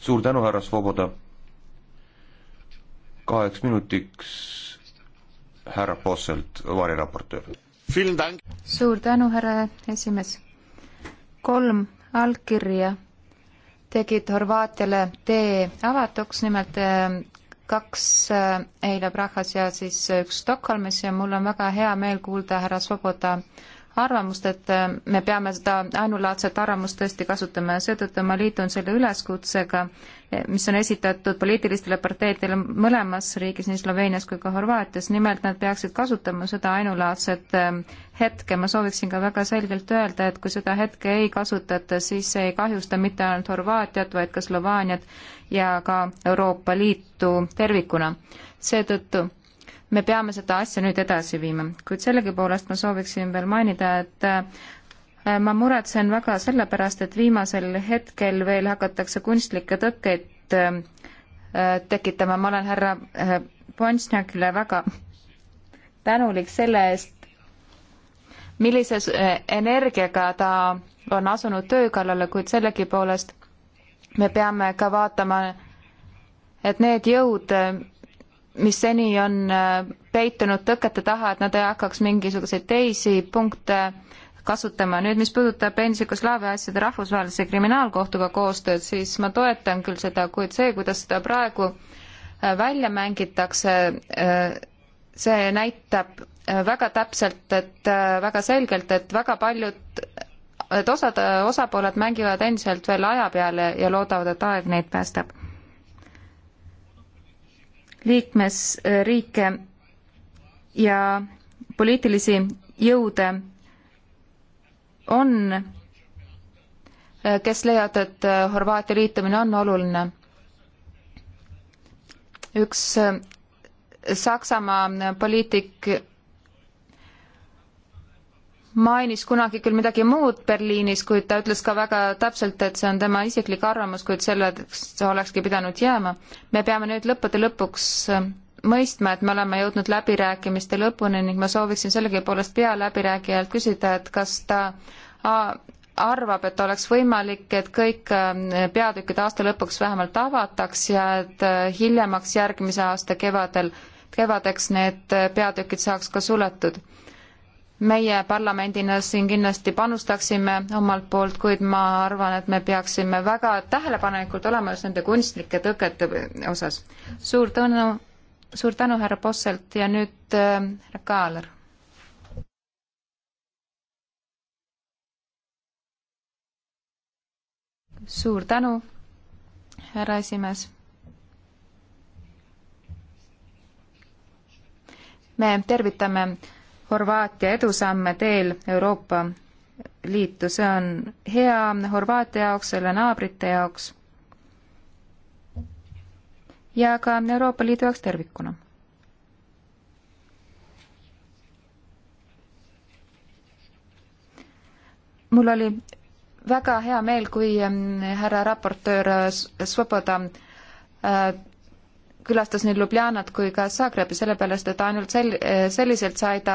suur tänu, härra Svoboda kaheks minutiks härra Posselt, variraportöör. suur tänu, härra esimees. kolm allkirja tegid Horvaatiale tee avatuks, nimelt äh, kaks äh, eile Prahas ja siis äh, üks Stockholmis ja mul on väga hea meel kuulda härra Soboda äh, arvamust, et äh, me peame seda ainulaadset arvamust tõesti kasutama ja seetõttu ma liitun selle üleskutsega, eh, mis on esitatud poliitilistele parteidele mõlemas riigis, nii Sloveenias kui ka Horvaatias, nimelt nad peaksid kasutama seda ainulaadset ähm, hetke, ma sooviksin ka väga selgelt öelda, et kui seda hetke ei kasutata, siis see ei kahjusta mitte ainult Horvaatiat, vaid ka Slovaaniat ja ka Euroopa Liitu tervikuna. seetõttu me peame seda asja nüüd edasi viima, kuid sellegipoolest ma sooviksin veel mainida, et äh, ma muretsen väga selle pärast, et viimasel hetkel veel hakatakse kunstlikke tõkkeid äh, tekitama, ma olen härra äh, Ponsnjakile väga tänulik selle eest, millise energiaga ta on asunud töö kallale, kuid sellegipoolest me peame ka vaatama, et need jõud, mis seni on äh, peitunud tõkete taha, et nad ei hakkaks mingisuguseid teisi punkte kasutama. nüüd, mis puudutab Endis-Jugoslaavia asjade rahvusvahelise kriminaalkohtuga koostööd, siis ma toetan küll seda, kuid see, kuidas seda praegu äh, välja mängitakse, äh, see näitab väga täpselt, et väga selgelt, et väga paljud, et osad osapooled mängivad endiselt veel aja peale ja loodavad, et aeg neid päästab liikmesriike ja poliitilisi jõude on, kes leiavad, et Horvaatia liitumine on oluline. üks Saksamaa poliitik mainis kunagi küll midagi muud Berliinis, kuid ta ütles ka väga täpselt, et see on tema isiklik arvamus, kuid selleks see olekski pidanud jääma. me peame nüüd lõppude lõpuks äh, mõistma, et me oleme jõudnud läbirääkimiste lõpuni ning ma sooviksin sellegipoolest pealäbirääkijalt küsida, et kas ta arvab, et oleks võimalik, et kõik äh, peatükid aasta lõpuks vähemalt avataks ja et äh, hiljemaks järgmise aasta kevadel, kevadeks need peatükid saaks ka suletud meie parlamendina siin kindlasti panustaksime omalt poolt, kuid ma arvan, et me peaksime väga tähelepanelikult olema just nende kunstlike tõkete osas. suur tänu, suur tänu, härra Posselt ja nüüd äh, härra äh, Kaaler. suur tänu, härra esimees. me tervitame Horvaatia edusamme teel Euroopa Liitu, see on hea Horvaatia jaoks, selle naabrite jaoks ja ka Euroopa Liidu jaoks tervikuna. mul oli väga hea meel, kui ähm, härra raportöör Svoboda äh, külastas nii Ljubljanat kui ka Zagrebi, sellepärast et ainult sel-, selliselt sai ta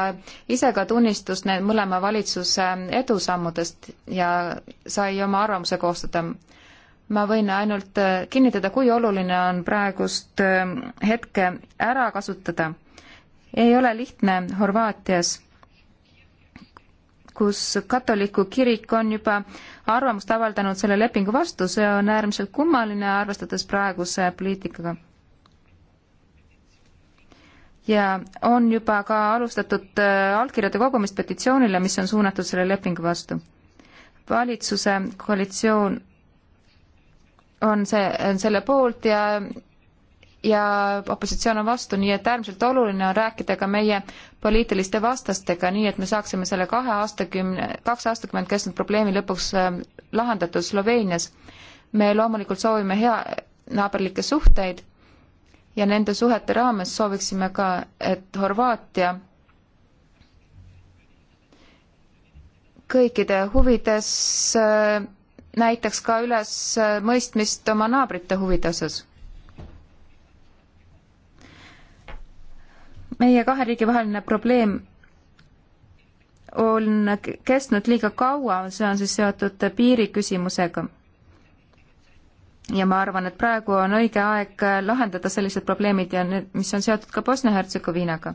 ise ka tunnistust need mõlema valitsuse edusammudest ja sai oma arvamuse koostada. ma võin ainult äh, kinnitada, kui oluline on praegust äh, hetke ära kasutada. ei ole lihtne Horvaatias, kus katoliku kirik on juba arvamust avaldanud selle lepingu vastu, see on äärmiselt kummaline, arvestades praeguse poliitikaga ja on juba ka alustatud äh, allkirjade kogumist petitsioonile, mis on suunatud selle lepingu vastu. valitsuse koalitsioon on see, on selle poolt ja ja opositsioon on vastu, nii et äärmiselt oluline on rääkida ka meie poliitiliste vastastega, nii et me saaksime selle kahe aastakümne, kaks aastakümmet kestnud probleemi lõpuks äh, lahendatud Sloveenias. me loomulikult soovime hea naaberlikke suhteid ja nende suhete raames sooviksime ka, et Horvaatia kõikide huvides äh, näitaks ka üles äh, mõistmist oma naabrite huvide osas. meie kahe riigi vaheline probleem on kestnud liiga kaua, see on siis seotud piiriküsimusega ja ma arvan, et praegu on õige aeg lahendada sellised probleemid ja need, mis on seotud ka Bosnia-Hertsegoviinaga.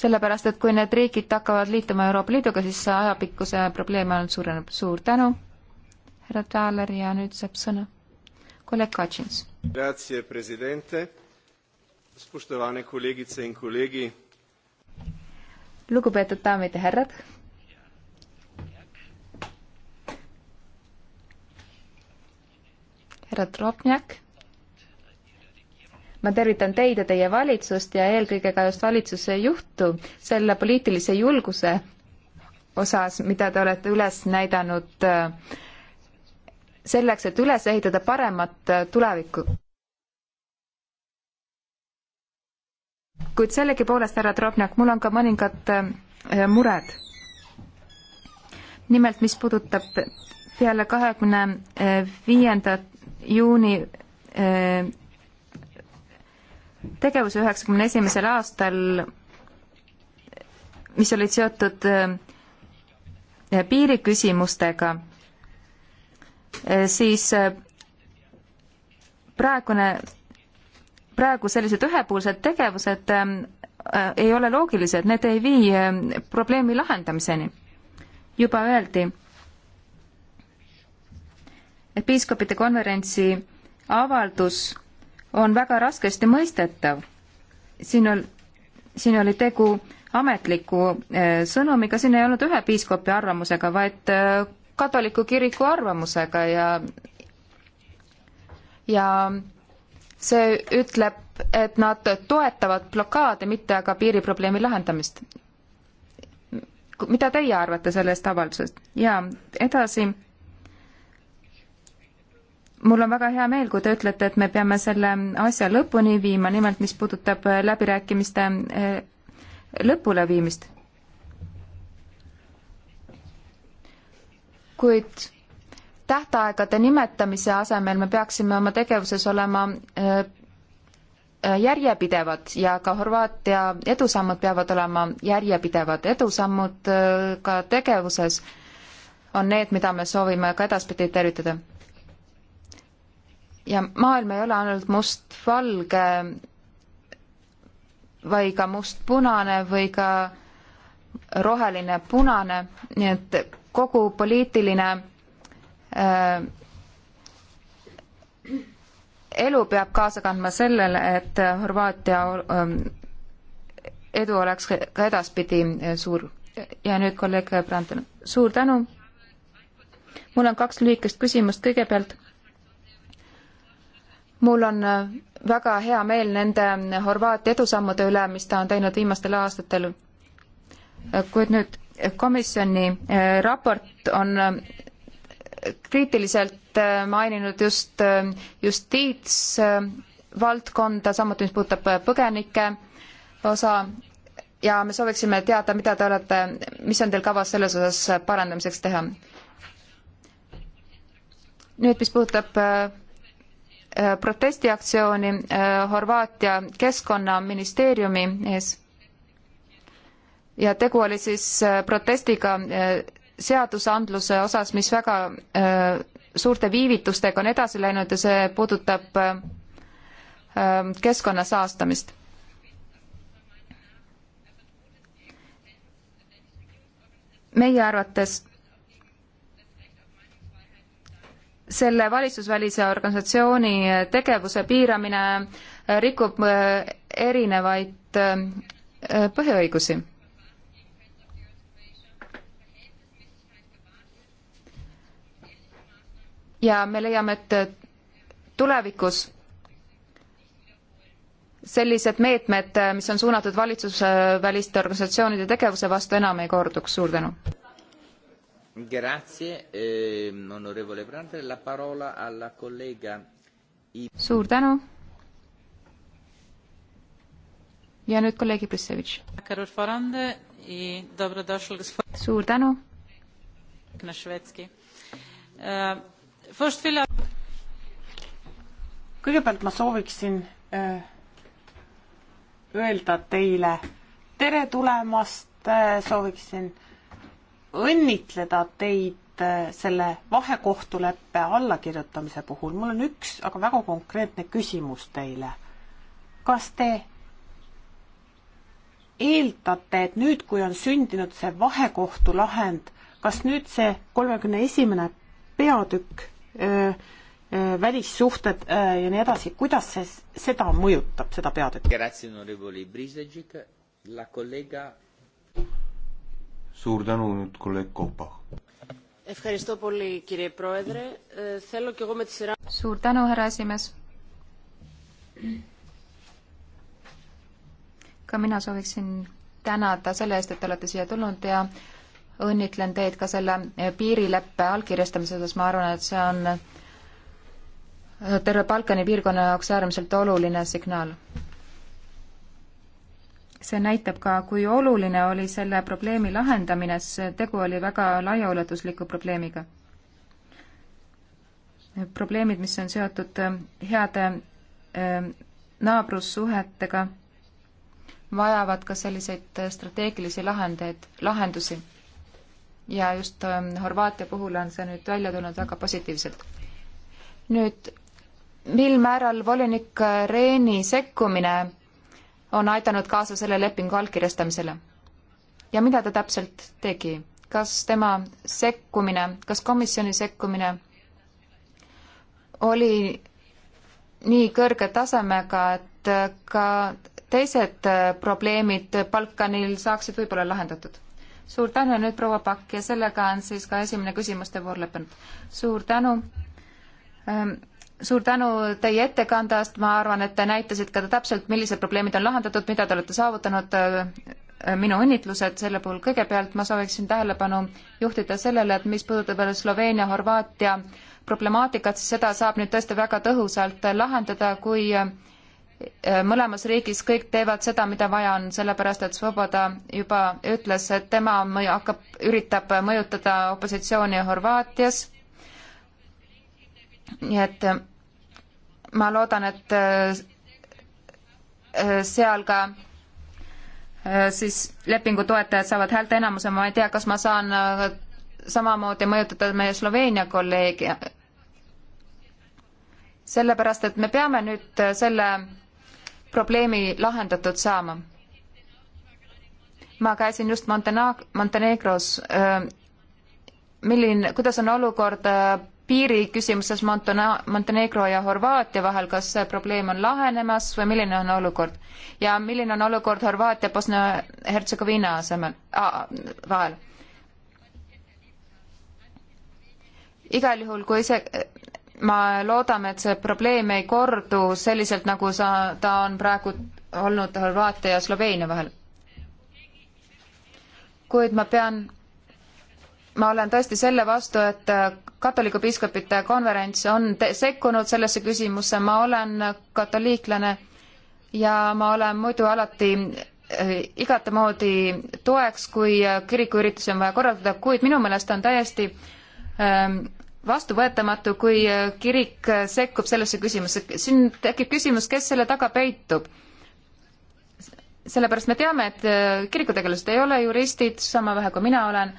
sellepärast, et kui need riigid hakkavad liituma Euroopa Liiduga, siis see ajapikkuse probleem ainult suureneb. suur tänu, härra Thaler ja nüüd saab sõna kolleeg Kačins. Grazie, presidente, spoštovane kolegice in kolegi. lugupeetud daamid ja härrad härra Drobnjak. ma tervitan teid ja teie valitsust ja eelkõige ka just valitsuse juhtu selle poliitilise julguse osas, mida te olete üles näidanud äh, selleks, et üles ehitada paremat äh, tulevikku. kuid sellegipoolest, härra Drobnjak, mul on ka mõningad äh, mured. nimelt, mis puudutab peale kahekümne viiendat juuni äh, tegevuse üheksakümne esimesel aastal, mis olid seotud äh, piiriküsimustega, äh, siis praegune, praegu sellised ühepoolsed tegevused ei ole loogilised, need ei vii probleemi lahendamiseni. juba öeldi piiskopite konverentsi avaldus on väga raskesti mõistetav. siin on, siin oli tegu ametliku eh, sõnumiga, siin ei olnud ühe piiskopi arvamusega, vaid eh, katoliku kiriku arvamusega ja ja see ütleb, et nad toetavad blokaade, mitte aga piiriprobleemi lahendamist. mida teie arvate sellest avaldusest? ja edasi mul on väga hea meel, kui te ütlete, et me peame selle asja lõpuni viima, nimelt mis puudutab äh, läbirääkimiste äh, lõpuleviimist. kuid tähtaegade nimetamise asemel me peaksime oma tegevuses olema äh, järjepidevad ja ka Horvaatia edusammud peavad olema järjepidevad, edusammud ka tegevuses on need, mida me soovime ka edaspidi tervitada ja maailm ei ole ainult mustvalge või ka mustpunane või ka roheline punane, nii et kogu poliitiline äh, elu peab kaasa kandma sellele, et Horvaatia äh, edu oleks ka edaspidi äh, suur. ja nüüd kolleeg Brandon, suur tänu. mul on kaks lühikest küsimust, kõigepealt mul on äh, väga hea meel nende äh, Horvaatia edusammude üle, mis ta on teinud viimastel aastatel. Äh, kuid nüüd komisjoni raport on kriitiliselt maininud just justiitsvaldkonda, samuti mis puudutab põgenike osa ja me sooviksime teada, mida te olete, mis on teil kavas selles osas parandamiseks teha. nüüd, mis puudutab Äh, protestiaktsiooni äh, Horvaatia keskkonnaministeeriumi ees ja tegu oli siis äh, protestiga seadusandluse osas, mis väga suurte viivitustega on edasi läinud ja see puudutab keskkonna saastamist. meie arvates selle valitsusvälise organisatsiooni tegevuse piiramine rikub äh, erinevaid äh, põhiõigusi. ja me leiame, et äh, tulevikus sellised meetmed, mis on suunatud valitsusväliste organisatsioonide tegevuse vastu, enam ei korduks. suur tänu! Grazie, eh, onorevole Brandner. La parola alla collega I... Suur tänu. ja nüüd kolleeg Ibrissevitš. suur tänu. E, kõigepealt ma sooviksin e, öelda teile tere tulemast, e, sooviksin õnnitleda teid äh, selle vahekohtuleppe allakirjutamise puhul. mul on üks, aga väga konkreetne küsimus teile. kas te eeldate, et nüüd, kui on sündinud see vahekohtu lahend, kas nüüd see kolmekümne esimene peatükk öö, äh, öö, äh, välissuhted öö, ja nii edasi, kuidas see seda mõjutab, seda peatükki? suur tänu nüüd kolleeg Kopah. suur tänu, härra esimees. ka mina sooviksin tänada selle eest, et te olete siia tulnud ja õnnitlen teid ka selle piirileppe allkirjastamise osas, ma arvan, et see on terve Balkani piirkonna jaoks äärmiselt oluline signaal see näitab ka, kui oluline oli selle probleemi lahendamine, sest tegu oli väga laiaulatusliku probleemiga. probleemid, mis on seotud äh, heade äh, naabrussuhetega, vajavad ka selliseid äh, strateegilisi lahendeid, lahendusi. ja just Horvaatia puhul on see nüüd välja tulnud väga positiivselt. nüüd, mil määral volinik Reeni sekkumine on aidanud kaasa selle lepingu allkirjastamisele. ja mida ta täpselt tegi? kas tema sekkumine, kas komisjoni sekkumine oli nii kõrge tasemega, et ka teised probleemid Balkanil saaksid võib-olla lahendatud? suur tänu nüüd, proua Pakk, ja sellega on siis ka esimene küsimuste voor lõppenud. suur tänu ähm, suur tänu teie ettekande eest, ma arvan, et te näitasite ka täpselt, millised probleemid on lahendatud, mida te olete saavutanud. Äh, minu õnnitlused selle puhul. kõigepealt ma sooviksin tähelepanu juhtida sellele, et mis puudutab veel Sloveenia-Horvaatia problemaatikat, siis seda saab nüüd tõesti väga tõhusalt lahendada, kui äh, mõlemas riigis kõik teevad seda, mida vaja on, sellepärast et Svoboda juba ütles, et tema hakkab, üritab mõjutada opositsiooni Horvaatias nii et äh, ma loodan, et äh, äh, seal ka siis lepingu toetajad saavad häälteenamuse, ma ei tea, kas ma saan samamoodi mõjutada meie Sloveenia kolleegi. sellepärast, et me peame nüüd selle probleemi lahendatud saama. ma käisin just Montenegros, milline, kuidas on olukord piiriküsimuses Montana-, Montenegro ja Horvaatia vahel, kas see probleem on lahenemas või milline on olukord? ja milline on olukord Horvaatia, Bosnia-Hertsegoviina asemel ah,, vahel? igal juhul, kui see, ma loodame, et see probleem ei kordu selliselt, nagu sa, ta on praegu olnud Horvaatia ja Sloveenia vahel. kuid ma pean ma olen tõesti selle vastu, et katoliku piiskopite konverents on sekkunud sellesse küsimusse, ma olen katoliiklane ja ma olen muidu alati eh, igatemoodi toeks, kui kirikuüritusi on vaja korraldada, kuid minu meelest on täiesti ehm, vastuvõetamatu, kui kirik sekkub sellesse küsimusse. siin tekib küsimus, kes selle taga peitub. sellepärast me teame, et eh, kirikutegelased ei ole juristid, sama vähe kui mina olen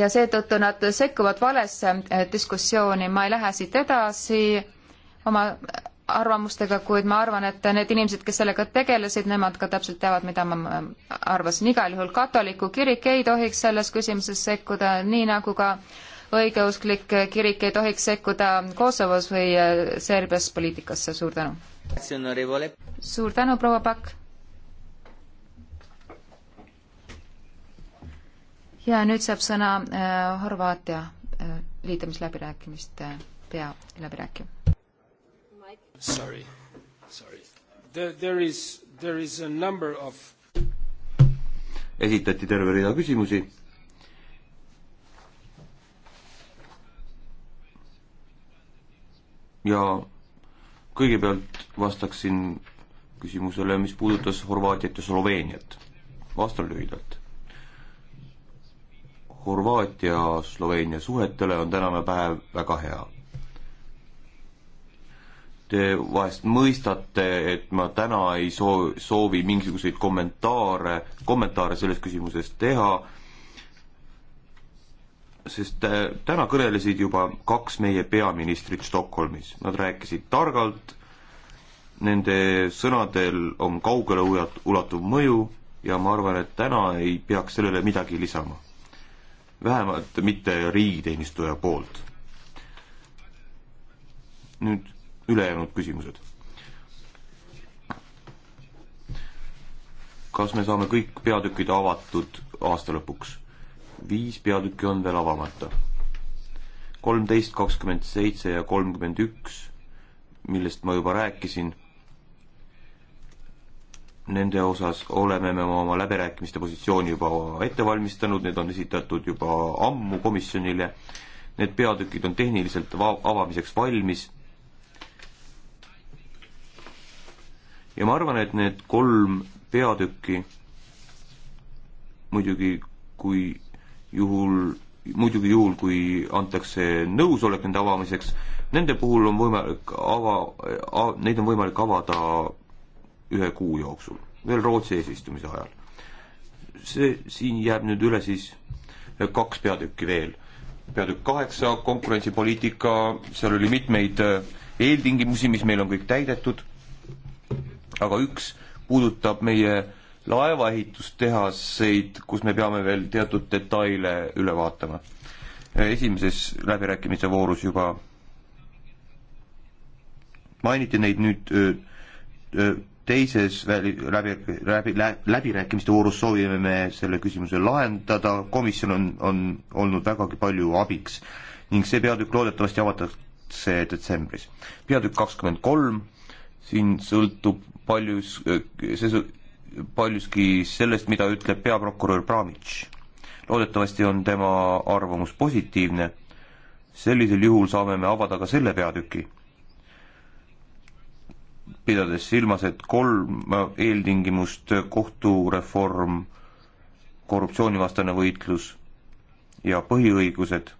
ja seetõttu nad sekkuvad valesse eh, diskussiooni, ma ei lähe siit edasi oma arvamustega, kuid ma arvan, et need inimesed, kes sellega tegelesid, nemad ka täpselt teavad, mida ma arvasin. igal juhul katoliku kirik ei tohiks selles küsimuses sekkuda, nii nagu ka õigeusklik kirik ei tohiks sekkuda Kosovos või eh, Serbias poliitikasse. suur tänu. suur tänu, proua Pakk ja nüüd saab sõna äh, Horvaatia äh, liitumisläbirääkimiste äh, pealäbirääkija. Sorry, sorry. There, there is, there is a number of esitati terve rida küsimusi. ja kõigepealt vastaksin küsimusele, mis puudutas Horvaatiat ja Sloveeniat. vastan lühidalt Horvaatia-Sloveenia suhetele on tänane päev väga hea. Te vahest mõistate, et ma täna ei soo-, soovi mingisuguseid kommentaare, kommentaare selles küsimuses teha, sest äh, täna kõnelesid juba kaks meie peaministrit Stockholmis, nad rääkisid targalt, nende sõnadel on kaugele ulatuv mõju ja ma arvan, et täna ei peaks sellele midagi lisama vähemalt mitte riigiteenistuja poolt. nüüd ülejäänud küsimused. kas me saame kõik peatükid avatud aasta lõpuks? viis peatükki on veel avamata. kolmteist, kakskümmend seitse ja kolmkümmend üks, millest ma juba rääkisin nende osas oleme me oma läbirääkimiste positsiooni juba ette valmistanud, need on esitatud juba ammu komisjonile. Need peatükid on tehniliselt avamiseks valmis. ja ma arvan, et need kolm peatükki muidugi kui juhul, muidugi juhul, kui antakse nõusolek nende avamiseks, nende puhul on võimalik ava, neid on võimalik avada ühe kuu jooksul, veel Rootsi eesistumise ajal. see, siin jääb nüüd üle siis kaks peatükki veel. peatükk kaheksa, konkurentsipoliitika, seal oli mitmeid äh, eeltingimusi, mis meil on kõik täidetud, aga üks puudutab meie laevaehitustehaseid, kus me peame veel teatud detaile üle vaatama. Äh, esimeses läbirääkimise voorus juba mainiti neid nüüd öö, äh, öö, teises läbi, läbi, läbirääkimiste voorus soovime me selle küsimuse lahendada, komisjon on, on olnud vägagi palju abiks ning see peatükk loodetavasti avatakse detsembris. peatükk kakskümmend kolm, siin sõltub paljus, see paljuski sellest, mida ütleb peaprokurör Pramitš. loodetavasti on tema arvamus positiivne, sellisel juhul saame me avada ka selle peatüki pidades silmas, et kolm eeltingimust, kohtureform, korruptsioonivastane võitlus ja põhiõigused,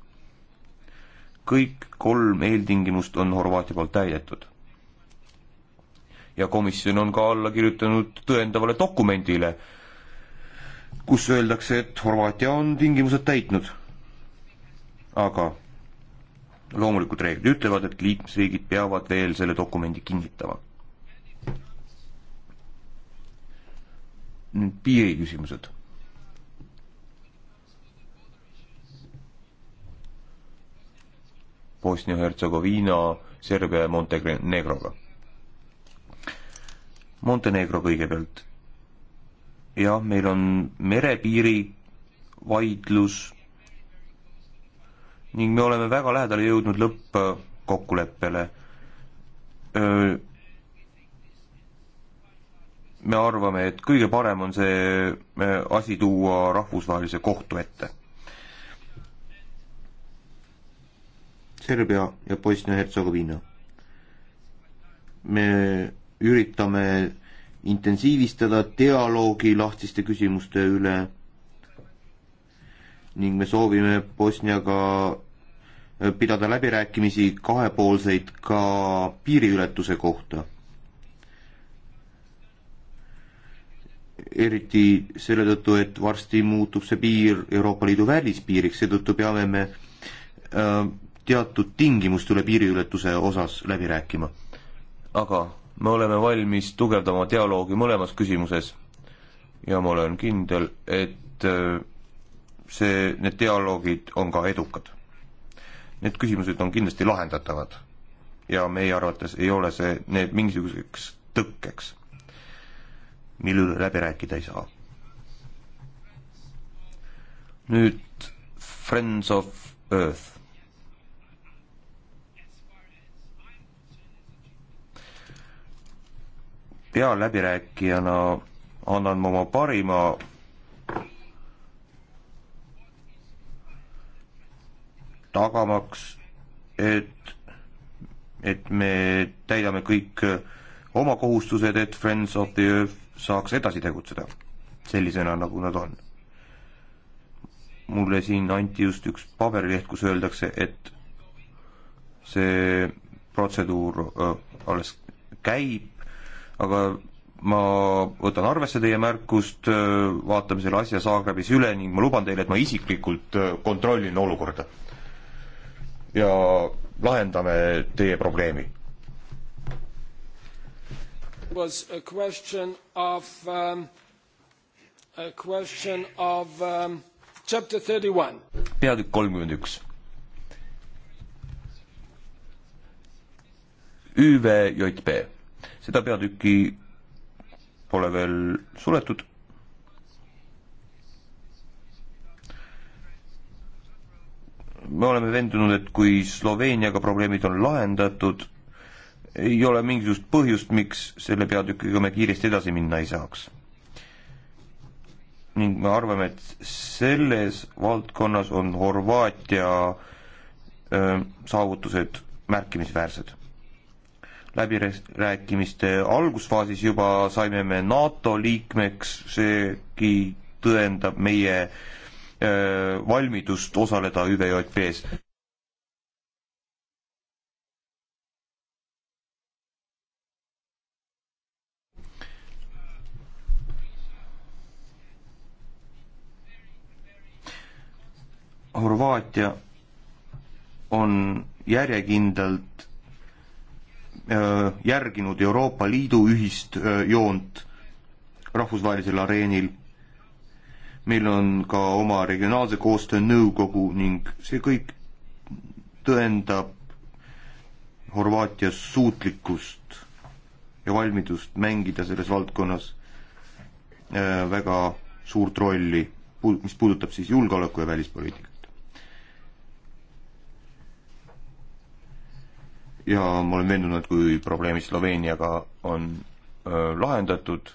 kõik kolm eeltingimust on Horvaatia poolt täidetud. ja komisjon on ka alla kirjutanud tõendavale dokumendile, kus öeldakse, et Horvaatia on tingimused täitnud. aga loomulikult reeglid ütlevad, et liikmesriigid peavad veel selle dokumendi kinnitama nüüd piiriküsimused. Bosnia-Hertsegoviina, Serbia ja Montenegroga. Montenegro kõigepealt. jah, meil on merepiiri vaidlus ning me oleme väga lähedale jõudnud lõppkokkuleppele me arvame, et kõige parem on see äh, asi tuua rahvusvahelise kohtu ette. Serbia ja Bosnia-Hertsegoviina. me üritame intensiivistada dialoogi lahtiste küsimuste üle ning me soovime Bosniaga äh, pidada läbirääkimisi kahepoolseid ka piiriületuse kohta eriti selle tõttu, et varsti muutub see piir Euroopa Liidu välispiiriks, seetõttu peame me äh, teatud tingimustele piiriületuse osas läbi rääkima. aga me oleme valmis tugevdama dialoogi mõlemas küsimuses ja ma olen kindel, et äh, see, need dialoogid on ka edukad. Need küsimused on kindlasti lahendatavad ja meie arvates ei ole see, need mingisuguseks tõkkeks mille üle läbi rääkida ei saa. nüüd Friends of Earth. pealäbirääkijana annan ma oma parima tagamaks, et, et me täidame kõik oma kohustused, et Friends of the Earth saaks edasi tegutseda sellisena, nagu nad on. mulle siin anti just üks paberileht, kus öeldakse, et see protseduur alles käib, aga ma võtan arvesse teie märkust, vaatame selle asja Saagrebis üle ning ma luban teile, et ma isiklikult kontrollin olukorda. ja lahendame teie probleemi was a question of, um, a question of um, chapter 31. peatükk kolmkümmend üks. ÜVJP, seda peatükki pole veel suletud. me oleme veendunud, et kui Sloveeniaga probleemid on lahendatud ei ole mingisugust põhjust, miks selle peatükiga me kiiresti edasi minna ei saaks. ning me arvame, et selles valdkonnas on Horvaatia öö, saavutused märkimisväärsed läbirääkimiste algusfaasis juba saime me NATO liikmeks, seegi tõendab meie öö, valmidust osaleda ÜVJP-s. Horvaatia on järjekindlalt äh, järginud Euroopa Liidu ühist äh, joont rahvusvahelisel areenil. meil on ka oma regionaalse koostöö nõukogu ning see kõik tõendab Horvaatia suutlikkust ja valmidust mängida selles valdkonnas äh, väga suurt rolli, mis puudutab siis julgeoleku ja välispoliitikat. ja ma olen veendunud, kui probleemid Sloveeniaga on öö, lahendatud,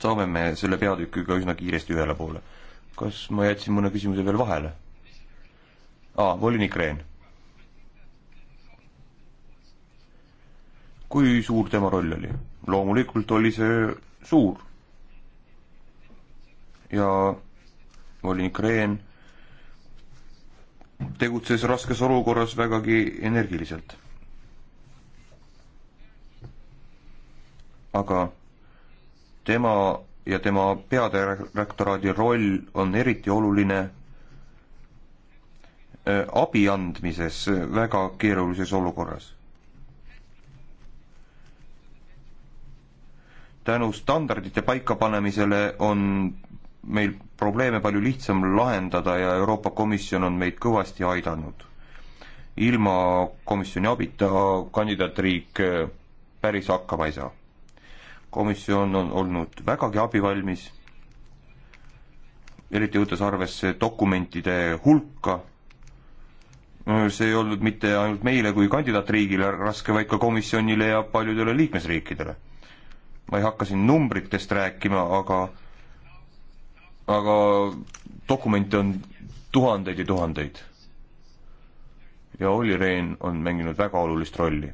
saame me selle peatükiga üsna kiiresti ühele poole. kas ma jätsin mõne küsimuse veel vahele? aa, volinik Rehn. kui suur tema roll oli? loomulikult oli see suur. ja volinik Rehn tegutses raskes olukorras vägagi energiliselt. aga tema ja tema peadirektoraadi roll on eriti oluline äh, abi andmises väga keerulises olukorras. tänu standardite paikapanemisele on meil probleeme palju lihtsam lahendada ja Euroopa Komisjon on meid kõvasti aidanud. ilma komisjoni abita kandidaatriik eh, päris hakkama ei saa. komisjon on olnud vägagi abivalmis, eriti võttes arvesse dokumentide hulka, see ei olnud mitte ainult meile kui kandidaatriigile raske, vaid ka komisjonile ja paljudele liikmesriikidele. ma ei hakka siin numbritest rääkima, aga aga dokumente on tuhandeid ja tuhandeid. ja Olli Rehn on mänginud väga olulist rolli.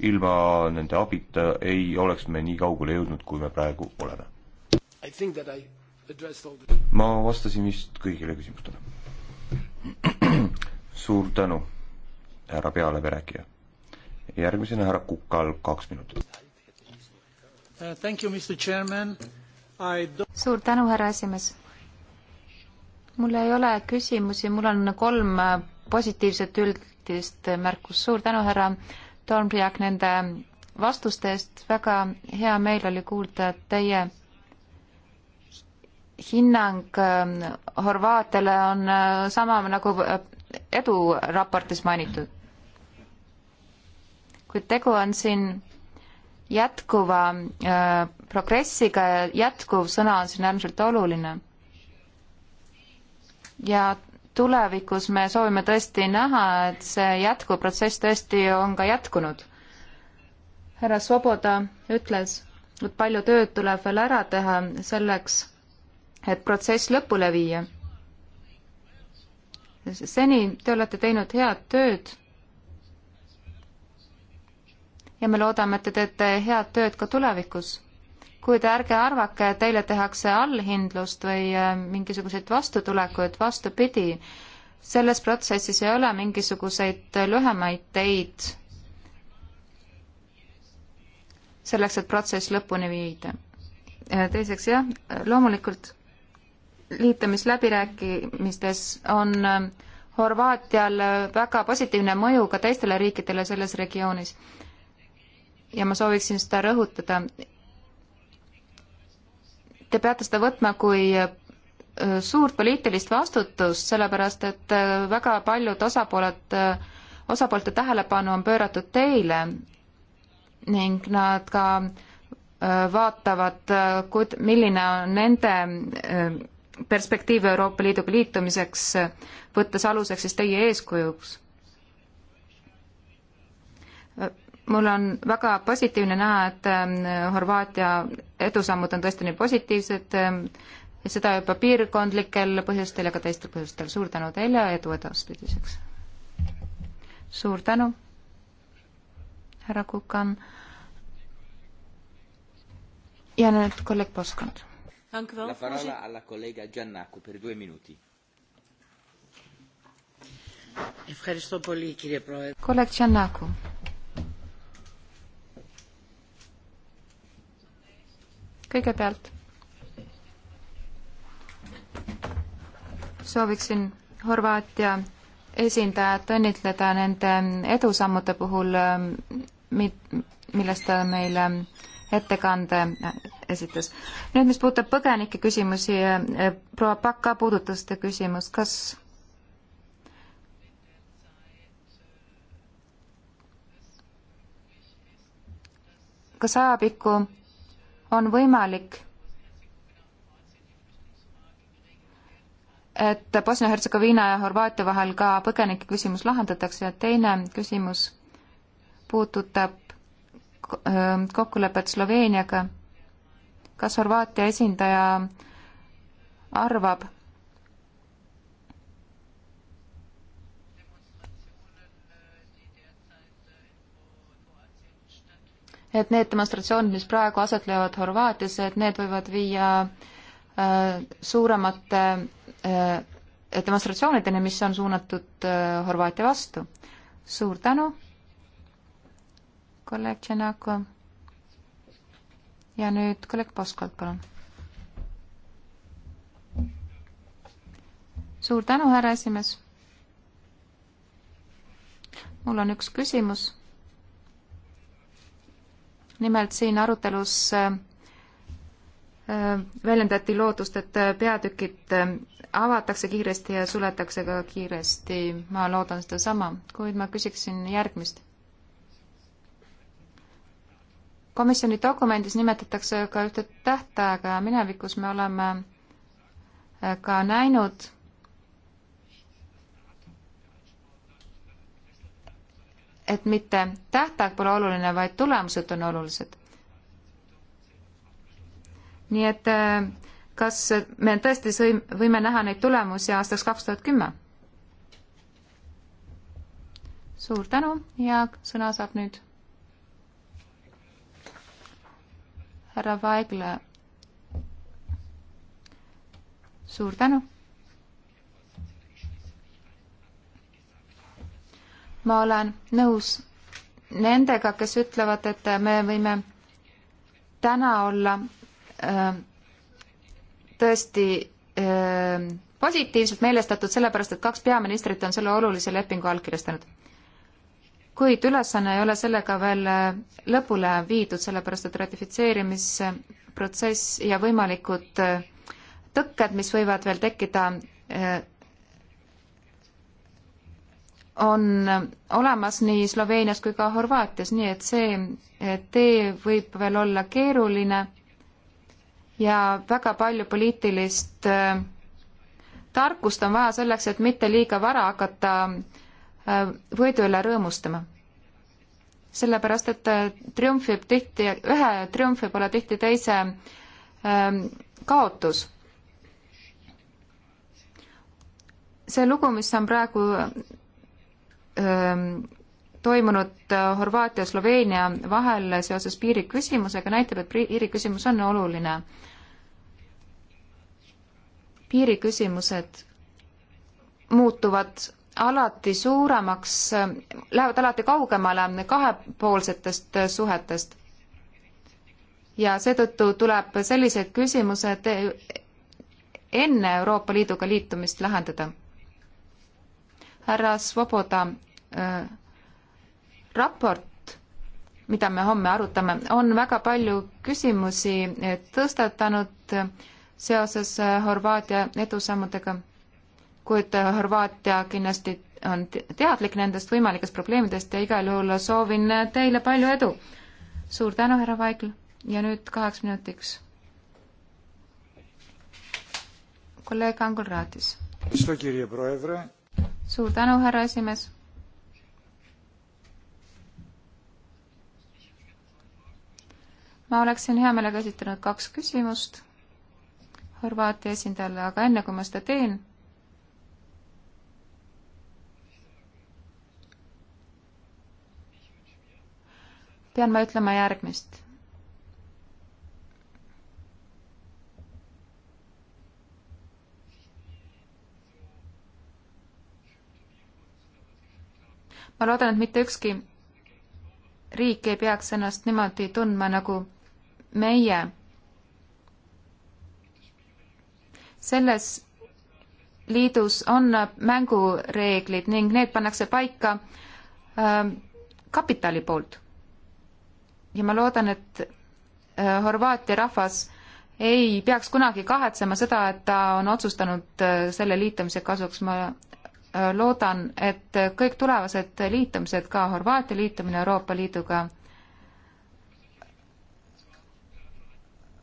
ilma nende abita ei oleks me nii kaugele jõudnud, kui me praegu oleme. ma vastasin vist kõigile küsimustele. suur tänu, härra pealeverääkija. järgmisena härra Kukal kaks minutit. Uh, thank you, Mr Chairman uh, suur tänu, härra esimees. mul ei ole küsimusi, mul on kolm positiivset üldist märkust. suur tänu, härra Toomriak, nende vastuste eest. väga hea meel oli kuulda teie hinnang ähm, Horvaatiale on äh, sama nagu äh, eduraportis mainitud. kuid tegu on siin jätkuva äh, progressiga ja jätkuv sõna on siin äärmiselt oluline. ja tulevikus me soovime tõesti näha, et see jätkuv protsess tõesti on ka jätkunud. härra Svoboda ütles, et palju tööd tuleb veel ära teha selleks, et protsess lõpule viia. seni te olete teinud head tööd ja me loodame, et te teete head tööd ka tulevikus. kuid ärge arvake, et teile tehakse allhindlust või äh, mingisuguseid vastutulekuid, vastupidi, selles protsessis ei ole mingisuguseid lühemaid teid selleks, et protsess lõpuni viida. teiseks jah, loomulikult liitumisläbirääkimistes on äh, Horvaatial väga positiivne mõju ka teistele riikidele selles regioonis ja ma sooviksin seda rõhutada. Te peate seda võtma kui äh, suurt poliitilist vastutust, sellepärast et äh, väga paljud osapooled, äh, osapoolte tähelepanu on pööratud teile ning nad ka vaatavad, kud-, milline on nende perspektiiv Euroopa Liiduga liitumiseks, võttes aluseks siis teie eeskujuks mul on väga positiivne näha, et ähm, Horvaatia edusammud on tõesti nii positiivsed, ähm, seda juba piirkondlikel põhjustel ja ka teistel põhjustel. suur tänu teile ja edu edaspidiseks! suur tänu, härra Kukan! ja nüüd kolleeg Poskond. kolleeg Giannaku. kõigepealt sooviksin Horvaatia esindajat õnnitleda nende edusammude puhul, ähm, millest ta meile ettekande esitas. nüüd, mis puudutab põgenike küsimusi, äh, äh, proua Paka puudutas seda küsimust, kas kas ajapikku on võimalik, et Bosnia-Hertsegoviina ja Horvaatia vahel ka põgenike küsimus lahendatakse ja teine küsimus puudutab kokkulepet Sloveeniaga. kas Horvaatia esindaja arvab, et need demonstratsioonid, mis praegu aset leiavad Horvaatias, et need võivad viia äh, suuremate äh, demonstratsioonideni, mis on suunatud äh, Horvaatia vastu. suur tänu, kolleeg Tšenako. ja nüüd kolleeg Poskolt, palun. suur tänu, härra esimees. mul on üks küsimus nimelt siin arutelus äh, äh, väljendati lootust, et äh, peatükid avatakse kiiresti ja suletakse ka kiiresti. ma loodan sedasama, kuid ma küsiksin järgmist. komisjoni dokumendis nimetatakse ka ühte tähtaega ja minevikus me oleme ka näinud, et mitte tähtaeg pole oluline, vaid tulemused on olulised. nii et äh, kas me tõesti sõim, võime näha neid tulemusi aastaks kaks tuhat kümme? suur tänu ja sõna saab nüüd härra Vaigla. suur tänu. ma olen nõus nendega, kes ütlevad, et me võime täna olla äh, tõesti äh, positiivselt meelestatud, sellepärast et kaks peaministrit on selle olulise lepingu allkirjastanud. kuid ülesanne ei ole sellega veel äh, lõpule viidud, sellepärast et ratifitseerimisprotsess ja võimalikud äh, tõkked, mis võivad veel tekkida äh, on olemas nii Sloveenias kui ka Horvaatias, nii et see eh, tee võib veel olla keeruline ja väga palju poliitilist eh, tarkust on vaja selleks, et mitte liiga vara hakata eh, võidu üle rõõmustama. sellepärast, et triumfib tihti, ühe triumf võib olla tihti teise kaotus see lugu, mis on praegu Ähm, toimunud äh, Horvaatia ja Sloveenia vahel seoses piiriküsimusega näitab, et piiriküsimus on oluline. piiriküsimused muutuvad alati suuremaks, lähevad alati kaugemale kahepoolsetest suhetest. ja seetõttu tuleb sellised küsimused enne Euroopa Liiduga liitumist lahendada härra Svoboda äh, raport, mida me homme arutame, on väga palju küsimusi äh, tõstatanud äh, seoses äh, Horvaatia edusammudega, kuid Horvaatia kindlasti on teadlik nendest võimalikest probleemidest ja igal juhul soovin teile palju edu. suur tänu, härra Vaigl ja nüüd kaheks minutiks. kolleeg Angul Raatis suur tänu, härra esimees. ma oleksin hea meelega esitanud kaks küsimust Horvaatia esindajale, aga enne kui ma seda teen, pean ma ütlema järgmist ma loodan, et mitte ükski riik ei peaks ennast niimoodi tundma nagu meie. selles liidus on mängureeglid ning need pannakse paika äh, kapitali poolt. ja ma loodan, et äh, Horvaatia rahvas ei peaks kunagi kahetsema seda, et ta on otsustanud äh, selle liitumise kasuks, ma Äh, loodan, et kõik tulevased liitumised, ka Horvaatia liitumine Euroopa Liiduga,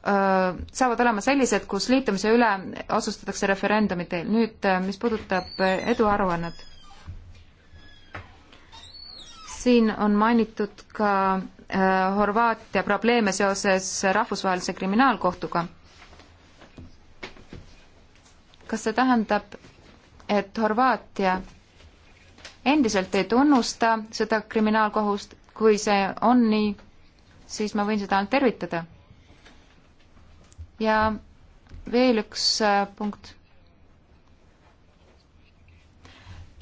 äh, saavad olema sellised, kus liitumise üle otsustatakse referendumi teel. nüüd, äh, mis puudutab eduaruannet, siin on mainitud ka Horvaatia probleeme seoses Rahvusvahelise Kriminaalkohtuga. kas see tähendab, et Horvaatia endiselt ei tunnusta seda kriminaalkohust, kui see on nii, siis ma võin seda ainult tervitada. ja veel üks äh, punkt.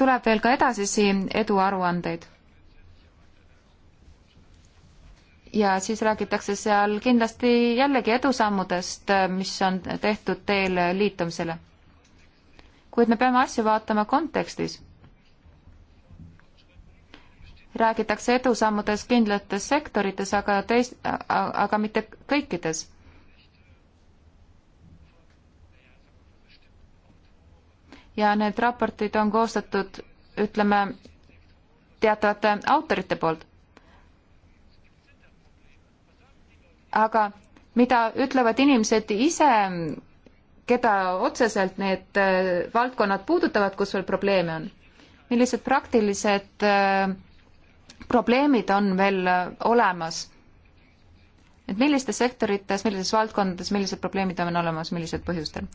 tuleb veel ka edasisi eduaruandeid. ja siis räägitakse seal kindlasti jällegi edusammudest, äh, mis on tehtud teel liitumisele kuid me peame asju vaatama kontekstis. räägitakse edusammudest kindlates sektorites, aga teis-, aga mitte kõikides. ja need raportid on koostatud, ütleme, teatavate autorite poolt aga mida ütlevad inimesed ise keda otseselt need äh, valdkonnad puudutavad, kus veel probleeme on? millised praktilised äh, probleemid on veel äh, olemas? et millistes sektorites, millises valdkondades, millised probleemid on olemas, millised põhjustel?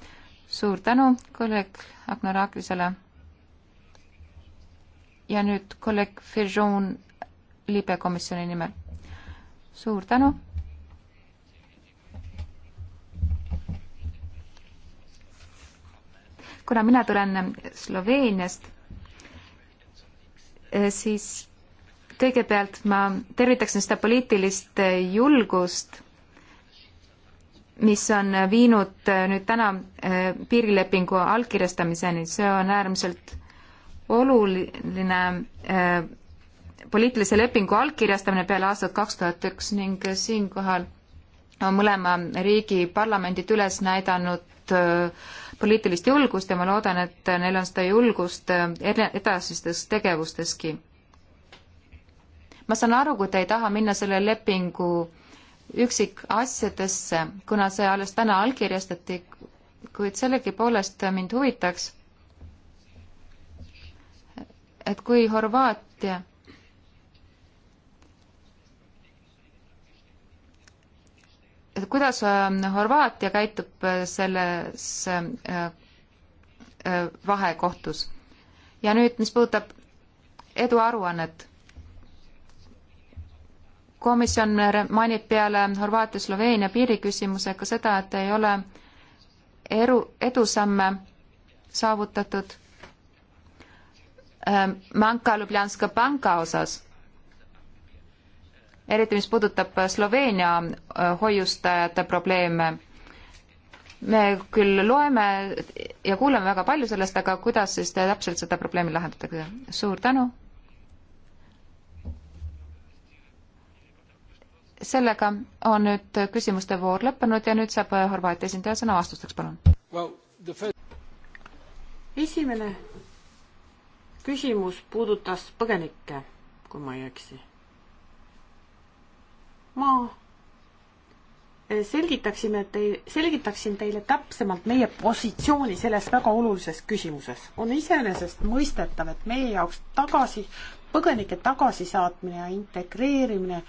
suur tänu kolleeg Agnar Aakrisele. ja nüüd kolleeg Fijon libekomisjoni nimel. suur tänu kuna mina tulen Sloveeniast, eh, siis kõigepealt ma tervitaksin seda poliitilist julgust, mis on viinud eh, nüüd täna eh, piirilepingu allkirjastamiseni, see on äärmiselt oluline poliitilise lepingu allkirjastamine peale aastat kaks tuhat üks ning siinkohal on mõlema riigi parlamendid üles näidanud poliitilist julgust ja ma loodan, et neil on seda julgust eh, edasistes tegevusteski. ma saan aru, kui te ei taha minna selle lepingu üksikasjadesse, kuna see alles täna allkirjastati, kuid sellegipoolest mind huvitaks, et kui Horvaatia kuidas ähm, Horvaatia käitub äh, selles äh, äh, vahekohtus? ja nüüd, mis puudutab eduaruannet, komisjon mainib peale Horvaatia-Sloveenia piiriküsimuse ka seda, et ei ole eru, edusamme saavutatud ähm, Manka Ljubljanska panga osas eriti mis puudutab Sloveenia äh, hoiustajate probleeme. me küll loeme ja kuuleme väga palju sellest, aga kuidas siis täpselt seda probleemi lahendatakse? suur tänu! sellega on nüüd küsimuste voor lõppenud ja nüüd saab Horvaatia esindaja sõna vastusteks, palun well,. First... esimene küsimus puudutas põgenikke, kui ma ei eksi ma eh, selgitaksime tei-, selgitaksin teile täpsemalt meie positsiooni selles väga olulises küsimuses. on iseenesestmõistetav, et meie jaoks tagasi, põgenike tagasisaatmine ja integreerimine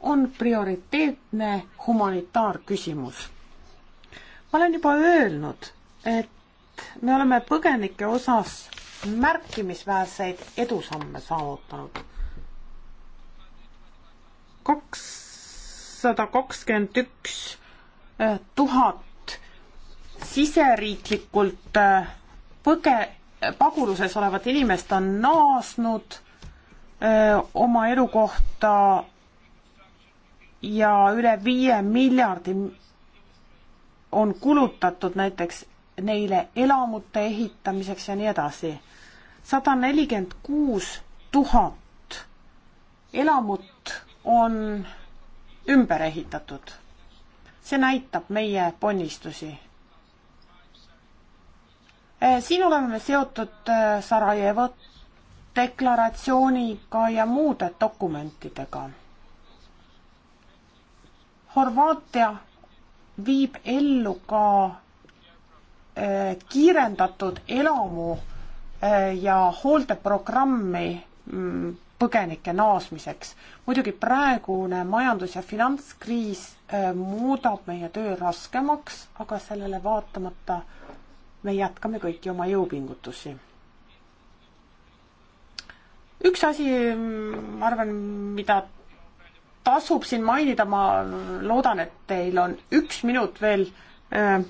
on prioriteetne humanitaarküsimus. ma olen juba öelnud, et me oleme põgenike osas märkimisväärseid edusamme saavutanud. kaks kakssada kakskümmend üks eh, tuhat siseriiklikult eh, põge-, paguluses olevat inimest on naasnud öö, eh, oma elukohta ja üle viie miljardi on kulutatud näiteks neile elamute ehitamiseks ja nii edasi. sada nelikümmend kuus tuhat elamut on ümber ehitatud. see näitab meie ponnistusi. Eh, siin oleme seotud eh, Sarajevo deklaratsiooniga ja muude dokumentidega. Horvaatia viib ellu ka eh, kiirendatud elamu ja hooldeprogrammi mm, põgenike naasmiseks. muidugi praegune majandus- ja finantskriis äh, muudab meie töö raskemaks, aga sellele vaatamata me jätkame kõiki oma jõupingutusi. üks asi, mm, ma arvan, mida tasub siin mainida, ma loodan, et teil on üks minut veel äh,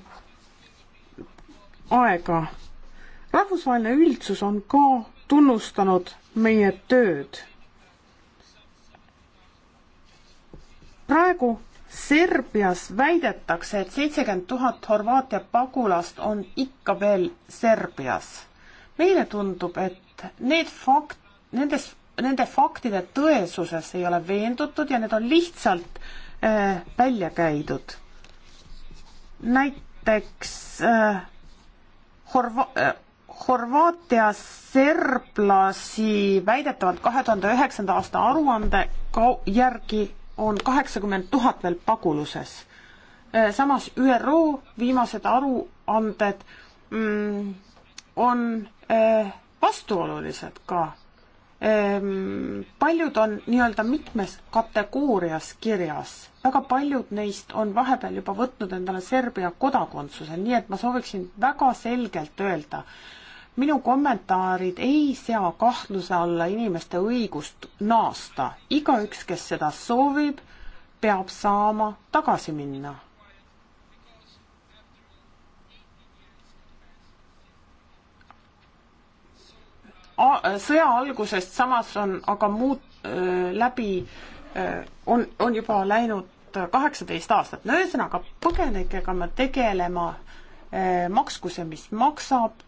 aega. rahvusvaheline üldsus on ka tunnustanud meie tööd. praegu Serbias väidetakse, et seitsekümmend tuhat Horvaatia pagulast on ikka veel Serbias. meile tundub, et need fakt, nendes, nende faktide tõesuses ei ole veendutud ja need on lihtsalt äh, välja käidud. näiteks äh, Horva- äh,, Horvaatia serblasi väidetavalt kahe tuhande üheksanda aasta aruande järgi on kaheksakümmend tuhat veel paguluses. Äh, samas ÜRO viimased aruanded mm, on äh, vastuolulised ka ähm,. paljud on nii-öelda mitmes kategoorias kirjas, väga paljud neist on vahepeal juba võtnud endale Serbia kodakondsuse, nii et ma sooviksin väga selgelt öelda, minu kommentaarid ei sea kahtluse alla inimeste õigust naasta. igaüks, kes seda soovib, peab saama tagasi minna. sõja algusest samas on aga muud öö, läbi, on, on juba läinud kaheksateist aastat, no ühesõnaga põgenikega me tegelema öö, maksku see, mis maksab,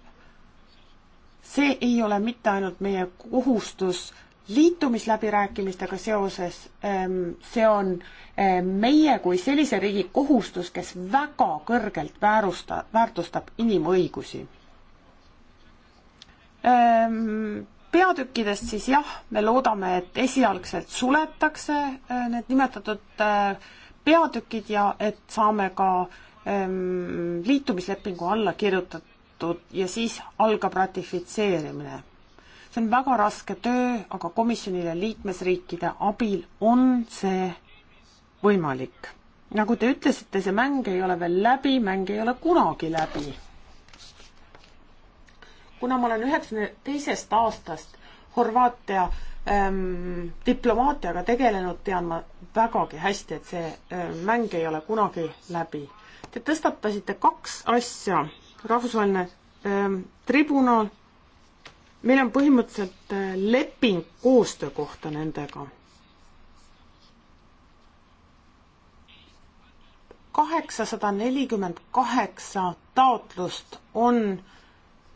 see ei ole mitte ainult meie kohustus liitumisläbirääkimistega seoses, ähm, see on ähm, meie kui sellise riigi kohustus, kes väga kõrgelt väärusta, väärtustab inimõigusi. Ähm, peatükkidest siis jah, me loodame, et esialgselt suletakse äh, need nimetatud äh, peatükid ja et saame ka liitumislepingu alla kirjutada võetud ja siis algab ratifitseerimine. see on väga raske töö, aga komisjonile liikmesriikide abil on see võimalik. nagu te ütlesite, see mäng ei ole veel läbi, mäng ei ole kunagi läbi. kuna ma olen üheksakümne teisest aastast Horvaatia ähm, diplomaatiaga tegelenud, tean ma vägagi hästi, et see äh, mäng ei ole kunagi läbi. Te tõstatasite kaks asja rahvusvaheline ähm, tribunal, meil on põhimõtteliselt äh, leping koostöö kohta nendega. kaheksasada nelikümmend kaheksa taotlust on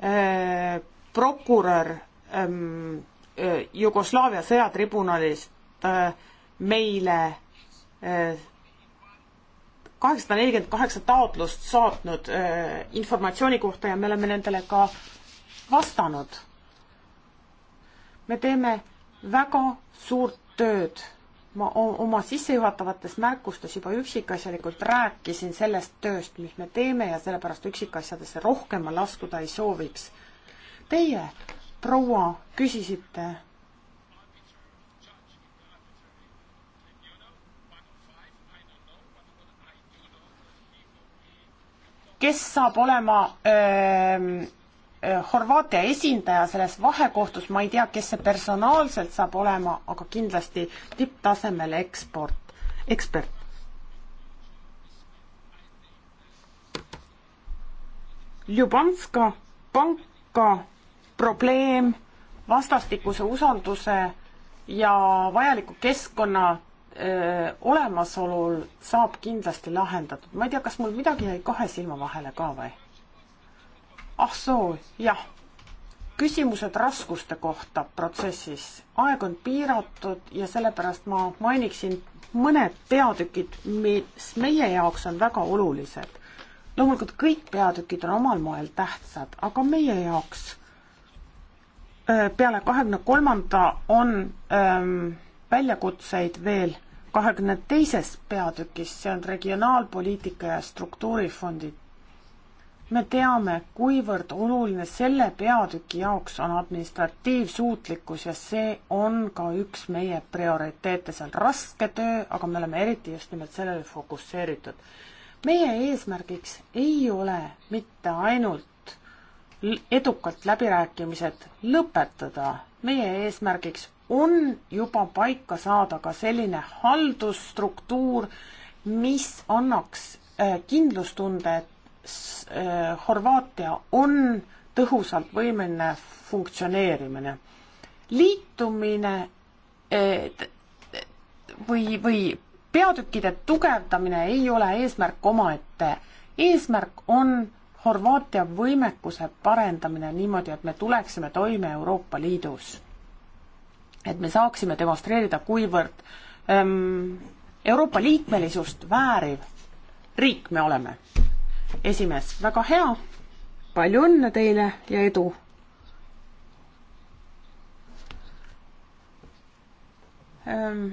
äh, prokurör ähm, äh, Jugoslaavia sõjatribunalist äh, meile äh, kaheksasada nelikümmend kaheksa taotlust saatnud äh, informatsiooni kohta ja me oleme nendele ka vastanud. me teeme väga suurt tööd. ma oma sissejuhatavates märkustes juba üksikasjalikult rääkisin sellest tööst, mis me teeme ja sellepärast üksikasjadesse rohkem ma laskuda ei sooviks. Teie, proua, küsisite kes saab olema öö, ähm, äh, Horvaatia esindaja selles vahekohtus, ma ei tea, kes see personaalselt saab olema, aga kindlasti tipptasemel eksport, ekspert. Ljubanska panka probleem, vastastikuse usalduse ja vajaliku keskkonna öö, olemasolul saab kindlasti lahendatud. ma ei tea, kas mul midagi jäi kahe silma vahele ka või? ah soo, jah. küsimused raskuste kohta protsessis. aeg on piiratud ja sellepärast ma mainiksin mõned peatükid, mis meie jaoks on väga olulised. loomulikult kõik peatükid on omal moel tähtsad, aga meie jaoks öö, peale kahekümne kolmanda on öö, väljakutseid veel kahekümne teises peatükis, see on regionaalpoliitika ja struktuurifondid. me teame, kuivõrd oluline selle peatüki jaoks on administratiivsuutlikkus ja see on ka üks meie prioriteete, see on raske töö, aga me oleme eriti just nimelt sellele fokusseeritud. meie eesmärgiks ei ole mitte ainult edukalt läbirääkimised lõpetada, meie eesmärgiks on juba paika saada ka selline haldusstruktuur, mis annaks äh, kindlustunde, et äh, Horvaatia on tõhusalt võimeline funktsioneerimine. liitumine või, või peatükkide tugevdamine ei ole eesmärk omaette. eesmärk on Horvaatia võimekuse parendamine niimoodi, et me tuleksime toime Euroopa Liidus et me saaksime demonstreerida, kuivõrd ähm, Euroopa liikmelisust vääriv riik me oleme. esimees, väga hea, palju õnne teile ja edu! Ähm,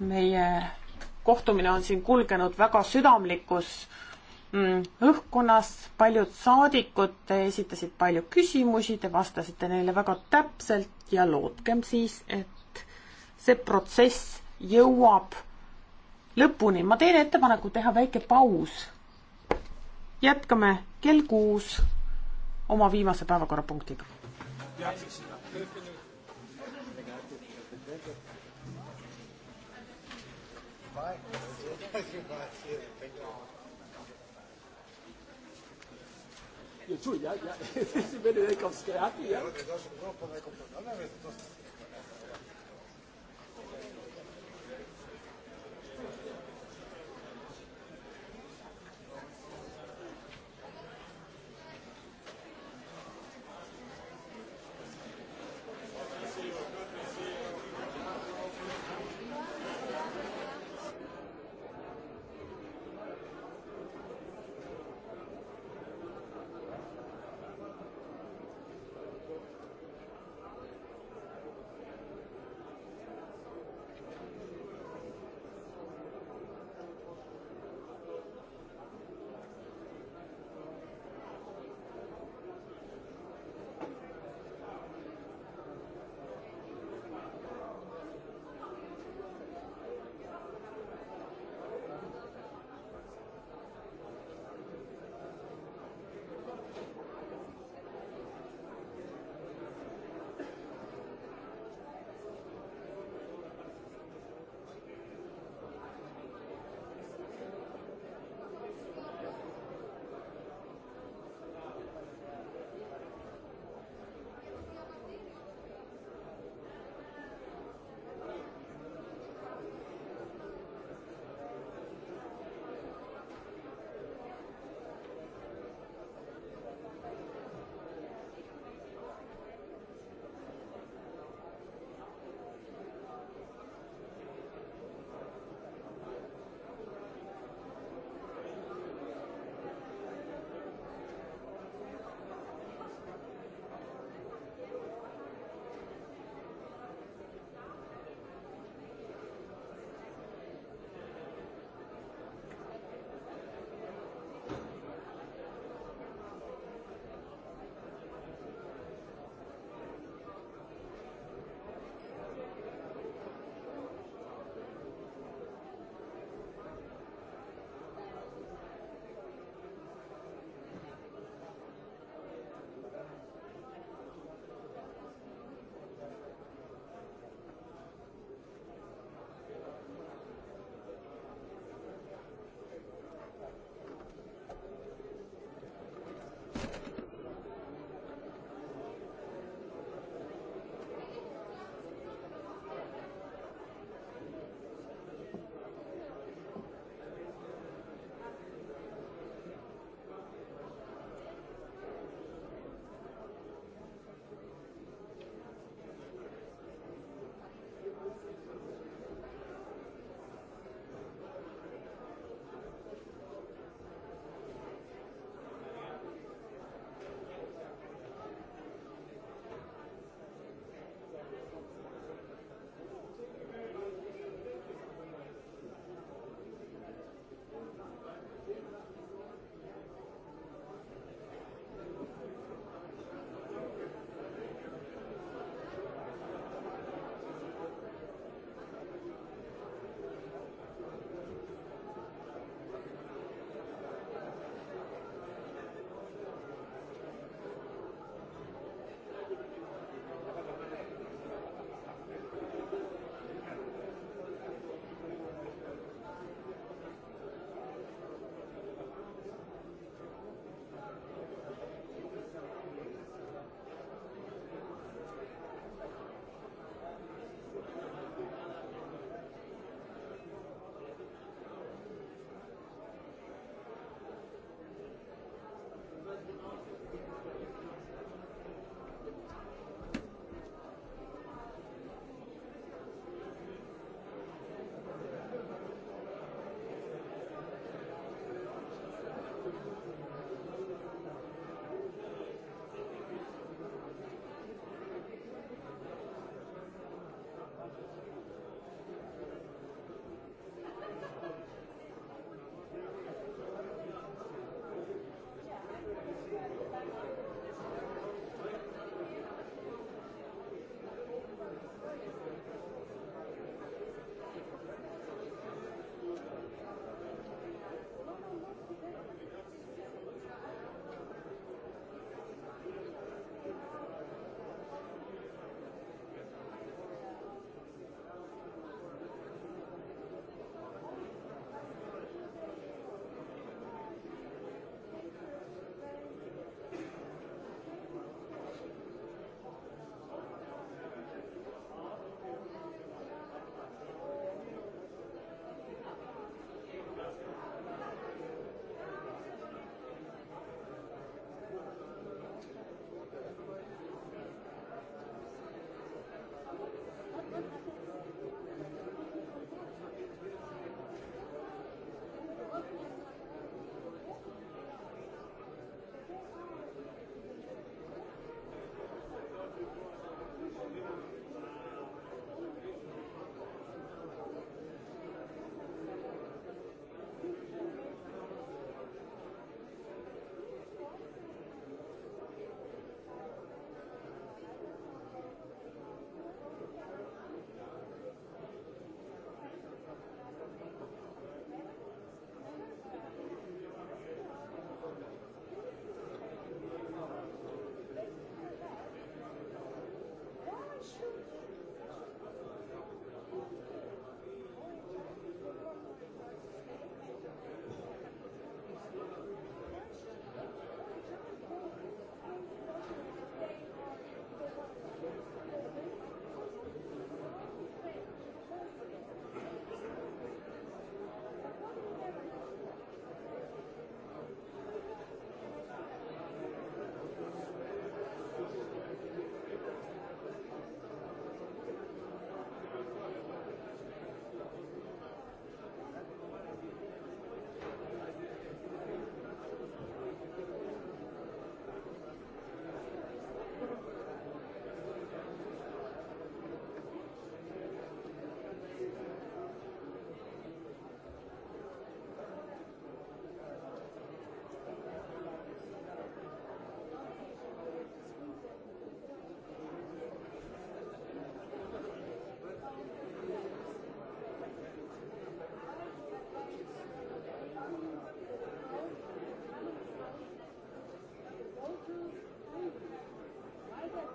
meie kohtumine on siin kulgenud väga südamlikus mm, õhkkonnas, paljud saadikud esitasid palju küsimusi, te vastasite neile väga täpselt ja lootkem siis, et see protsess jõuab lõpuni. ma teen ettepaneku teha väike paus. jätkame kell kuus oma viimase päevakorrapunktiga. Čuj, ja, ja, ti si meni rekao skrati, ja? Evo te došao, prvo pa nekom to, a ne vezi, to ste.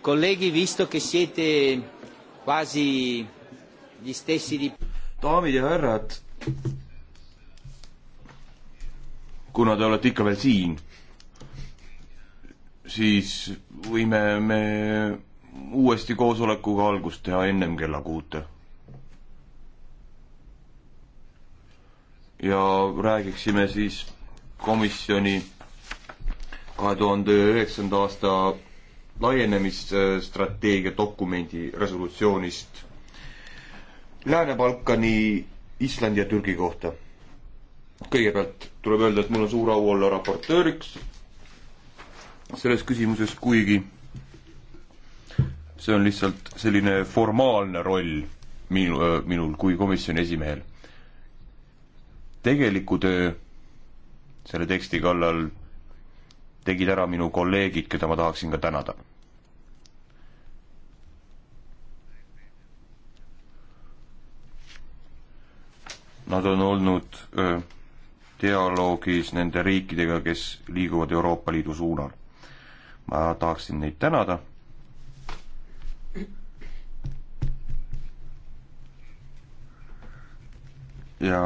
Colleghi, visto che siete quasi gli stessi di... daamid ja härrad, kuna te olete ikka veel siin, siis võime me uuesti koosolekuga algust teha ennem kella kuute. ja räägiksime siis komisjoni kahe tuhande üheksanda aasta laienemisstrateegia dokumendi resolutsioonist Lääne-Balkani, Islandi ja Türgi kohta. kõigepealt tuleb öelda, et mul on suur au olla raportööriks selles küsimuses, kuigi see on lihtsalt selline formaalne roll minu, minul kui komisjoni esimehel. tegeliku töö selle teksti kallal tegid ära minu kolleegid, keda ma tahaksin ka tänada. Nad on olnud öö, dialoogis nende riikidega, kes liiguvad Euroopa Liidu suunal. ma tahaksin neid tänada. ja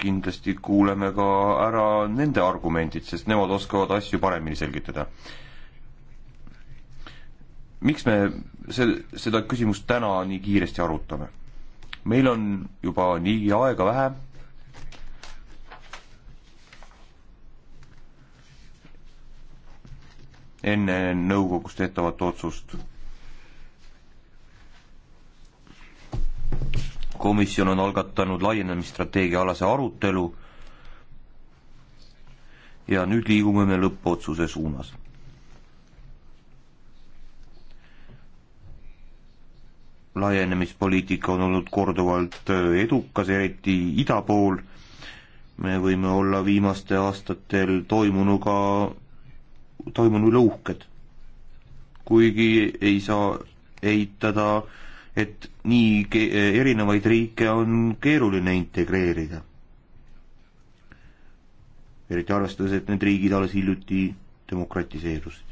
kindlasti kuuleme ka ära nende argumendid, sest nemad oskavad asju paremini selgitada. miks me sel-, seda küsimust täna nii kiiresti arutame? meil on juba nii aega vähe. enne nõukogus tehtavat otsust. komisjon on algatanud laienemisstrateegia alase arutelu ja nüüd liigume me lõppotsuse suunas laienemispoliitika on olnud korduvalt äh, edukas, eriti ida pool, me võime olla viimaste aastatel toimunuga, toimunule uhked. kuigi ei saa eitada, et nii erinevaid riike on keeruline integreerida. eriti arvestades, et need riigid alles hiljuti demokratiseerusid.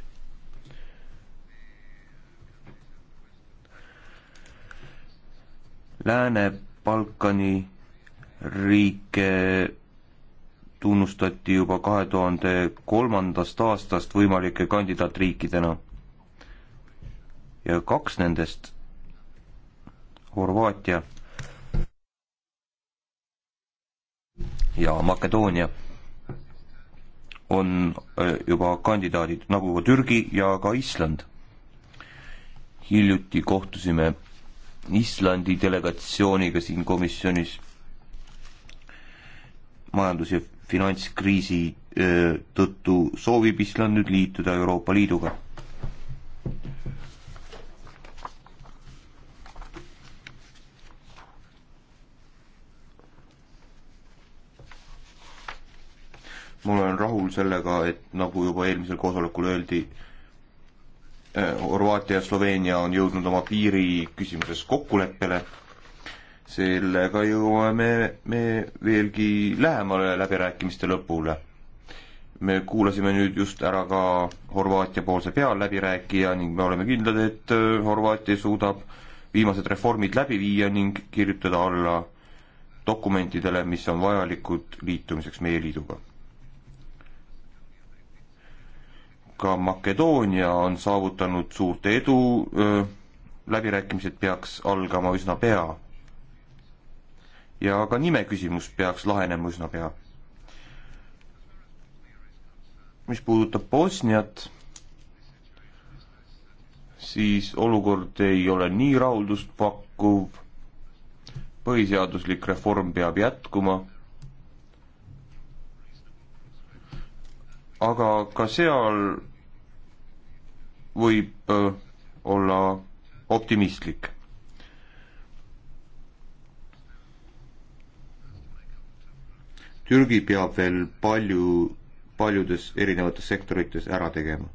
Lääne-Balkani riike tunnustati juba kahe tuhande kolmandast aastast võimalike kandidaatriikidena. ja kaks nendest, Horvaatia ja Makedoonia, on äh, juba kandidaadid, nagu ka Türgi ja ka Island. hiljuti kohtusime Islandi delegatsiooniga siin komisjonis majandus- ja finantskriisi tõttu soovib Island nüüd liituda Euroopa Liiduga. ma olen rahul sellega, et nagu juba eelmisel koosolekul öeldi, Äh, Horvaatia ja Sloveenia on jõudnud oma piiri küsimuses kokkuleppele, sellega jõuame me veelgi lähemale läbirääkimiste lõpule. me kuulasime nüüd just ära ka Horvaatia poolse pealläbirääkija ning me oleme kindlad, et äh, Horvaatia suudab viimased reformid läbi viia ning kirjutada alla dokumentidele, mis on vajalikud liitumiseks meie liiduga ka Makedoonia on saavutanud suurt edu, läbirääkimised peaks algama üsna pea. ja ka nime küsimus peaks lahenema üsna pea. mis puudutab Bosniat, siis olukord ei ole nii rahuldustpakkuv, põhiseaduslik reform peab jätkuma aga ka seal võib äh, olla optimistlik. Türgi peab veel palju, paljudes erinevates sektorites ära tegema.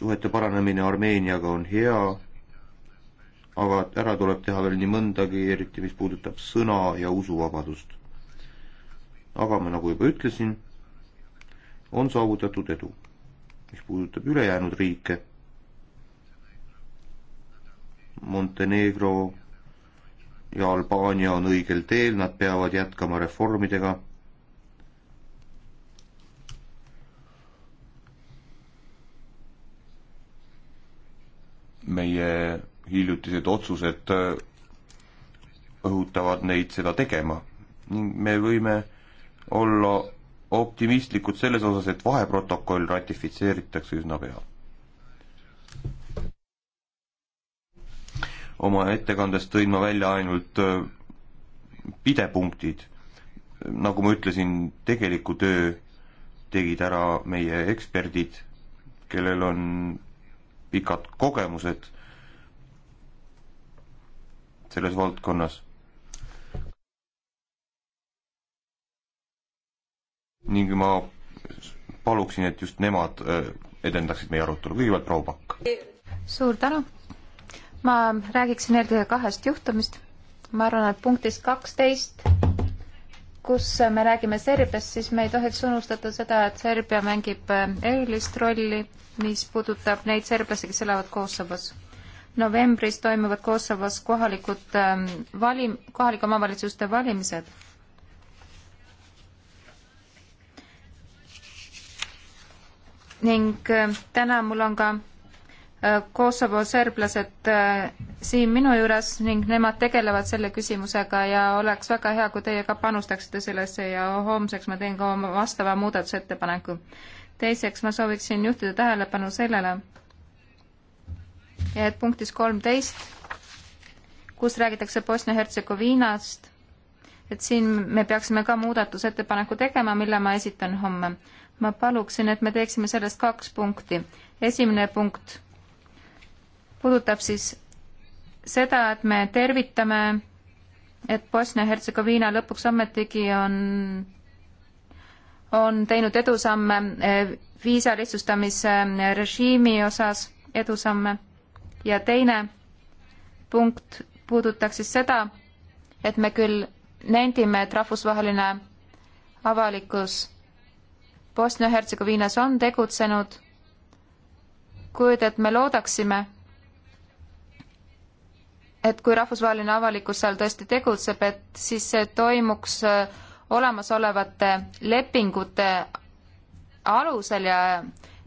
suhete paranemine Armeeniaga on hea, aga ära tuleb teha veel nii mõndagi, eriti mis puudutab sõna- ja usuvabadust aga ma nagu juba ütlesin, on saavutatud edu, mis puudutab ülejäänud riike. Montenegro ja Albaania on õigel teel, nad peavad jätkama reformidega. meie hiljutised otsused õhutavad neid seda tegema ning me võime olla optimistlikud selles osas, et vaheprotokoll ratifitseeritakse üsna pea. oma ettekandes tõin ma välja ainult äh, pidepunktid. nagu ma ütlesin, tegeliku töö tegid ära meie eksperdid, kellel on pikad kogemused selles valdkonnas ning ma paluksin, et just nemad äh, edendaksid meie arutelu, kõigepealt proua Pakk. suur tänu, ma räägiksin eelkõige kahest juhtumist, ma arvan, et punktis kaksteist kus me räägime Serbiast, siis me ei tohiks unustada seda, et Serbia mängib äh, erilist rolli, mis puudutab neid serblasi, kes elavad Kosovos. novembris toimuvad Kosovos kohalikud ähm, valim-, kohalike omavalitsuste valimised ning äh, täna mul on ka äh, Kosovo serblased äh, siin minu juures ning nemad tegelevad selle küsimusega ja oleks väga hea, kui teie ka panustaksite sellesse ja homseks ma teen ka oma vastava muudatusettepaneku. teiseks ma sooviksin juhtida tähelepanu sellele, et punktis kolmteist, kus räägitakse Bosnia-Hertsegoviinast, et siin me peaksime ka muudatusettepaneku tegema, mille ma esitan homme ma paluksin, et me teeksime sellest kaks punkti. esimene punkt puudutab siis seda, et me tervitame, et Bosnia-Hertsegoviina lõpuks ometigi on, on teinud edusamme eh, viisa lihtsustamise eh, režiimi osas, edusamme. ja teine punkt puudutaks siis seda, et me küll nendime, et rahvusvaheline avalikkus Bosnia-Hertsegoviinas on tegutsenud, kuid et me loodaksime, et kui rahvusvaheline avalikkus seal tõesti tegutseb, et siis see toimuks äh, olemasolevate lepingute alusel ja,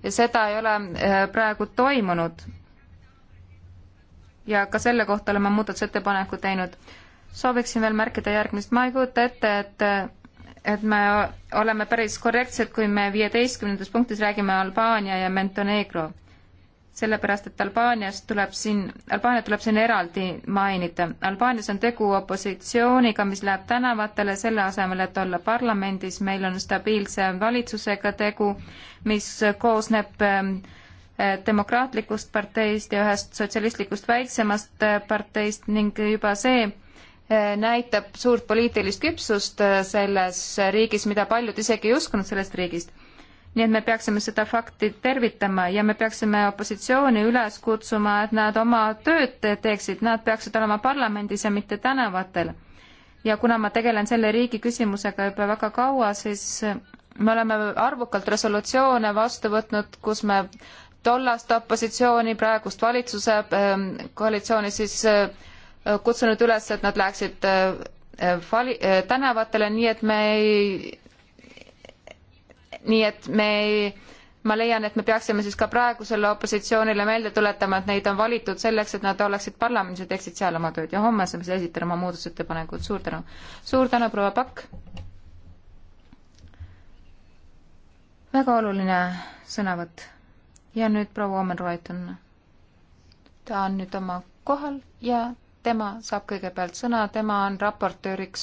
ja seda ei ole äh, praegu toimunud. ja ka selle kohta olen ma muudatusettepaneku teinud. sooviksin veel märkida järgmist, ma ei kujuta ette, et äh, et me oleme päris korrektsed, kui me viieteistkümnendas punktis räägime Albaania ja Montenegro. sellepärast, et Albaanias tuleb siin, Albaaniat tuleb siin eraldi mainida. Albaanias on tegu opositsiooniga, mis läheb tänavatele, selle asemel, et olla parlamendis, meil on stabiilse valitsusega tegu, mis koosneb ähm, demokraatlikust parteist ja ühest sotsialistlikust väiksemast äh, parteist ning juba see, näitab suurt poliitilist küpsust äh, selles riigis, mida paljud isegi ei uskunud sellest riigist. nii et me peaksime seda fakti tervitama ja me peaksime opositsiooni üles kutsuma, et nad oma tööd teeksid, nad peaksid olema parlamendis ja mitte tänavatel. ja kuna ma tegelen selle riigi küsimusega juba väga kaua, siis äh, me oleme arvukalt resolutsioone vastu võtnud, kus me tollast opositsiooni, praegust valitsuse ähm, koalitsiooni siis äh, kutsunud üles, et nad läheksid vali-, äh, äh, äh, tänavatele, nii et me ei, nii et me ei, ma leian, et me peaksime siis ka praegusele opositsioonile meelde tuletama, et neid on valitud selleks, et nad oleksid parlamendis ja teeksid seal oma tööd ja homme saame siis esitada oma muudatusettepanekud, suur tänu. suur tänu, proua Pakk. väga oluline sõnavõtt. ja nüüd proua Omen Roet on, ta on nüüd oma kohal ja tema saab kõigepealt sõna, tema on raportööriks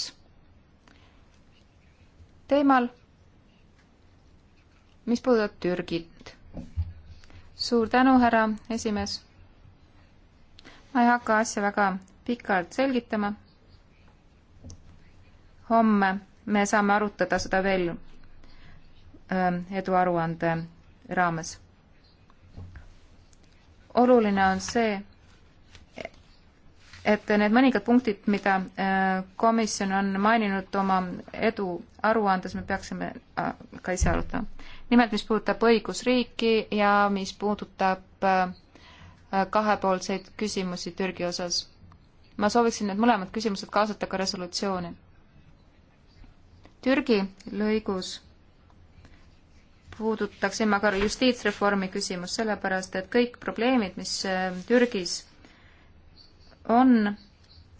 teemal, mis puudutab Türgit. suur tänu, härra esimees. ma ei hakka asja väga pikalt selgitama. homme me saame arutada seda veel ähm, eduaruande raames. oluline on see, et need mõningad punktid, mida äh, komisjon on maininud oma edu aruandes, me peaksime äh, ka ise arutama. nimelt, mis puudutab õigusriiki ja mis puudutab äh, kahepoolseid küsimusi Türgi osas. ma sooviksin need mõlemad küsimused kaasata ka resolutsiooni. Türgi lõigus puudutaksin ma ka justiitsreformi küsimust, sellepärast et kõik probleemid, mis Türgis on,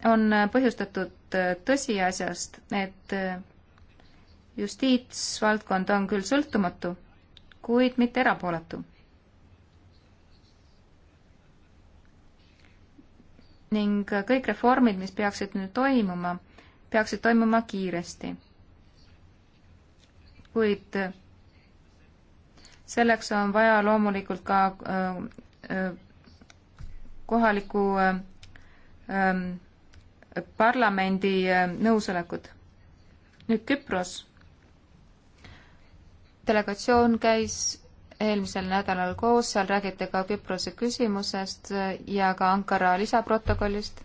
on põhjustatud tõsiasjast, et justiitsvaldkond on küll sõltumatu, kuid mitte erapooletu. ning kõik reformid, mis peaksid nüüd toimuma, peaksid toimuma kiiresti. kuid selleks on vaja loomulikult ka äh, äh, kohaliku äh, Ähm, parlamendi ähm, nõusolekut. nüüd Küpros. delegatsioon käis eelmisel nädalal koos, seal räägiti ka Küprose küsimusest ja ka Ankara lisaprotokollist.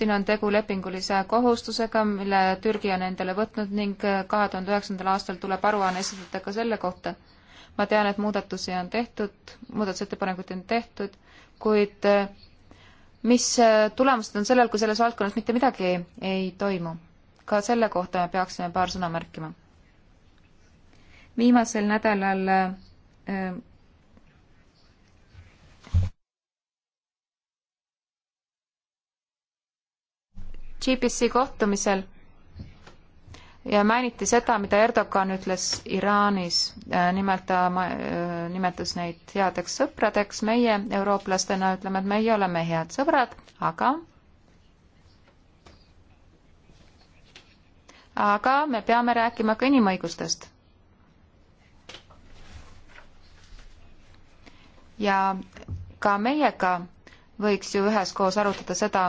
siin on tegu lepingulise kohustusega, mille Türgi on endale võtnud ning kahe tuhande üheksandal aastal tuleb aruanne esitada ka selle kohta. ma tean, et muudatusi on tehtud, muudatusettepanekuid on tehtud, kuid mis äh, tulemused on sellel, kui selles valdkonnas mitte midagi ei toimu? ka selle kohta me peaksime paar sõna märkima. viimasel nädalal äh, GPC kohtumisel ja mainiti seda, mida Erdogan ütles Iraanis. Äh, nimelt ta äh, nimetas neid headeks sõpradeks, meie eurooplastena ütleme, et meie oleme head sõbrad, aga aga me peame rääkima ka inimõigustest. ja ka meiega võiks ju üheskoos arutada seda,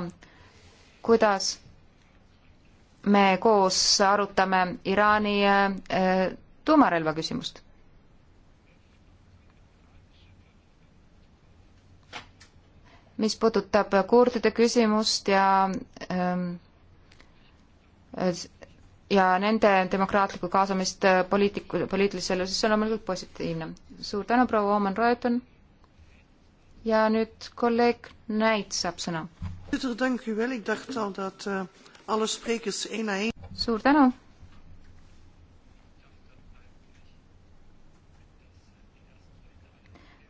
kuidas me koos arutame Iraani äh, tuumarelva küsimust. mis puudutab kurdide küsimust ja ähm, ja nende demokraatlikku kaasamist poliitiku, poliitilisesse ellu, siis see on loomulikult positiivne. suur tänu, proua Oman Roeton. ja nüüd kolleeg Näit saab sõna suur tänu.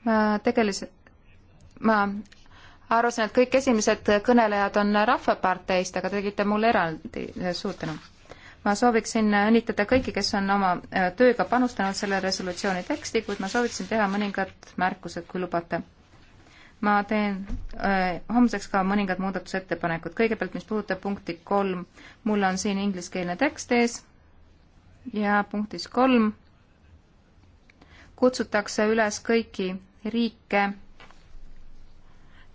ma tegelikult, ma arvasin, et kõik esimesed kõnelejad on Rahvaparteist, aga te tegite mulle eraldi, suur tänu. ma sooviksin õnnitleda kõiki, kes on oma tööga panustanud selle resolutsiooni teksti, kuid ma sooviksin teha mõningad märkused, kui lubate ma teen äh, homseks ka mõningad muudatusettepanekud. kõigepealt, mis puudutab punkti kolm, mul on siin ingliskeelne tekst ees ja punktis kolm kutsutakse üles kõiki riike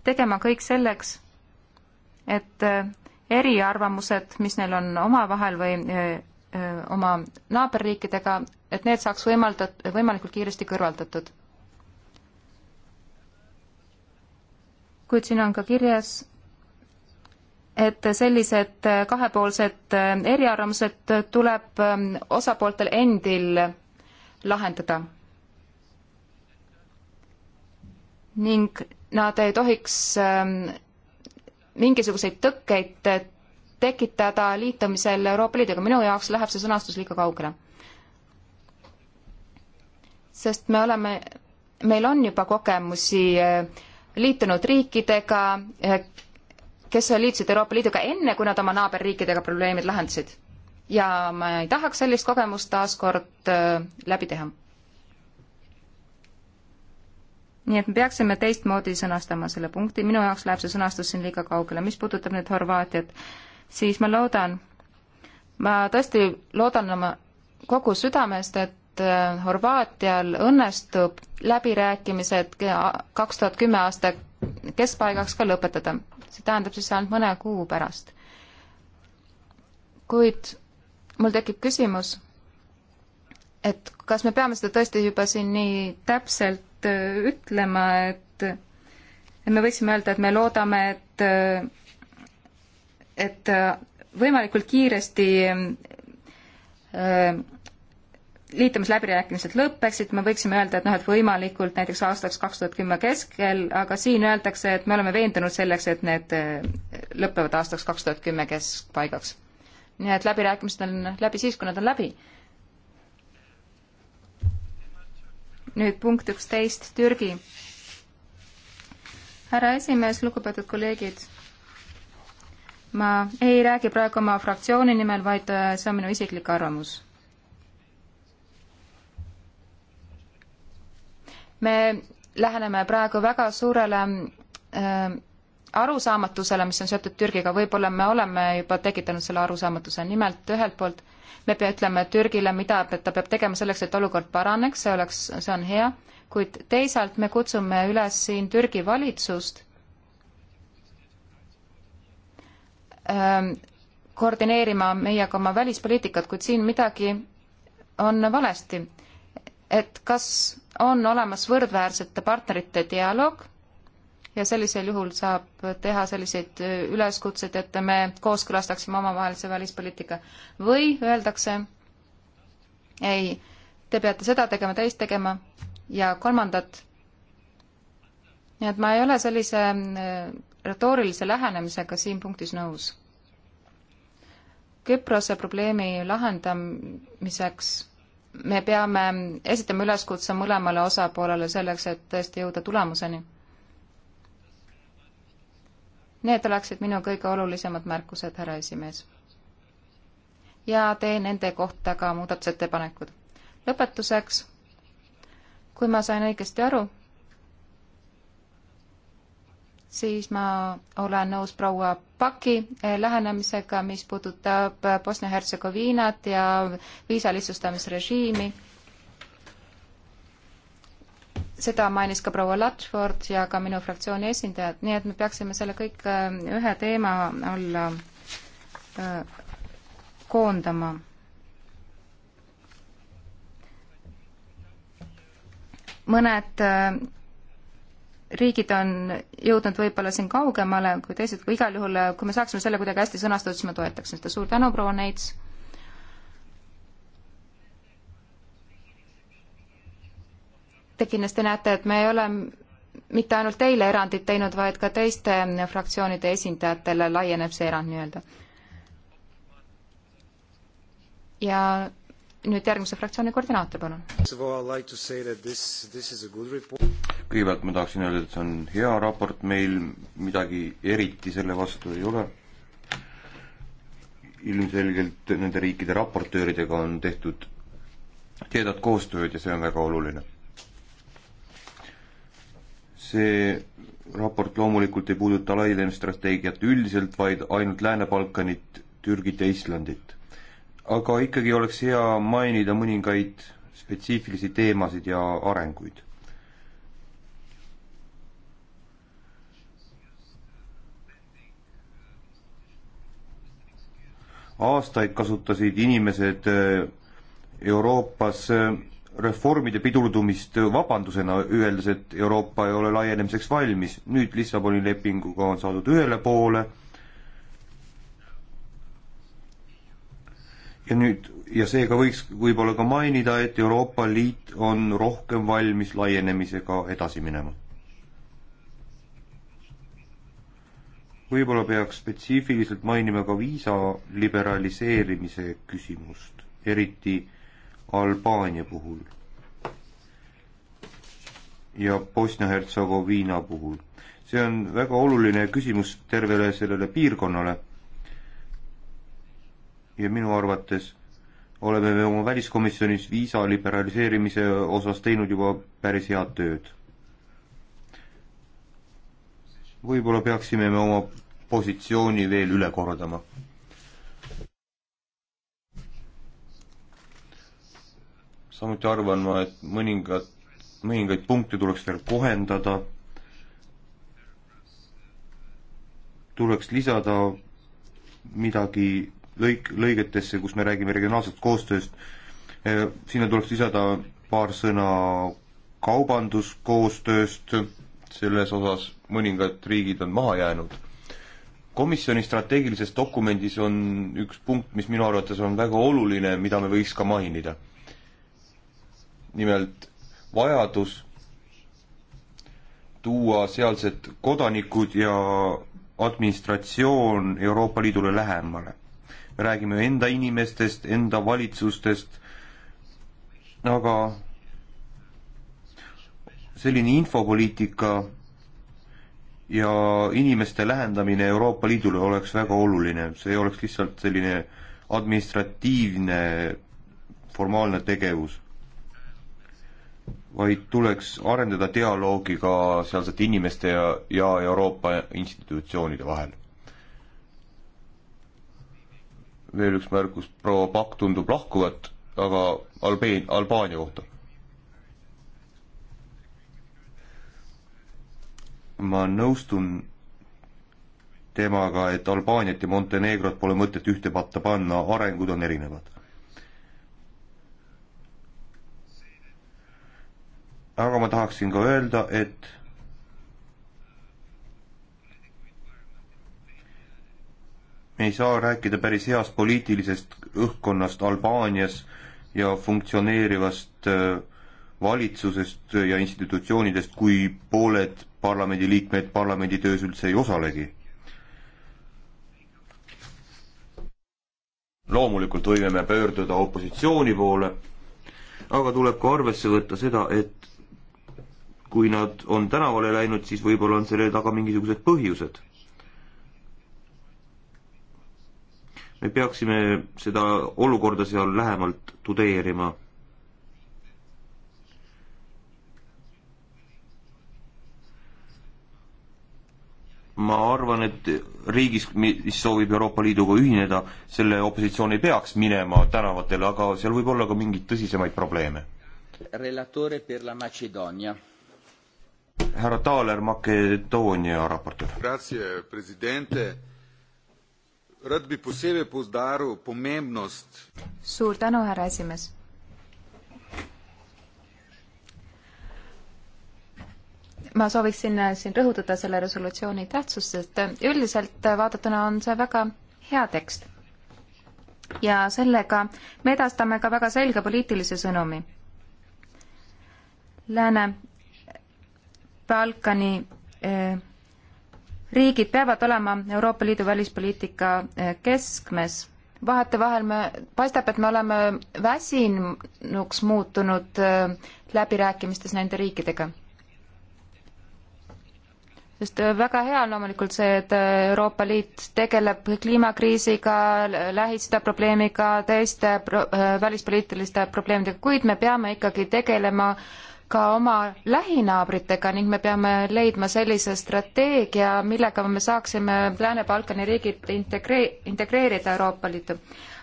tegema kõik selleks, et äh, eriarvamused, mis neil on omavahel või öö, äh, äh, oma naaberriikidega, et need saaks võimaldat-, võimalikult kiiresti kõrvaldatud kuid siin on ka kirjas, et sellised kahepoolsed eriarvamused tuleb ähm, osapooltel endil lahendada. ning nad ei tohiks ähm, mingisuguseid tõkkeid tekitada liitumisel Euroopa Liiduga, minu jaoks läheb see sõnastus liiga kaugele. sest me oleme, meil on juba kogemusi äh, liitunud riikidega, eh, kes liitusid Euroopa Liiduga enne, kui nad oma naaberriikidega probleemid lahendasid. ja ma ei tahaks sellist kogemust taaskord eh, läbi teha. nii et me peaksime teistmoodi sõnastama selle punkti, minu jaoks läheb see sõnastus siin liiga kaugele, mis puudutab nüüd Horvaatiat, siis ma loodan, ma tõesti loodan oma kogu südamest, et et äh, Horvaatial õnnestub läbirääkimised kaks tuhat kümme aasta keskpaigaks ka lõpetada. see tähendab siis ainult mõne kuu pärast. kuid mul tekib küsimus, et kas me peame seda tõesti juba siin nii täpselt äh, ütlema, et et me võiksime öelda, et me loodame, et, äh, et võimalikult kiiresti äh, liitumisläbirääkimised lõppeksid, me võiksime öelda, et noh, et võimalikult näiteks aastaks kaks tuhat kümme keskel, aga siin öeldakse, et me oleme veendunud selleks, et need eh, lõpevad aastaks kaks tuhat kümme keskpaigaks. nii et läbirääkimised on läbi siis, kui nad on läbi. nüüd punkt üksteist, Türgi. härra esimees, lugupeetud kolleegid, ma ei räägi praegu oma fraktsiooni nimel, vaid eh, see on minu isiklik arvamus me läheneme praegu väga suurele äh, arusaamatusele, mis on seotud Türgiga, võib-olla me oleme juba tekitanud selle arusaamatuse, nimelt ühelt poolt me pea ütlema Türgile, mida ta peab tegema selleks, et olukord paraneks, see oleks, see on hea, kuid teisalt me kutsume üles siin Türgi valitsust ähm, koordineerima meiega oma välispoliitikat, kuid siin midagi on valesti. et kas on olemas võrdväärsete partnerite dialoog ja sellisel juhul saab teha selliseid äh, üleskutseid, et me kooskõlastaksime omavahelise välispoliitika või öeldakse ei, te peate seda tegema, teist tegema ja kolmandat. nii et ma ei ole sellise äh, retoorilise lähenemisega siin punktis nõus. Küprose probleemi lahendamiseks me peame esitama üleskutse mõlemale osapoolele selleks, et tõesti jõuda tulemuseni. Need oleksid minu kõige olulisemad märkused, härra esimees. ja teen nende kohta ka muudatusettepanekud. lõpetuseks, kui ma sain õigesti aru siis ma olen nõus proua Paki eh, lähenemisega, mis puudutab eh, Bosnia-Hertsegoviinat ja viisa lihtsustamisrežiimi. seda mainis ka proua Latford ja ka minu fraktsiooni esindajad, nii et me peaksime selle kõik eh, ühe teema alla koondama. mõned riigid on jõudnud võib-olla siin kaugemale kui teised, aga igal juhul, kui me saaksime selle kuidagi hästi sõnastada, siis ma toetaksin seda. suur tänu, proua Neits! Te kindlasti näete, et me ei ole mitte ainult teile erandit teinud, vaid ka teiste fraktsioonide esindajatele laieneb see erand nii-öelda. ja nüüd järgmise fraktsiooni koordinaator, palun. kõigepealt ma tahaksin öelda, et see on hea raport, meil midagi eriti selle vastu ei ole. ilmselgelt nende riikide raportööridega on tehtud tihedat koostööd ja see on väga oluline. see raport loomulikult ei puuduta laienemist strateegiat üldiselt, vaid ainult Lääne-Balkanit, Türgit ja Islandit aga ikkagi oleks hea mainida mõningaid spetsiifilisi teemasid ja arenguid. aastaid kasutasid inimesed äh, Euroopas äh, reformide pidurdumist vabandusena, öeldes, et Euroopa ei ole laienemiseks valmis. nüüd Lissaboni lepinguga on saadud ühele poole ja nüüd, ja seega võiks võib-olla ka mainida, et Euroopa Liit on rohkem valmis laienemisega edasi minema. võib-olla peaks spetsiifiliselt mainima ka viisa liberaliseerimise küsimust, eriti Albaania puhul ja Bosnia-Hertsegoviina puhul. see on väga oluline küsimus tervele sellele piirkonnale ja minu arvates oleme me oma väliskomisjonis viisa liberaliseerimise osas teinud juba päris head tööd. võib-olla peaksime me oma positsiooni veel üle kordama. samuti arvan ma, et mõningad, mõningaid punkte tuleks veel kohendada, tuleks lisada midagi lõik, lõigetesse, kus me räägime regionaalsest koostööst, eh, sinna tuleks lisada paar sõna kaubanduskoostööst, selles osas mõningad riigid on maha jäänud. komisjoni strateegilises dokumendis on üks punkt, mis minu arvates on väga oluline, mida me võiks ka mainida. nimelt vajadus tuua sealsed kodanikud ja administratsioon Euroopa Liidule lähemale me räägime enda inimestest, enda valitsustest, aga selline infopoliitika ja inimeste lähendamine Euroopa Liidule oleks väga oluline, see ei oleks lihtsalt selline administratiivne formaalne tegevus, vaid tuleks arendada dialoogi ka sealsete inimeste ja, ja Euroopa institutsioonide vahel veel üks märkus, proua Pakk tundub lahkuvat, aga Albeen-, Albaania kohta. ma nõustun temaga, et Albaaniat ja Montenegrot pole mõtet ühte patta panna, arengud on erinevad. aga ma tahaksin ka öelda, et me ei saa rääkida päris heast poliitilisest õhkkonnast Albaanias ja funktsioneerivast äh, valitsusest ja institutsioonidest, kui pooled parlamendiliikmed parlamendi töös üldse ei osalegi. loomulikult võime me pöörduda opositsiooni poole, aga tuleb ka arvesse võtta seda, et kui nad on tänavale läinud, siis võib-olla on selle taga mingisugused põhjused me peaksime seda olukorda seal lähemalt tudeerima. ma arvan, et riigis, mis soovib Euroopa Liiduga ühineda, selle opositsioon ei peaks minema tänavatele, aga seal võib olla ka mingeid tõsisemaid probleeme. härra Taaler, Makedoonia raportöör rad bi posebej poudaril pomembnost. suur tänu, härra esimees. ma sooviksin äh, siin rõhutada selle resolutsiooni tähtsust, sest üldiselt äh, vaadatuna on see väga hea tekst. ja sellega me edastame ka väga selge poliitilise sõnumi. Lääne-Balkani eh, äh, riigid peavad olema Euroopa Liidu välispoliitika eh, keskmes. vahetevahel me, paistab, et me oleme väsinuks muutunud eh, läbirääkimistes nende riikidega sest eh, väga hea on loomulikult see, et Euroopa Liit tegeleb kliimakriisiga, Lähis-Ida probleemiga, teiste pro välispoliitiliste probleemidega, kuid me peame ikkagi tegelema ka oma lähinaabritega ning me peame leidma sellise strateegia, millega me saaksime Lääne-Balkani riigid integre-, integreerida Euroopa Liitu.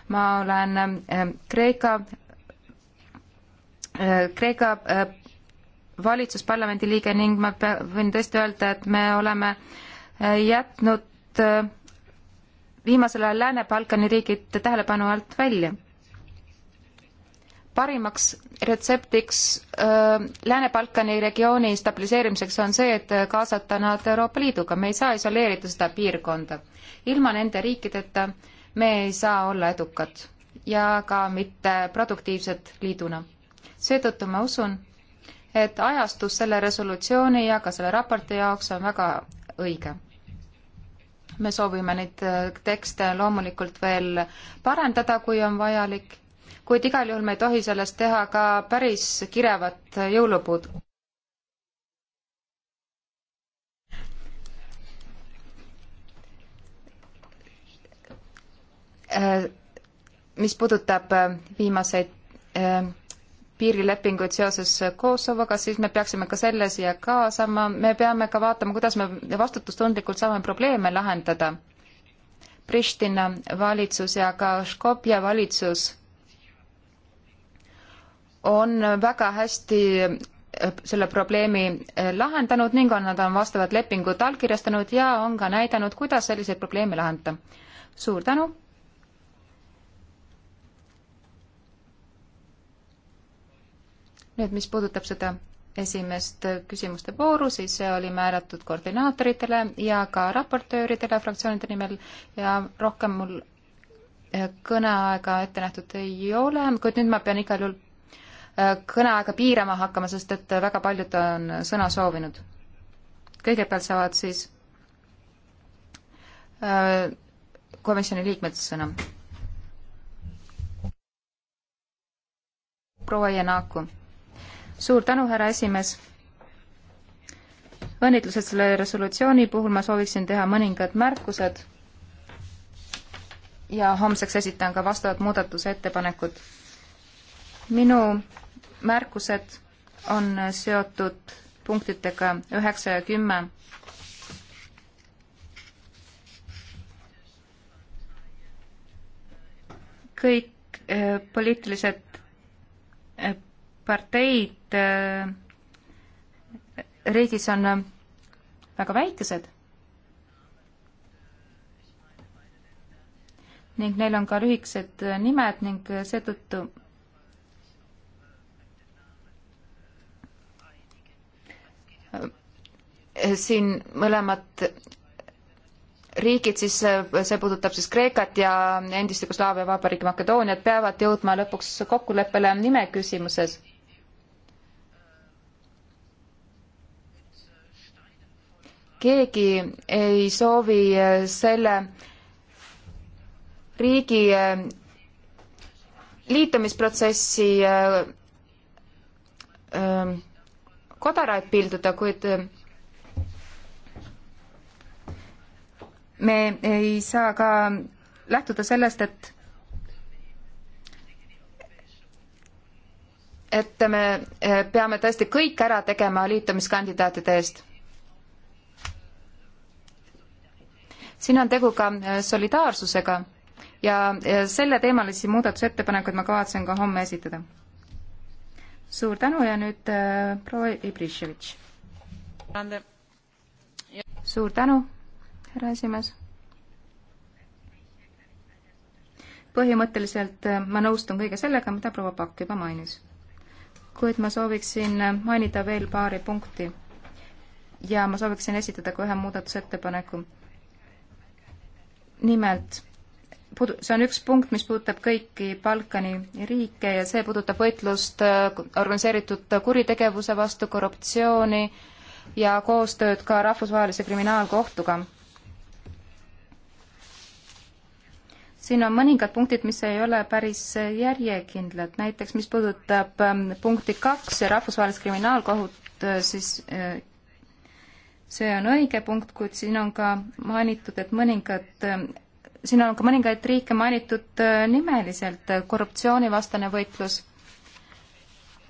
ma olen äh, Kreeka äh,, Kreeka äh, valitsusparlamendi liige ning ma pea, võin tõesti öelda, et me oleme jätnud viimasel ajal Lääne-Balkani riigid tähelepanu alt välja parimaks retseptiks Lääne-Balkani regiooni stabiliseerimiseks on see, et kaasata nad Euroopa Liiduga, me ei saa isoleerida seda piirkonda. ilma nende riikideta me ei saa olla edukad ja ka mitte produktiivsed liiduna. seetõttu ma usun, et ajastus selle resolutsiooni ja ka selle raporti jaoks on väga õige. me soovime neid tekste loomulikult veel parandada, kui on vajalik kuid igal juhul me ei tohi sellest teha ka päris kirevat jõulupuud. mis puudutab äh, viimaseid äh, piirilepinguid seoses Kosovoga, siis me peaksime ka selle siia kaasama, me peame ka vaatama, kuidas me vastutustundlikult saame probleeme lahendada. Pristina valitsus ja ka Škopje valitsus on väga hästi äh, selle probleemi äh, lahendanud ning on, nad on vastavad lepingud allkirjastanud ja on ka näidanud, kuidas selliseid probleeme lahendada. suur tänu. nüüd, mis puudutab seda esimest küsimuste vooru, siis see oli määratud koordinaatoritele ja ka raportööridele fraktsioonide nimel ja rohkem mul äh, kõneaega ette nähtud ei ole, kuid nüüd ma pean igal juhul Äh, kõneaega piirama hakkama, sest et äh, väga paljud on sõna soovinud. kõigepealt saavad siis äh, komisjoni liikmed sõna. proua Janaku. suur tänu, härra esimees. õnnitlused selle resolutsiooni puhul, ma sooviksin teha mõningad märkused ja homseks esitan ka vastavad muudatusettepanekud. minu märkused on seotud punktidega üheksa ja kümme. kõik eh, poliitilised eh, parteid eh, riigis on väga väikesed ning neil on ka lühikesed nimed ning seetõttu siin mõlemad riigid siis, see puudutab siis Kreekat ja endist Jugoslaavia vabariigi Makedooniat, peavad jõudma lõpuks kokkuleppele nime küsimuses. keegi ei soovi selle riigi liitumisprotsessi äh, äh, kodaraid pilduda, kuid me ei saa ka lähtuda sellest, et et me eh, peame tõesti kõik ära tegema liitumiskandidaatide eest. siin on tegu ka eh, solidaarsusega ja eh, selleteemalisi muudatusettepanekuid ma kavatsen ka homme esitada. suur tänu ja nüüd proua Ibriševitš. suur tänu härra esimees. põhimõtteliselt äh, ma nõustun kõige sellega, mida proua Pakk juba mainis. kuid ma sooviksin äh, mainida veel paari punkti ja ma sooviksin esitada ka ühe muudatusettepaneku. nimelt, see on üks punkt, mis puudutab kõiki Balkani riike ja see puudutab võitlust äh, organiseeritud kuritegevuse vastu, korruptsiooni ja koostööd ka Rahvusvahelise Kriminaalkohtuga siin on mõningad punktid, mis ei ole päris järjekindlad, näiteks mis puudutab ähm, punkti kaks ja rahvusvahelist kriminaalkohut, äh, siis äh, see on õige punkt, kuid siin on ka mainitud, et mõningad, ähm, siin on ka mõningaid riike mainitud äh, nimeliselt, korruptsioonivastane võitlus,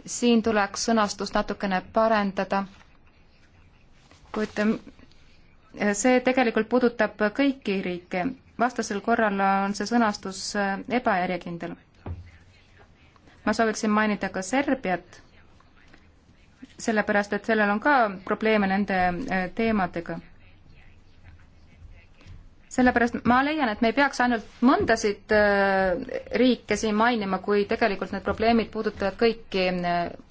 siin tuleks sõnastust natukene parendada, kuid ähm, see tegelikult puudutab kõiki riike vastasel korral on see sõnastus äh, ebajärjekindel. ma sooviksin mainida ka Serbiat, sellepärast et sellel on ka probleeme nende äh, teemadega. sellepärast ma leian, et me ei peaks ainult mõndasid äh, riike siin mainima, kui tegelikult need probleemid puudutavad kõiki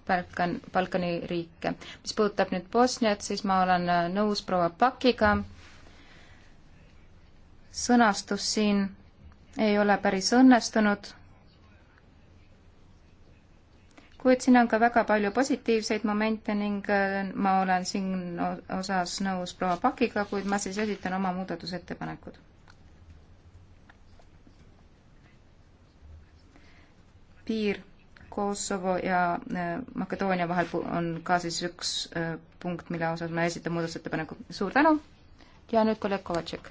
Balkan, Balkani riike. mis puudutab nüüd Bosniat, siis ma olen nõus proua Pakiga, sõnastus siin ei ole päris õnnestunud, kuid siin on ka väga palju positiivseid momente ning äh, ma olen siin osas nõus proua Pakiga, kuid ma siis esitan oma muudatusettepanekud. piir Kosovo ja äh, Makedoonia vahel on ka siis üks äh, punkt, mille osas ma esitan muudatusettepaneku. suur tänu ja nüüd kolleeg Kovatšek.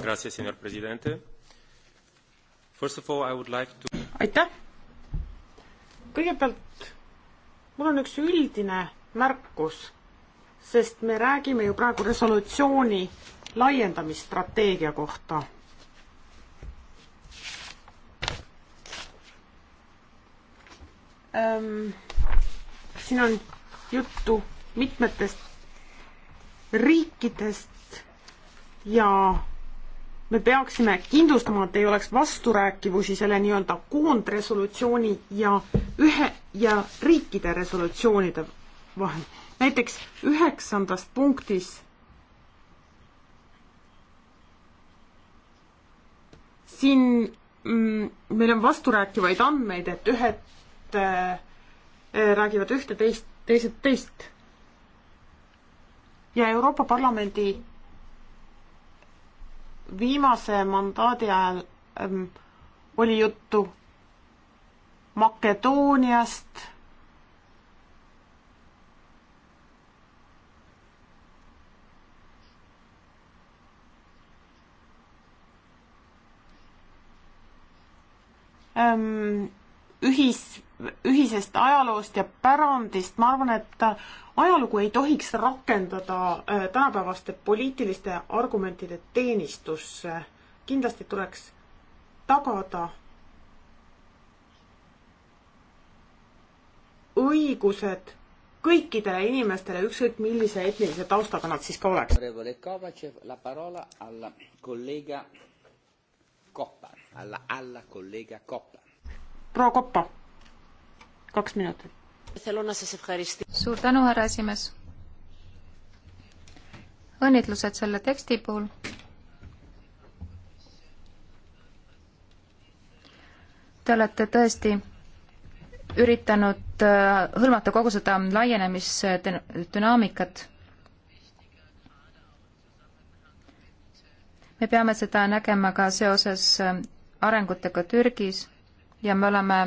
Grazie, senor presidente. First of all, I would like to aitäh! kõigepealt mul on üks üldine märkus, sest me räägime ju praegu resolutsiooni laiendamisstrateegia kohta. Ehm, siin on juttu mitmetest riikidest ja me peaksime kindlustama, et ei oleks vasturääkivusi selle nii-öelda koondresolutsiooni ja ühe ja riikide resolutsioonide vahel. näiteks üheksandas punktis siin mm, meil on vasturääkivaid andmeid, et ühed äh, räägivad ühte, teist, teised teist. ja Euroopa Parlamendi viimase mandaadi ajal ähm, oli juttu Makedooniast, ähm, ühis ühisest ajaloost ja pärandist, ma arvan, et ajalugu ei tohiks rakendada äh, tänapäevaste poliitiliste argumentide teenistusse. kindlasti tuleks tagada õigused kõikidele inimestele, ükskõik millise etnilise taustaga nad siis ka oleks. proua Koppa kaks minutit. suur tänu, härra esimees. õnnitlused selle teksti puhul. Te olete tõesti üritanud äh, hõlmata kogu seda laienemisdünaamikat. me peame seda nägema ka seoses äh, arengutega Türgis ja me oleme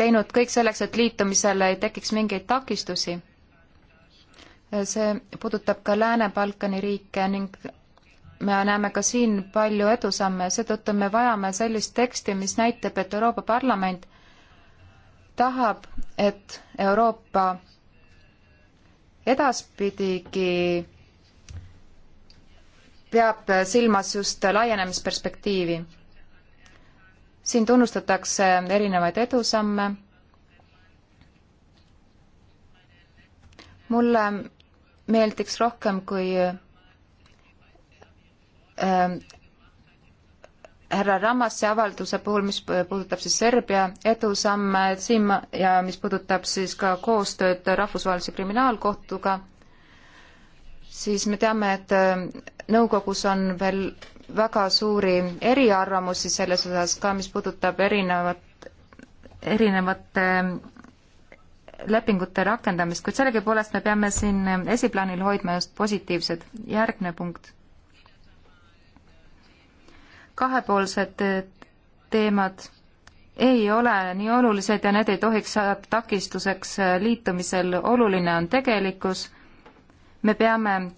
teinud kõik selleks, et liitumisel ei tekiks mingeid takistusi. see puudutab ka Lääne-Balkani riike ning me näeme ka siin palju edusamme, seetõttu me vajame sellist teksti, mis näitab, et Euroopa Parlament tahab, et Euroopa edaspidigi peab silmas just laienemisperspektiivi siin tunnustatakse erinevaid edusamme. mulle meeldiks rohkem, kui ähm, härra Ramasse avalduse puhul, mis puudutab siis Serbia edusamme, et siin ma, ja mis puudutab siis ka koostööd Rahvusvahelise Kriminaalkohtuga, siis me teame, et äh, nõukogus on veel väga suuri eriarvamusi selles osas ka, mis puudutab erinevat, erinevate äh, lepingute rakendamist, kuid sellegipoolest me peame siin esiplaanil hoidma just positiivsed. järgmine punkt. kahepoolsed äh, teemad ei ole nii olulised ja need ei tohiks saada takistuseks äh, liitumisel. oluline on tegelikkus. me peame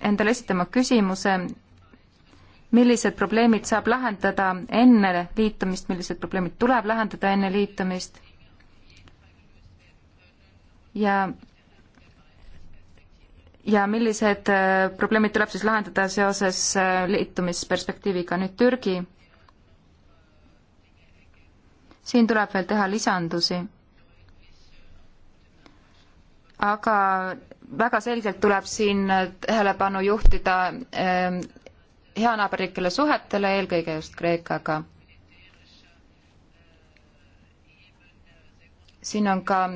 endale esitama küsimuse, millised probleemid saab lahendada enne liitumist, millised probleemid tuleb lahendada enne liitumist. ja, ja millised äh, probleemid tuleb siis lahendada seoses äh, liitumisperspektiiviga nüüd Türgi. siin tuleb veel teha lisandusi. aga väga selgelt tuleb siin äh, tähelepanu juhtida äh, heanaaberlikele suhetele, eelkõige just Kreekaga. siin on ka äh,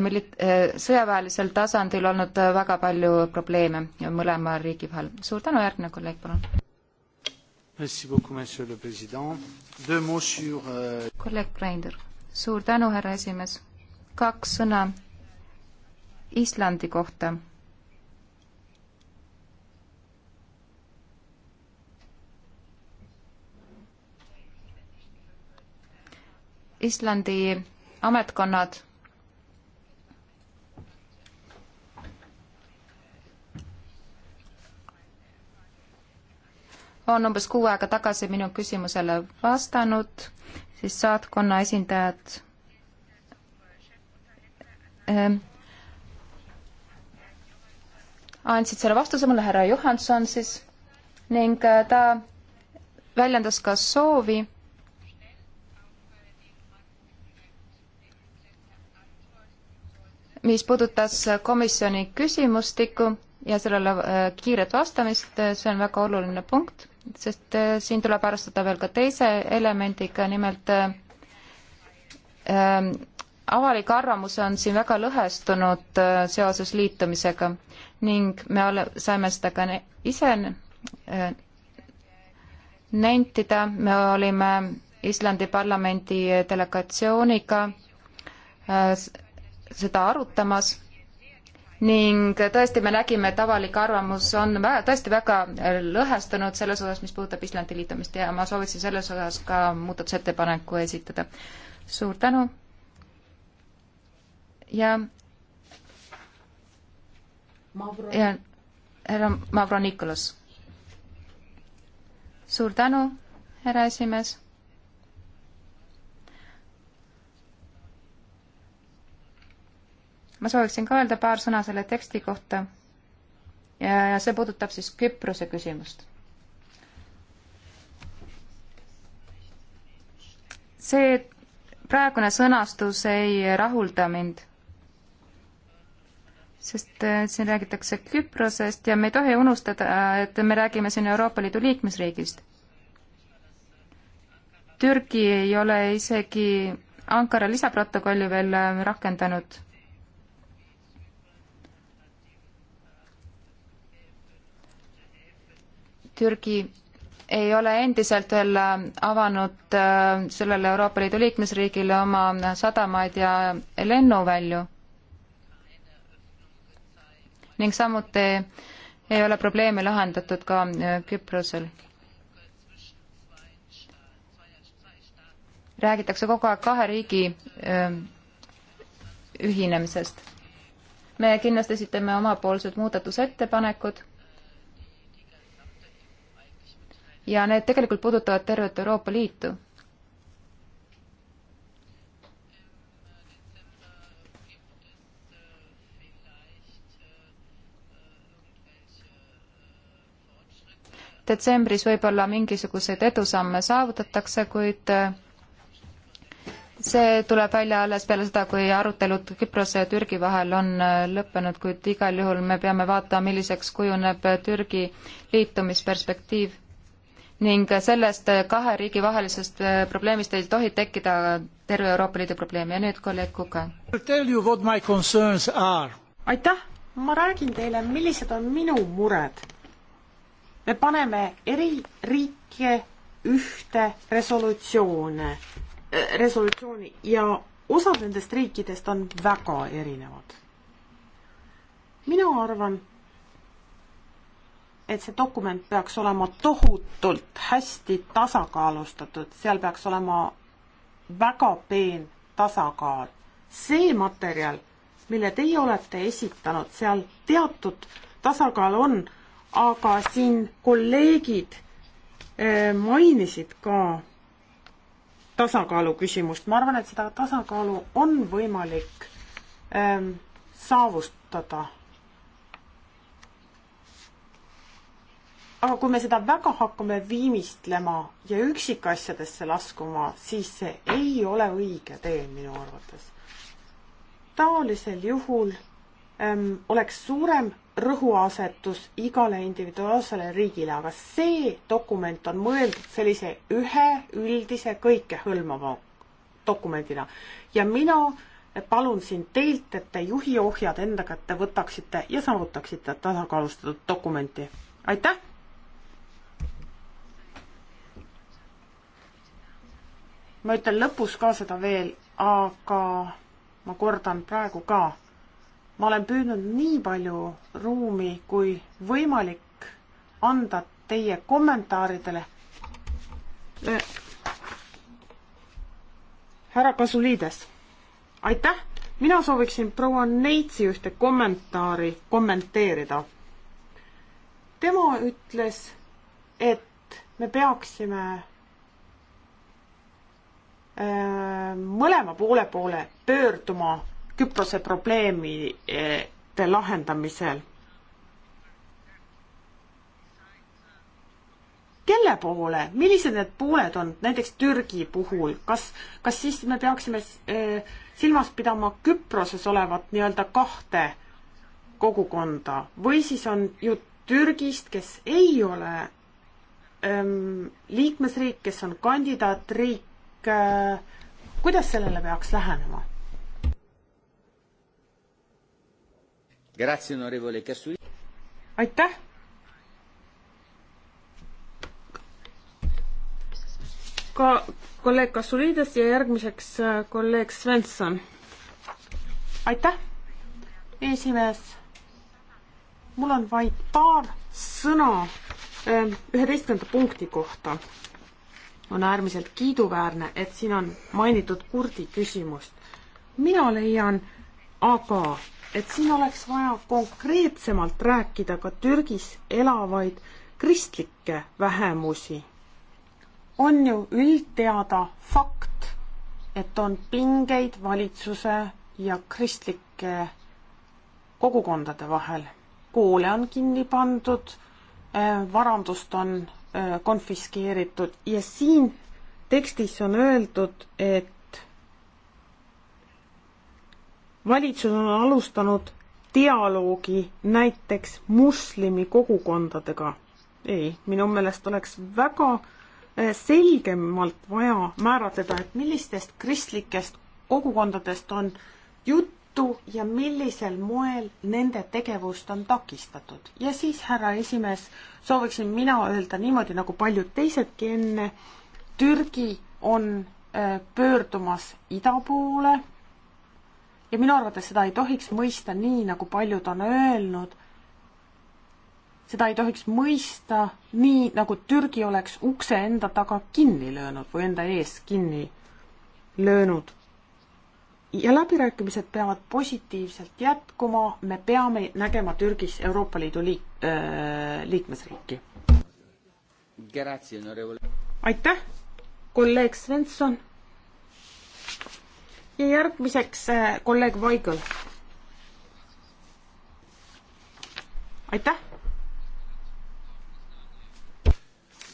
milit-, äh, sõjaväelisel tasandil olnud äh, väga palju probleeme mõlema riigi vahel. suur tänu, järgmine kolleeg, palun. Euh, kolleeg Breinder, suur tänu, härra esimees. kaks sõna Islandi kohta Islandi ametkonnad on umbes kuu aega tagasi minu küsimusele vastanud, siis saatkonna esindajad ähm, andsid selle vastuse mulle, härra Johanson siis, ning äh, ta väljendas ka soovi, mis puudutas komisjoni küsimustikku ja sellele äh, kiiret vastamist, äh, see on väga oluline punkt, sest äh, siin tuleb arvestada veel ka teise elemendiga, nimelt ähm, avalik arvamus on siin väga lõhestunud äh, seoses liitumisega ning me ole, saime seda ka ise äh, nentida, me olime Islandi parlamendi delegatsiooniga äh, seda arutamas ning tõesti me nägime, et avalik arvamus on väga, tõesti väga lõhestunud selles osas, mis puudutab Islandi liitumist ja ma sooviksin selles osas ka muudatusettepaneku esitada. suur tänu ja Mavro. ja härra Mavro Nikolas. suur tänu, härra esimees ma sooviksin ka öelda paar sõna selle teksti kohta. ja see puudutab siis Küprose küsimust. see praegune sõnastus ei rahulda mind, sest äh, siin räägitakse Küprosest ja me ei tohi unustada, et me räägime siin Euroopa Liidu liikmesriigist. Türgi ei ole isegi Ankara lisaprotokolli veel äh, rakendanud Türgi ei ole endiselt veel äh, avanud äh, sellele Euroopa Liidu liikmesriigile oma sadamaid ja lennuvälju ning samuti ei ole probleemi lahendatud ka äh, Küprosel. räägitakse kogu aeg kahe riigi ühinemisest. me kindlasti esitame omapoolsed muudatusettepanekud ja need tegelikult puudutavad tervet Euroopa Liitu. detsembris võib-olla mingisuguseid edusamme saavutatakse, kuid äh, see tuleb välja alles peale seda, kui arutelud Küprose ja Türgi vahel on äh, lõppenud, kuid igal juhul me peame vaatama, milliseks kujuneb Türgi liitumisperspektiiv ning sellest kahe riigi vahelisest äh, probleemist ei tohi tekkida terve Euroopa Liidu probleem ja nüüd kolleeg Kuka. aitäh, ma räägin teile, millised on minu mured. me paneme eri riike ühte resolutsioone, äh, resolutsiooni ja osad nendest riikidest on väga erinevad. mina arvan et see dokument peaks olema tohutult hästi tasakaalustatud, seal peaks olema väga peen tasakaal. see materjal, mille teie olete esitanud, seal teatud tasakaal on, aga siin kolleegid eh, mainisid ka tasakaalu küsimust, ma arvan, et seda tasakaalu on võimalik ähm, saavutada aga kui me seda väga hakkame viimistlema ja üksikasjadesse laskuma, siis see ei ole õige tee minu arvates. taolisel juhul ähm, oleks suurem rõhuasetus igale individuaalsele riigile, aga see dokument on mõeldud sellise ühe üldise kõikehõlmava dokumendina ja mina palun siin teilt, et te juhi ohjad enda kätte võtaksite ja saavutaksite tasakaalustatud dokumenti. aitäh! ma ütlen lõpus ka seda veel, aga ma kordan praegu ka. ma olen püüdnud nii palju ruumi kui võimalik anda teie kommentaaridele. härra Kasuliides, aitäh, mina sooviksin proua Neitsi ühte kommentaari kommenteerida. tema ütles, et me peaksime Äh, mõlema poole poole pöörduma Küprose probleemide lahendamisel. kelle poole, millised need pooled on, näiteks Türgi puhul, kas, kas siis me peaksime äh, silmas pidama Küproses olevat nii-öelda kahte kogukonda või siis on ju Türgist, kes ei ole ähm, liikmesriik, kes on kandidaatriik, Äh, kuidas sellele peaks lähenema? aitäh! ka kolleeg Kasuliides ja järgmiseks äh, kolleeg Svensson. aitäh, esimees. mul on vaid paar sõna ähm, üheteistkümnenda punkti kohta on äärmiselt kiiduväärne, et siin on mainitud kurdi küsimust. mina leian aga, et siin oleks vaja konkreetsemalt rääkida ka Türgis elavaid kristlikke vähemusi. on ju üldteada fakt, et on pingeid valitsuse ja kristlike kogukondade vahel. koole on kinni pandud, eh, varandust on Äh, konfiskeeritud ja siin tekstis on öeldud, et valitsus on alustanud dialoogi näiteks moslemi kogukondadega. ei, minu meelest oleks väga äh, selgemalt vaja määratleda, et millistest kristlikest kogukondadest on jutt mitu ja millisel moel nende tegevust on takistatud. ja siis, härra esimees, sooviksin mina öelda niimoodi, nagu paljud teisedki enne, Türgi on äh, pöördumas ida poole ja minu arvates seda ei tohiks mõista nii, nagu paljud on öelnud, seda ei tohiks mõista nii, nagu Türgi oleks ukse enda taga kinni löönud või enda ees kinni löönud ja läbirääkimised peavad positiivselt jätkuma, me peame nägema Türgis Euroopa Liidu liik- äh,, liikmesriiki. aitäh, kolleeg Svensson. ja järgmiseks äh, kolleeg Vaigel. aitäh.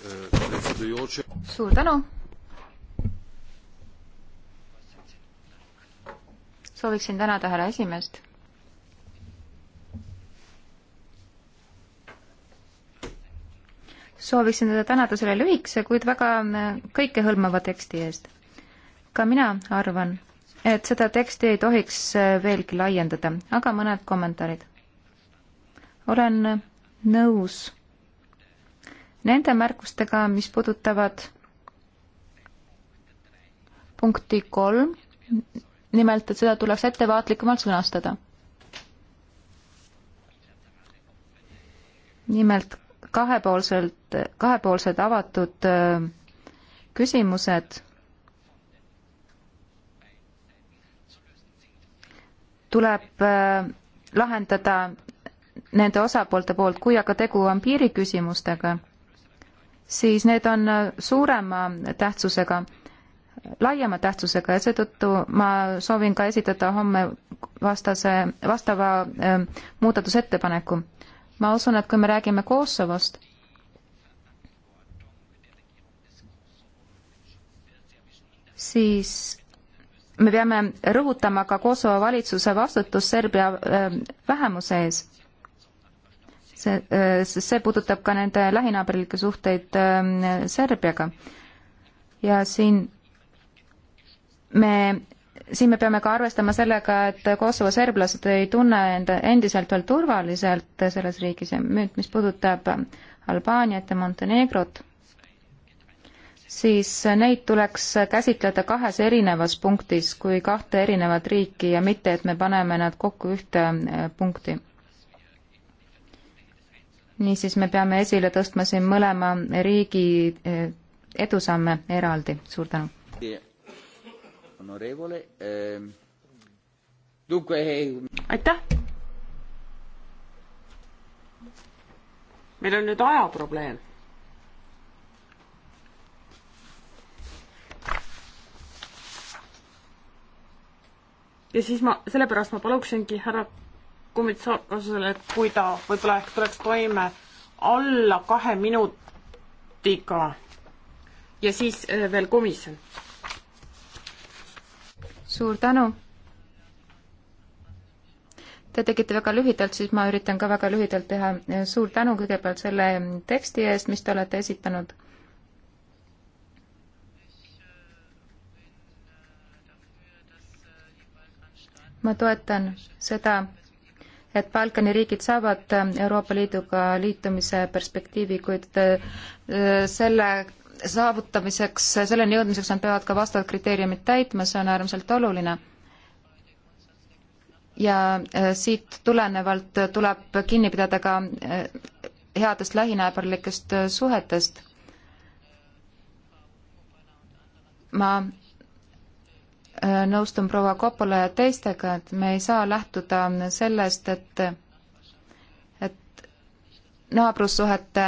Äh, suur tänu sooviksin tänada härra esimeest. sooviksin teda tänada selle lühikese, kuid väga äh, kõikehõlmava teksti eest. ka mina arvan, et seda teksti ei tohiks äh, veelgi laiendada, aga mõned kommentaarid. olen nõus nende märkustega, mis puudutavad punkti kolm nimelt, et seda tuleks ettevaatlikumalt sõnastada. nimelt kahepoolselt, kahepoolsed avatud äh, küsimused tuleb äh, lahendada nende osapoolte poolt, kui aga tegu on piiriküsimustega, siis need on äh, suurema tähtsusega laiema tähtsusega ja seetõttu ma soovin ka esitada homme vastase, vastava äh, muudatusettepaneku. ma usun, et kui me räägime Kosovost, siis me peame rõhutama ka Kosovo valitsuse vastutust Serbia äh, vähemuse ees. see äh,, sest see puudutab ka nende lähinaaberlikke suhteid Serbiaga. ja siin me, siin me peame ka arvestama sellega, et Kosovo serblased ei tunne enda endiselt veel turvaliselt selles riigis ja nüüd, mis puudutab Albaaniat ja Montenegrot, siis neid tuleks käsitleda kahes erinevas punktis kui kahte erinevat riiki ja mitte, et me paneme nad kokku ühte äh, punkti niisiis me peame esile tõstma siin mõlema riigi äh, edusamme eraldi, suur tänu yeah.. Ehm, eh, aitäh! meil on nüüd ajaprobleem. ja siis ma, sellepärast ma paluksingi härra Kummitsaarkasele, et kui ta võib-olla ehk tuleks toime alla kahe minutiga ja siis eh, veel komisjon suur tänu. Te tegite väga lühidalt, siis ma üritan ka väga lühidalt teha. suur tänu kõigepealt selle teksti eest, mis te olete esitanud. ma toetan seda, et Balkani riigid saavad Euroopa Liiduga liitumise perspektiivi, kuid äh, selle saavut-, saavutamiseks, selleni jõudmiseks nad peavad ka vastavad kriteeriumid täitma, see on äärmiselt oluline. ja äh, siit tulenevalt tuleb kinni pidada ka äh, headest lähinaaberlikest äh, suhetest. ma nõustun proua Koppola ja teistega, et me ei saa lähtuda sellest, et, et naabrussuhete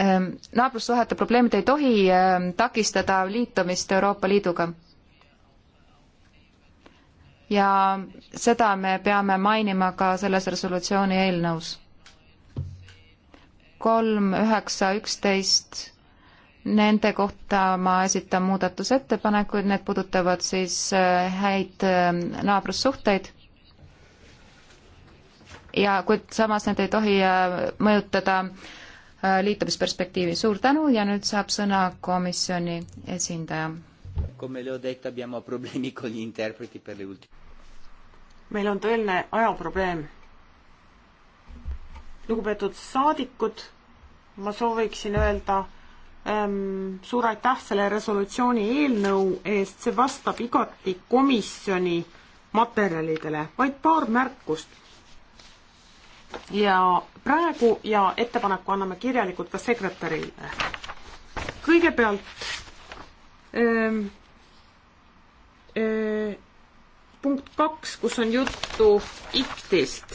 Ähm, naabrussuhete probleemid ei tohi ähm, takistada liitumist Euroopa Liiduga. ja seda me peame mainima ka selles resolutsiooni eelnõus. kolm, üheksa, üksteist, nende kohta ma esitan muudatusettepanekuid, need puudutavad siis äh, häid ähm, naabrussuhteid ja kuid samas need ei tohi äh, mõjutada äh, Äh, liitumisperspektiivi. suur tänu ja nüüd saab sõna komisjoni esindaja. meil on tõeline ajaprobleem. lugupeetud saadikud, ma sooviksin öelda ähm, suur aitäh selle resolutsiooni eelnõu eest, see vastab igati komisjoni materjalidele, vaid paar märkust ja praegu ja ettepaneku anname kirjalikult ka sekretärile. kõigepealt öö, ähm, öö, äh, punkt kaks, kus on juttu IKT-ist,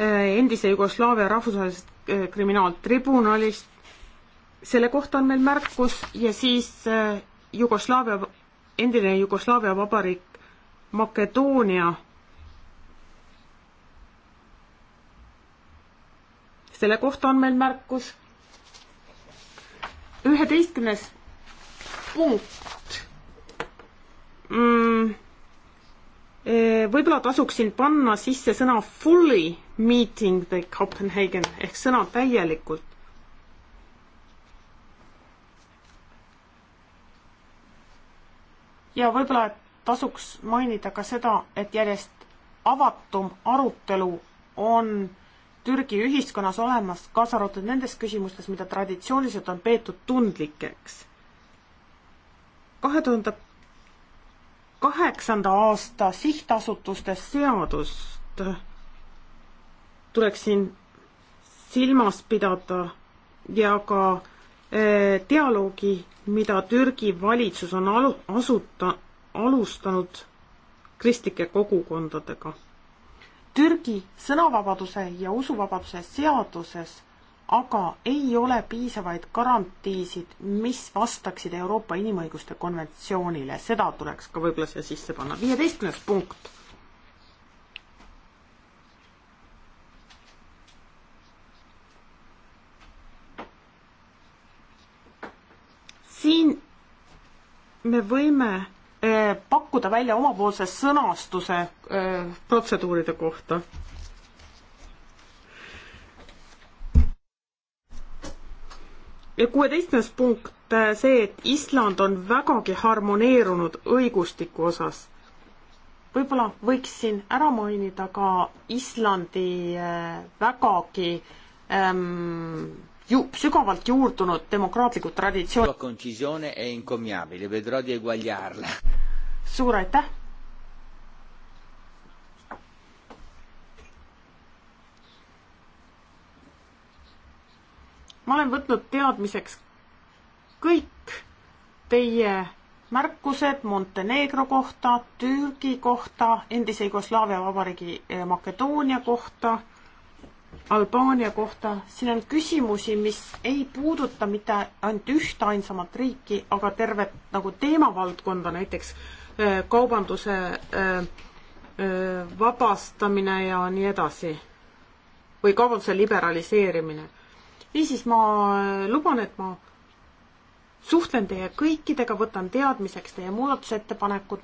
äh, endise Jugoslaavia rahvusvahelisest äh, kriminaaltribunalist, selle kohta on meil märkus ja siis Jugoslaavia, endine Jugoslaavia vabariik Makedoonia selle kohta on meil märkus. üheteistkümnes punkt mm,. E, võib-olla tasuks siin panna sisse sõna fully meeting the Copenhagen ehk sõna täielikult. ja võib-olla tasuks mainida ka seda, et järjest avatum arutelu on äh, Türgi ühiskonnas olemas, kaasa arvatud nendes küsimustes, mida traditsiooniliselt on peetud tundlikeks. kahe tuhande kaheksanda aasta sihtasutuste seadust tuleks siin silmas pidada ja ka eh, dialoogi, mida Türgi valitsus on alu-, asuta-, alustanud kristlike kogukondadega Türgi sõnavabaduse ja usuvabaduse seaduses aga ei ole piisavaid garantiisid, mis vastaksid Euroopa Inimõiguste konventsioonile, seda tuleks ka võib-olla siia sisse panna. viieteistkümnes punkt. siin me võime Äh, pakkuda välja omapoolse sõnastuse äh, protseduuride kohta. ja kuueteistkümnes punkt, äh, see, et Island on vägagi harmoneerunud õigustiku osas. võib-olla võiksin ära mainida ka Islandi vägagi ähm, ju sügavalt juurdunud demokraatlikud traditsioonid. suur aitäh! ma olen võtnud teadmiseks kõik teie märkused Montenegro kohta, Türgi kohta, endise Jugoslaavia vabariigi eh, Makedoonia kohta Albaania kohta, siin on küsimusi, mis ei puuduta mitte ainult ühte ainsamat riiki, aga tervet nagu teemavaldkonda, näiteks äh, kaubanduse äh, äh, vabastamine ja nii edasi. või kaubanduse liberaliseerimine. niisiis, ma luban, et ma suhtlen teie kõikidega, võtan teadmiseks teie muudatusettepanekud.